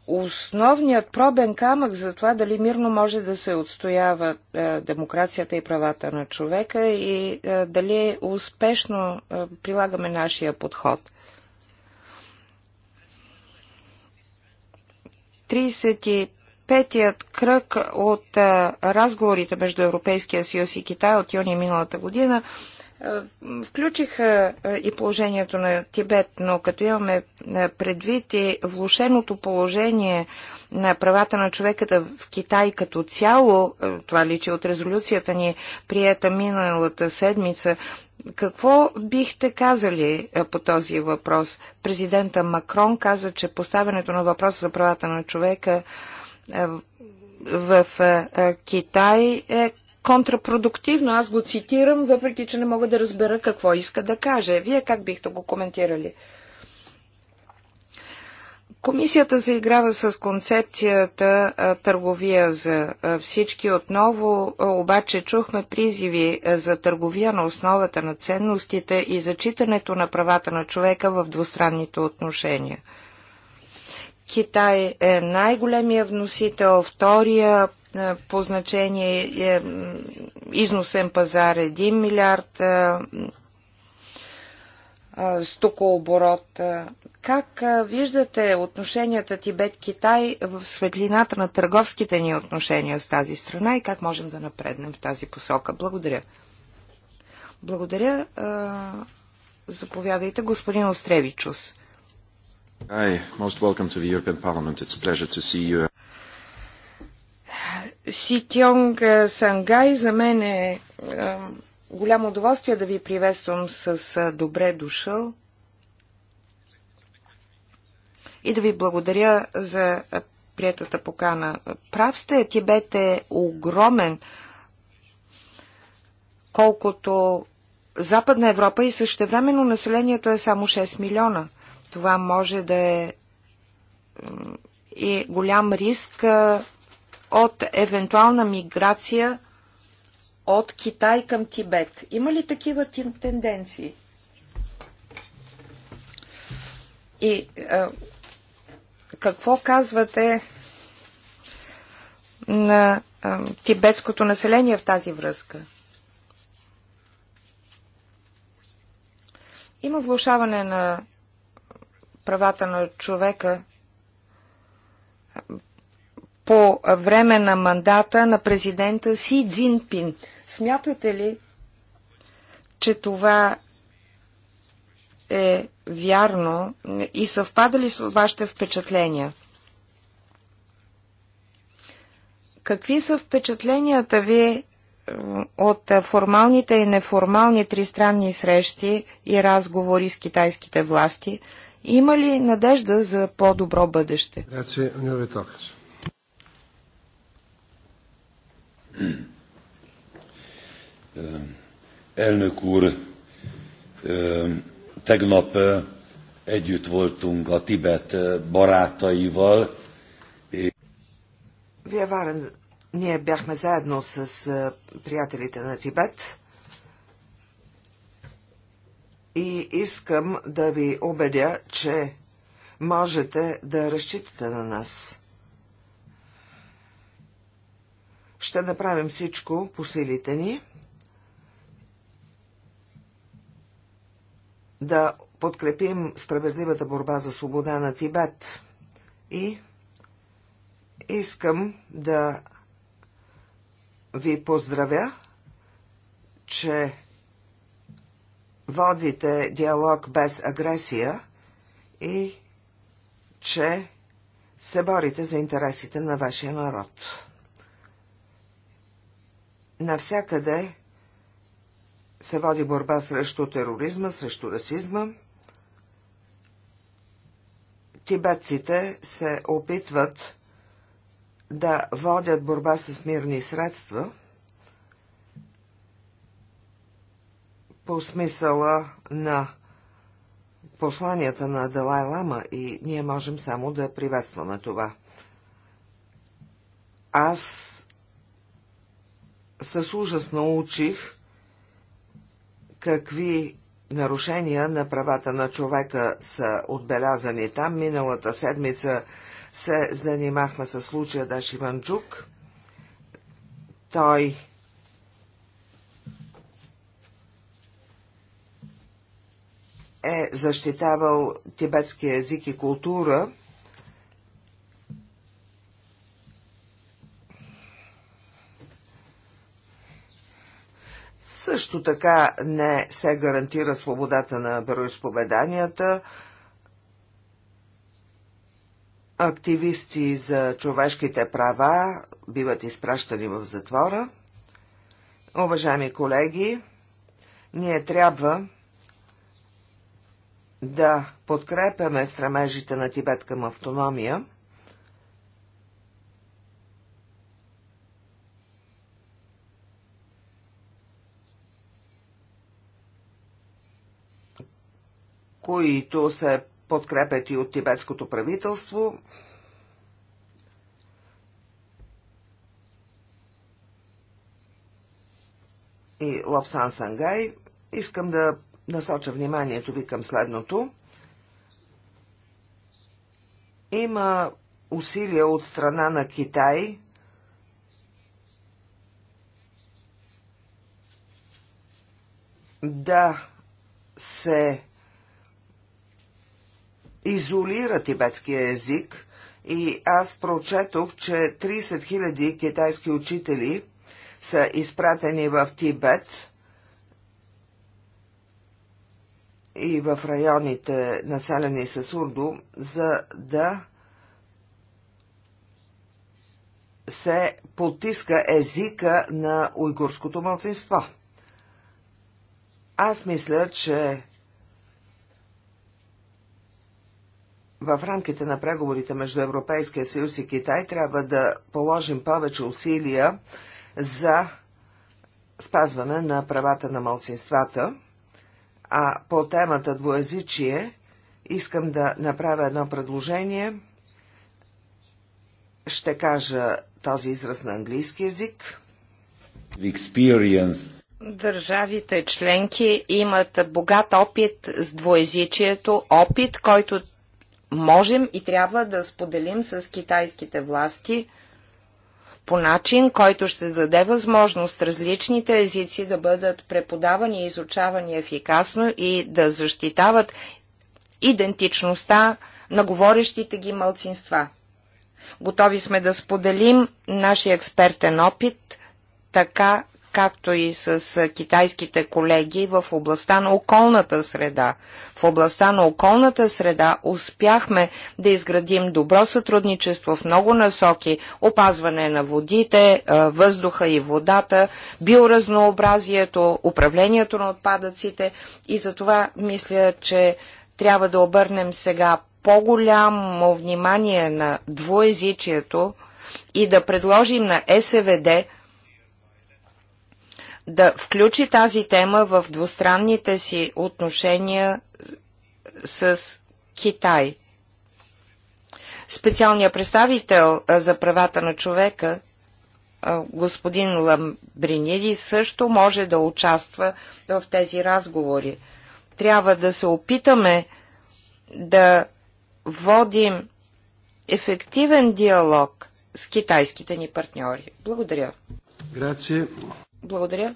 основният пробен камък за това дали мирно може да се отстоява демокрацията и правата на човека и дали успешно прилагаме нашия подход. 35-ят кръг от разговорите между Европейския съюз и Китай от юни миналата година е, включиха е, и положението на Тибет, но като имаме е, предвид и влушеното положение на правата на човеката в Китай като цяло, това личи от резолюцията ни, приета миналата седмица, какво бихте казали по този въпрос? Президента Макрон каза, че поставянето на въпроса за правата на човека в Китай е контрапродуктивно. Аз го цитирам, въпреки че не мога да разбера какво иска да каже. Вие как бихте го коментирали? Комисията заиграва с концепцията търговия за всички. Отново обаче чухме призиви за търговия на основата на ценностите и зачитането на правата на човека в двустранните отношения. Китай е най-големия вносител, втория е, по значение е износен пазар 1 милиард, е, е, стокооборот. Как виждате отношенията Тибет-Китай в светлината на търговските ни отношения с тази страна и как можем да напреднем в тази посока? Благодаря. Благодаря. Заповядайте, господин Остревичус. Hi, most welcome to the European Parliament. It's a pleasure to see you. Си Кьонг е, Сангай, за мен е, е голямо удоволствие да ви приветствам с е, добре дошъл и да ви благодаря за приятата покана. Прав сте, Тибет е огромен, колкото Западна Европа и същевременно населението е само 6 милиона. Това може да е и голям риск от евентуална миграция от Китай към Тибет. Има ли такива тенденции? И а, какво казвате на а, тибетското население в тази връзка? Има влушаване на правата на човека по време на мандата на президента Си Цзинпин. Смятате ли, че това е вярно и съвпада ли с вашите впечатления? Какви са впечатленията ви от формалните и неформални тристранни срещи и разговори с китайските власти? Има ли надежда за по-добро бъдеще? Grazie, Elnök е, úr, tegnap együtt voltunk a Tibet barátaival. Вие варен, ние бяхме заедно с приятелите на Тибет и искам да ви убедя, че можете да разчитате на нас. Ще направим всичко по силите ни да подкрепим справедливата борба за свобода на Тибет и искам да ви поздравя, че водите диалог без агресия и че се борите за интересите на вашия народ. Навсякъде се води борба срещу тероризма, срещу расизма. Тибетците се опитват да водят борба с мирни средства по смисъла на посланията на Далай Лама и ние можем само да приветстваме това. Аз с ужас научих какви нарушения на правата на човека са отбелязани там. Миналата седмица се занимахме с случая Даши Манджук. Той е защитавал тибетски език и култура Също така не се гарантира свободата на вероисповеданията. Активисти за човешките права биват изпращани в затвора. Уважаеми колеги, ние трябва да подкрепяме стремежите на Тибет към автономия – които се подкрепят и от тибетското правителство. и Лапсан Сангай, искам да насоча вниманието ви към следното. Има усилия от страна на Китай да се изолира тибетския език и аз прочетох, че 30 000 китайски учители са изпратени в Тибет и в районите населени с урду, за да се потиска езика на уйгурското мълцинство. Аз мисля, че в рамките на преговорите между Европейския съюз и Китай трябва да положим повече усилия за спазване на правата на малцинствата, а по темата двоязичие искам да направя едно предложение. Ще кажа този израз на английски язик. Experience. Държавите членки имат богат опит с двоезичието, опит, който можем и трябва да споделим с китайските власти по начин, който ще даде възможност различните езици да бъдат преподавани и изучавани ефикасно и да защитават идентичността на говорещите ги мълцинства. Готови сме да споделим нашия експертен опит, така както и с китайските колеги в областта на околната среда. В областта на околната среда успяхме да изградим добро сътрудничество в много насоки, опазване на водите, е, въздуха и водата, биоразнообразието, управлението на отпадъците и за това мисля, че трябва да обърнем сега по-голямо внимание на двоезичието и да предложим на СВД – да включи тази тема в двустранните си отношения с Китай. Специалният представител за правата на човека, господин Ламбриниди, също може да участва в тези разговори. Трябва да се опитаме да водим ефективен диалог с китайските ни партньори. Благодаря. Грация. Благодаря.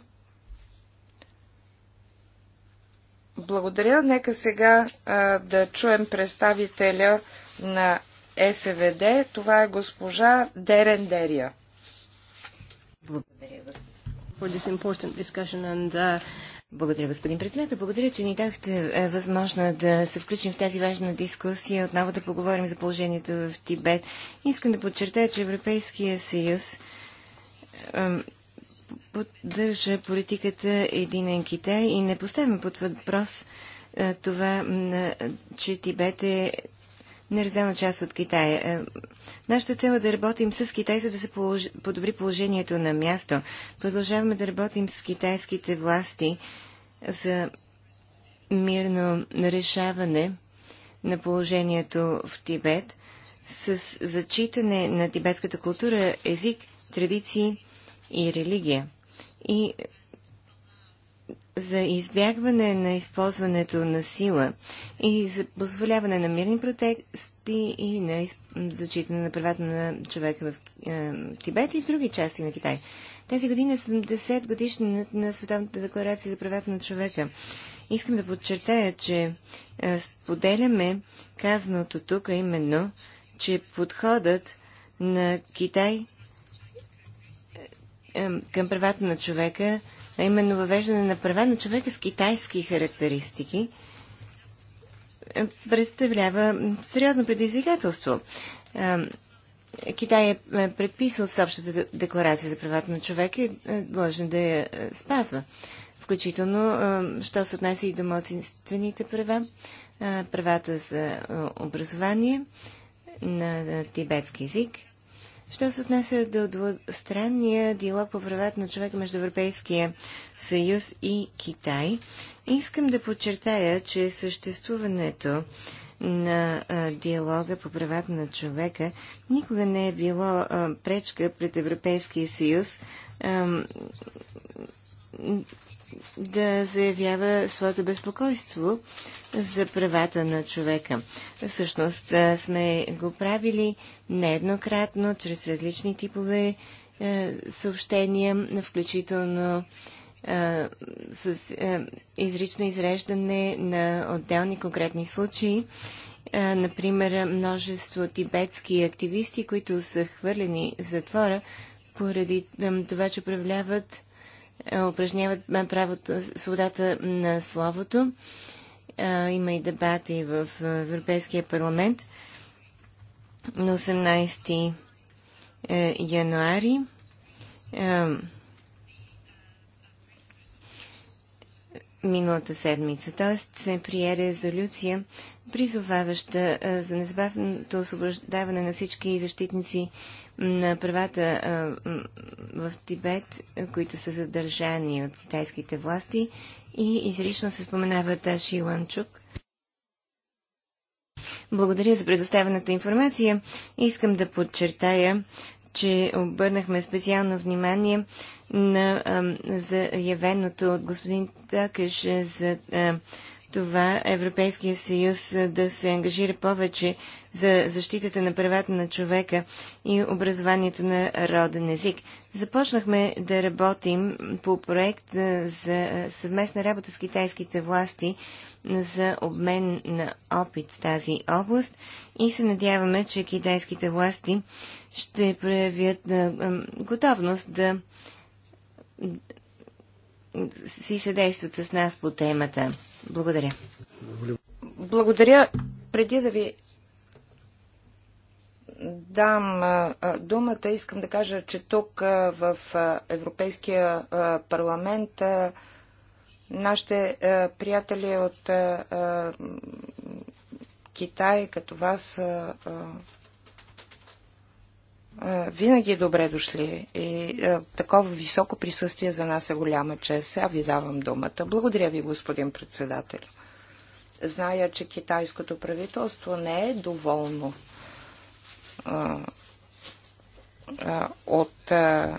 Благодаря. Нека сега а, да чуем представителя на СВД. Това е госпожа Дерен Дерия. Благодаря, господин. Uh, Благодаря, господин председател. Благодаря, че ни дахте е, възможно да се включим в тази важна дискусия, отново да поговорим за положението в Тибет. Искам да подчертая, че Европейския съюз е, поддържа политиката Единен Китай и не поставяме под въпрос това, че Тибет е неразделна част от Китай. Нашата цел е да работим с Китай, за да се подобри положението на място. Продължаваме да работим с китайските власти за мирно решаване на положението в Тибет с зачитане на тибетската култура, език, традиции и религия и за избягване на използването на сила и за позволяване на мирни протести и на зачитане на правата на човека в е, Тибет и в други части на Китай. Тази година е 70 годишна на Световната декларация за правата на човека. Искам да подчертая, че е, споделяме казаното тук, именно, че подходът на Китай към правата на човека, а именно въвеждане на права на човека с китайски характеристики, представлява сериозно предизвикателство. Китай е, е предписал с общата декларация за правата на човека и е длъжен да я е, спазва. Включително, що се отнася и до младсинствените права, е, правата за образование на тибетски язик – Що се отнася до двустранния диалог по правата на човека между Европейския съюз и Китай, искам да подчертая, че съществуването на диалога по правата на човека никога не е било пречка пред Европейския съюз да заявява своето безпокойство за правата на човека. Всъщност сме го правили нееднократно, чрез различни типове е, съобщения, включително с е, изрично изреждане на отделни конкретни случаи. Например, множество тибетски активисти, които са хвърлени в затвора поради това, че управляват е, упражняват е, правото, свободата на словото. Е, има и дебати в Европейския парламент на 18 януари. миналата седмица. Т.е. се прие резолюция, призоваваща за незабавното освобождаване на всички защитници на правата в Тибет, които са задържани от китайските власти и изрично се споменава Таши Ланчук. Благодаря за предоставената информация. Искам да подчертая, че обърнахме специално внимание на заявеното от господин Такеш за това Европейския съюз да се ангажира повече за защитата на правата на човека и образованието на роден език. Започнахме да работим по проект за съвместна работа с китайските власти за обмен на опит в тази област и се надяваме, че китайските власти ще проявят готовност да си съдействат с нас по темата. Благодаря. Благодаря. Преди да ви дам а, думата, искам да кажа, че тук а, в а, Европейския парламент нашите приятели от Китай, като вас, винаги е добре дошли и а, такова високо присъствие за нас е голяма чест. Сега ви давам думата. Благодаря ви, господин председател. Зная, че китайското правителство не е доволно а, а, от а,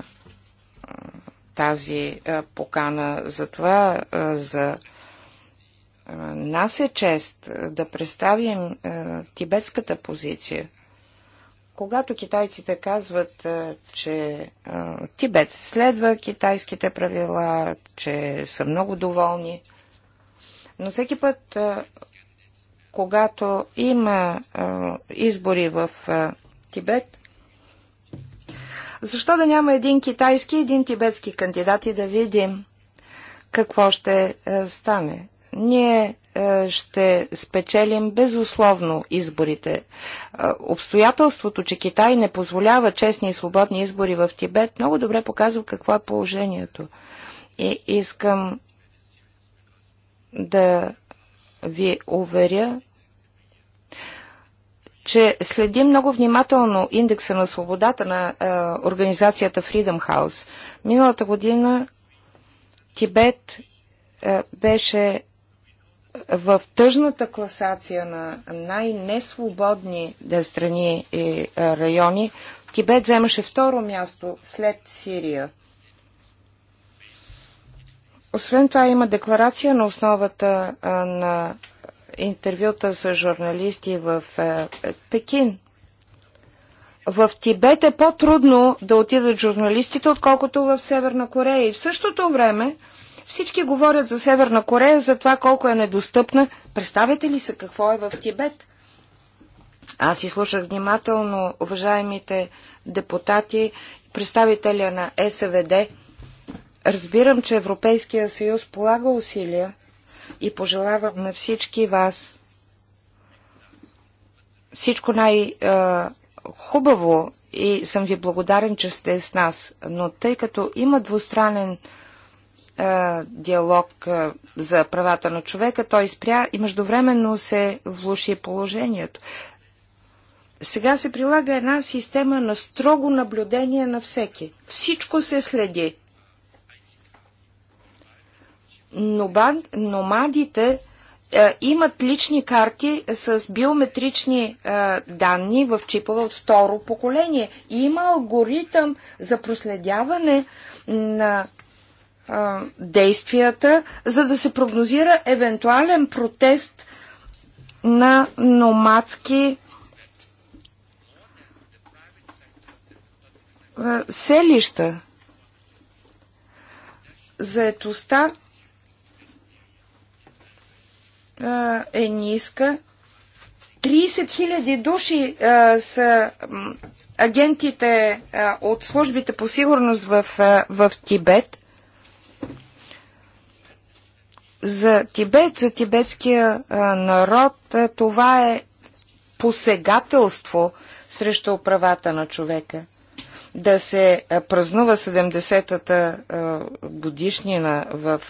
тази а, покана. Затова а, за а, нас е чест да представим а, тибетската позиция – когато китайците казват, че Тибет следва китайските правила, че са много доволни, но всеки път, когато има избори в Тибет, защо да няма един китайски и един тибетски кандидат и да видим какво ще стане? Ние е, ще спечелим безусловно изборите. Е, обстоятелството, че Китай не позволява честни и свободни избори в Тибет, много добре показва какво е положението. И искам да ви уверя, че следим много внимателно индекса на свободата на е, организацията Freedom House. Миналата година Тибет е, беше в тъжната класация на най-несвободни страни и е, райони, Тибет вземаше второ място след Сирия. Освен това има декларация на основата на интервюта с журналисти в е, Пекин. В Тибет е по-трудно да отидат журналистите, отколкото в Северна Корея. И в същото време всички говорят за Северна Корея, за това колко е недостъпна. Представете ли се какво е в Тибет? Аз слушах внимателно уважаемите депутати, представителя на СВД. Разбирам, че Европейския съюз полага усилия и пожелавам на всички вас всичко най-хубаво и съм ви благодарен, че сте с нас. Но тъй като има двустранен е, диалог е, за правата на човека, той спря и междувременно се влуши положението. Сега се прилага една система на строго наблюдение на всеки. Всичко се следи. Номадите а, е, имат лични карти с биометрични а, данни в чипове от второ поколение. И има алгоритъм за проследяване на действията, за да се прогнозира евентуален протест на номадски селища. Заетостта е ниска. 30 000 души а, са агентите а, от службите по сигурност в, а, в Тибет. За Тибет, за тибетския народ, това е посегателство срещу правата на човека. Да се празнува 70-та годишнина в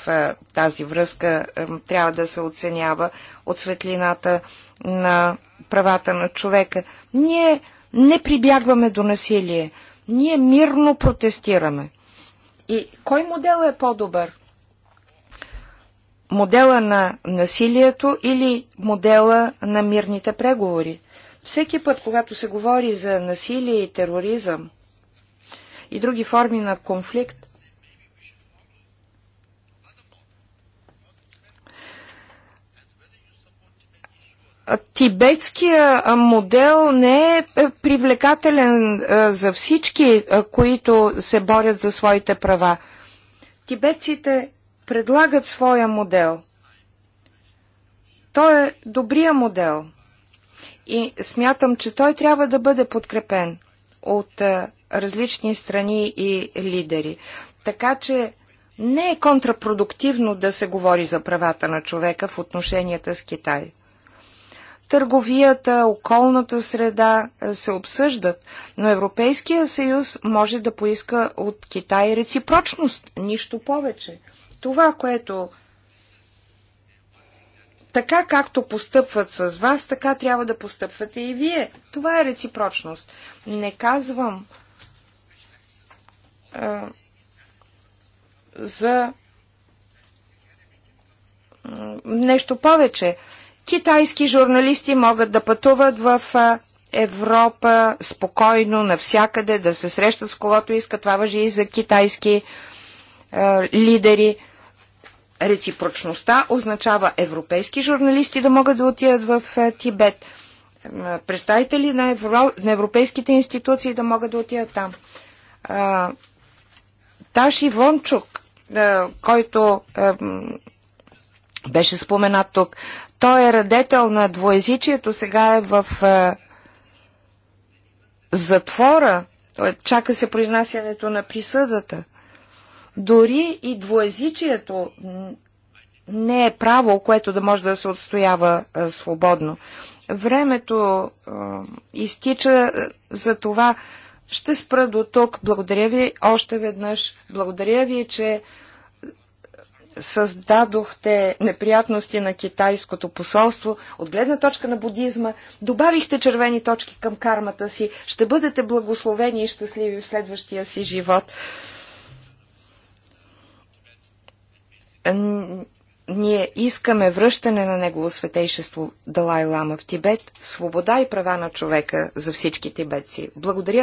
тази връзка трябва да се оценява от светлината на правата на човека. Ние не прибягваме до насилие. Ние мирно протестираме. И кой модел е по-добър? модела на насилието или модела на мирните преговори. Всеки път, когато се говори за насилие и тероризъм и други форми на конфликт, Тибетския модел не е, е привлекателен за всички, които се борят за своите права. Тибетците предлагат своя модел. Той е добрия модел и смятам, че той трябва да бъде подкрепен от е, различни страни и лидери. Така че не е контрапродуктивно да се говори за правата на човека в отношенията с Китай. Търговията, околната среда е, се обсъждат, но Европейския съюз може да поиска от Китай реципрочност, нищо повече. Това, което така както постъпват с вас, така трябва да постъпвате и вие. Това е реципрочност. Не казвам а, за а, нещо повече. Китайски журналисти могат да пътуват в а, Европа спокойно, навсякъде, да се срещат с когото искат. Това въжи и за китайски а, лидери. А, реципрочността означава европейски журналисти да могат да отидат в е, Тибет, представители на, евро, на европейските институции да могат да отидат там. Таши Вончук, е, който е, беше споменат тук, той е радетел на двоезичието, сега е в затвора, чака се произнасянето на присъдата – дори и двоязичието не е право, което да може да се отстоява а, е, свободно. Времето а, е, изтича, е, за това ще спра до тук. Благодаря ви още веднъж. Благодаря ви, че създадохте неприятности на китайското посолство от гледна точка на будизма, добавихте червени точки към кармата си, ще бъдете благословени и щастливи в следващия си живот. ние искаме връщане на Негово светейшество Далай Лама в Тибет, свобода и права на човека за всички тибетци. Благодаря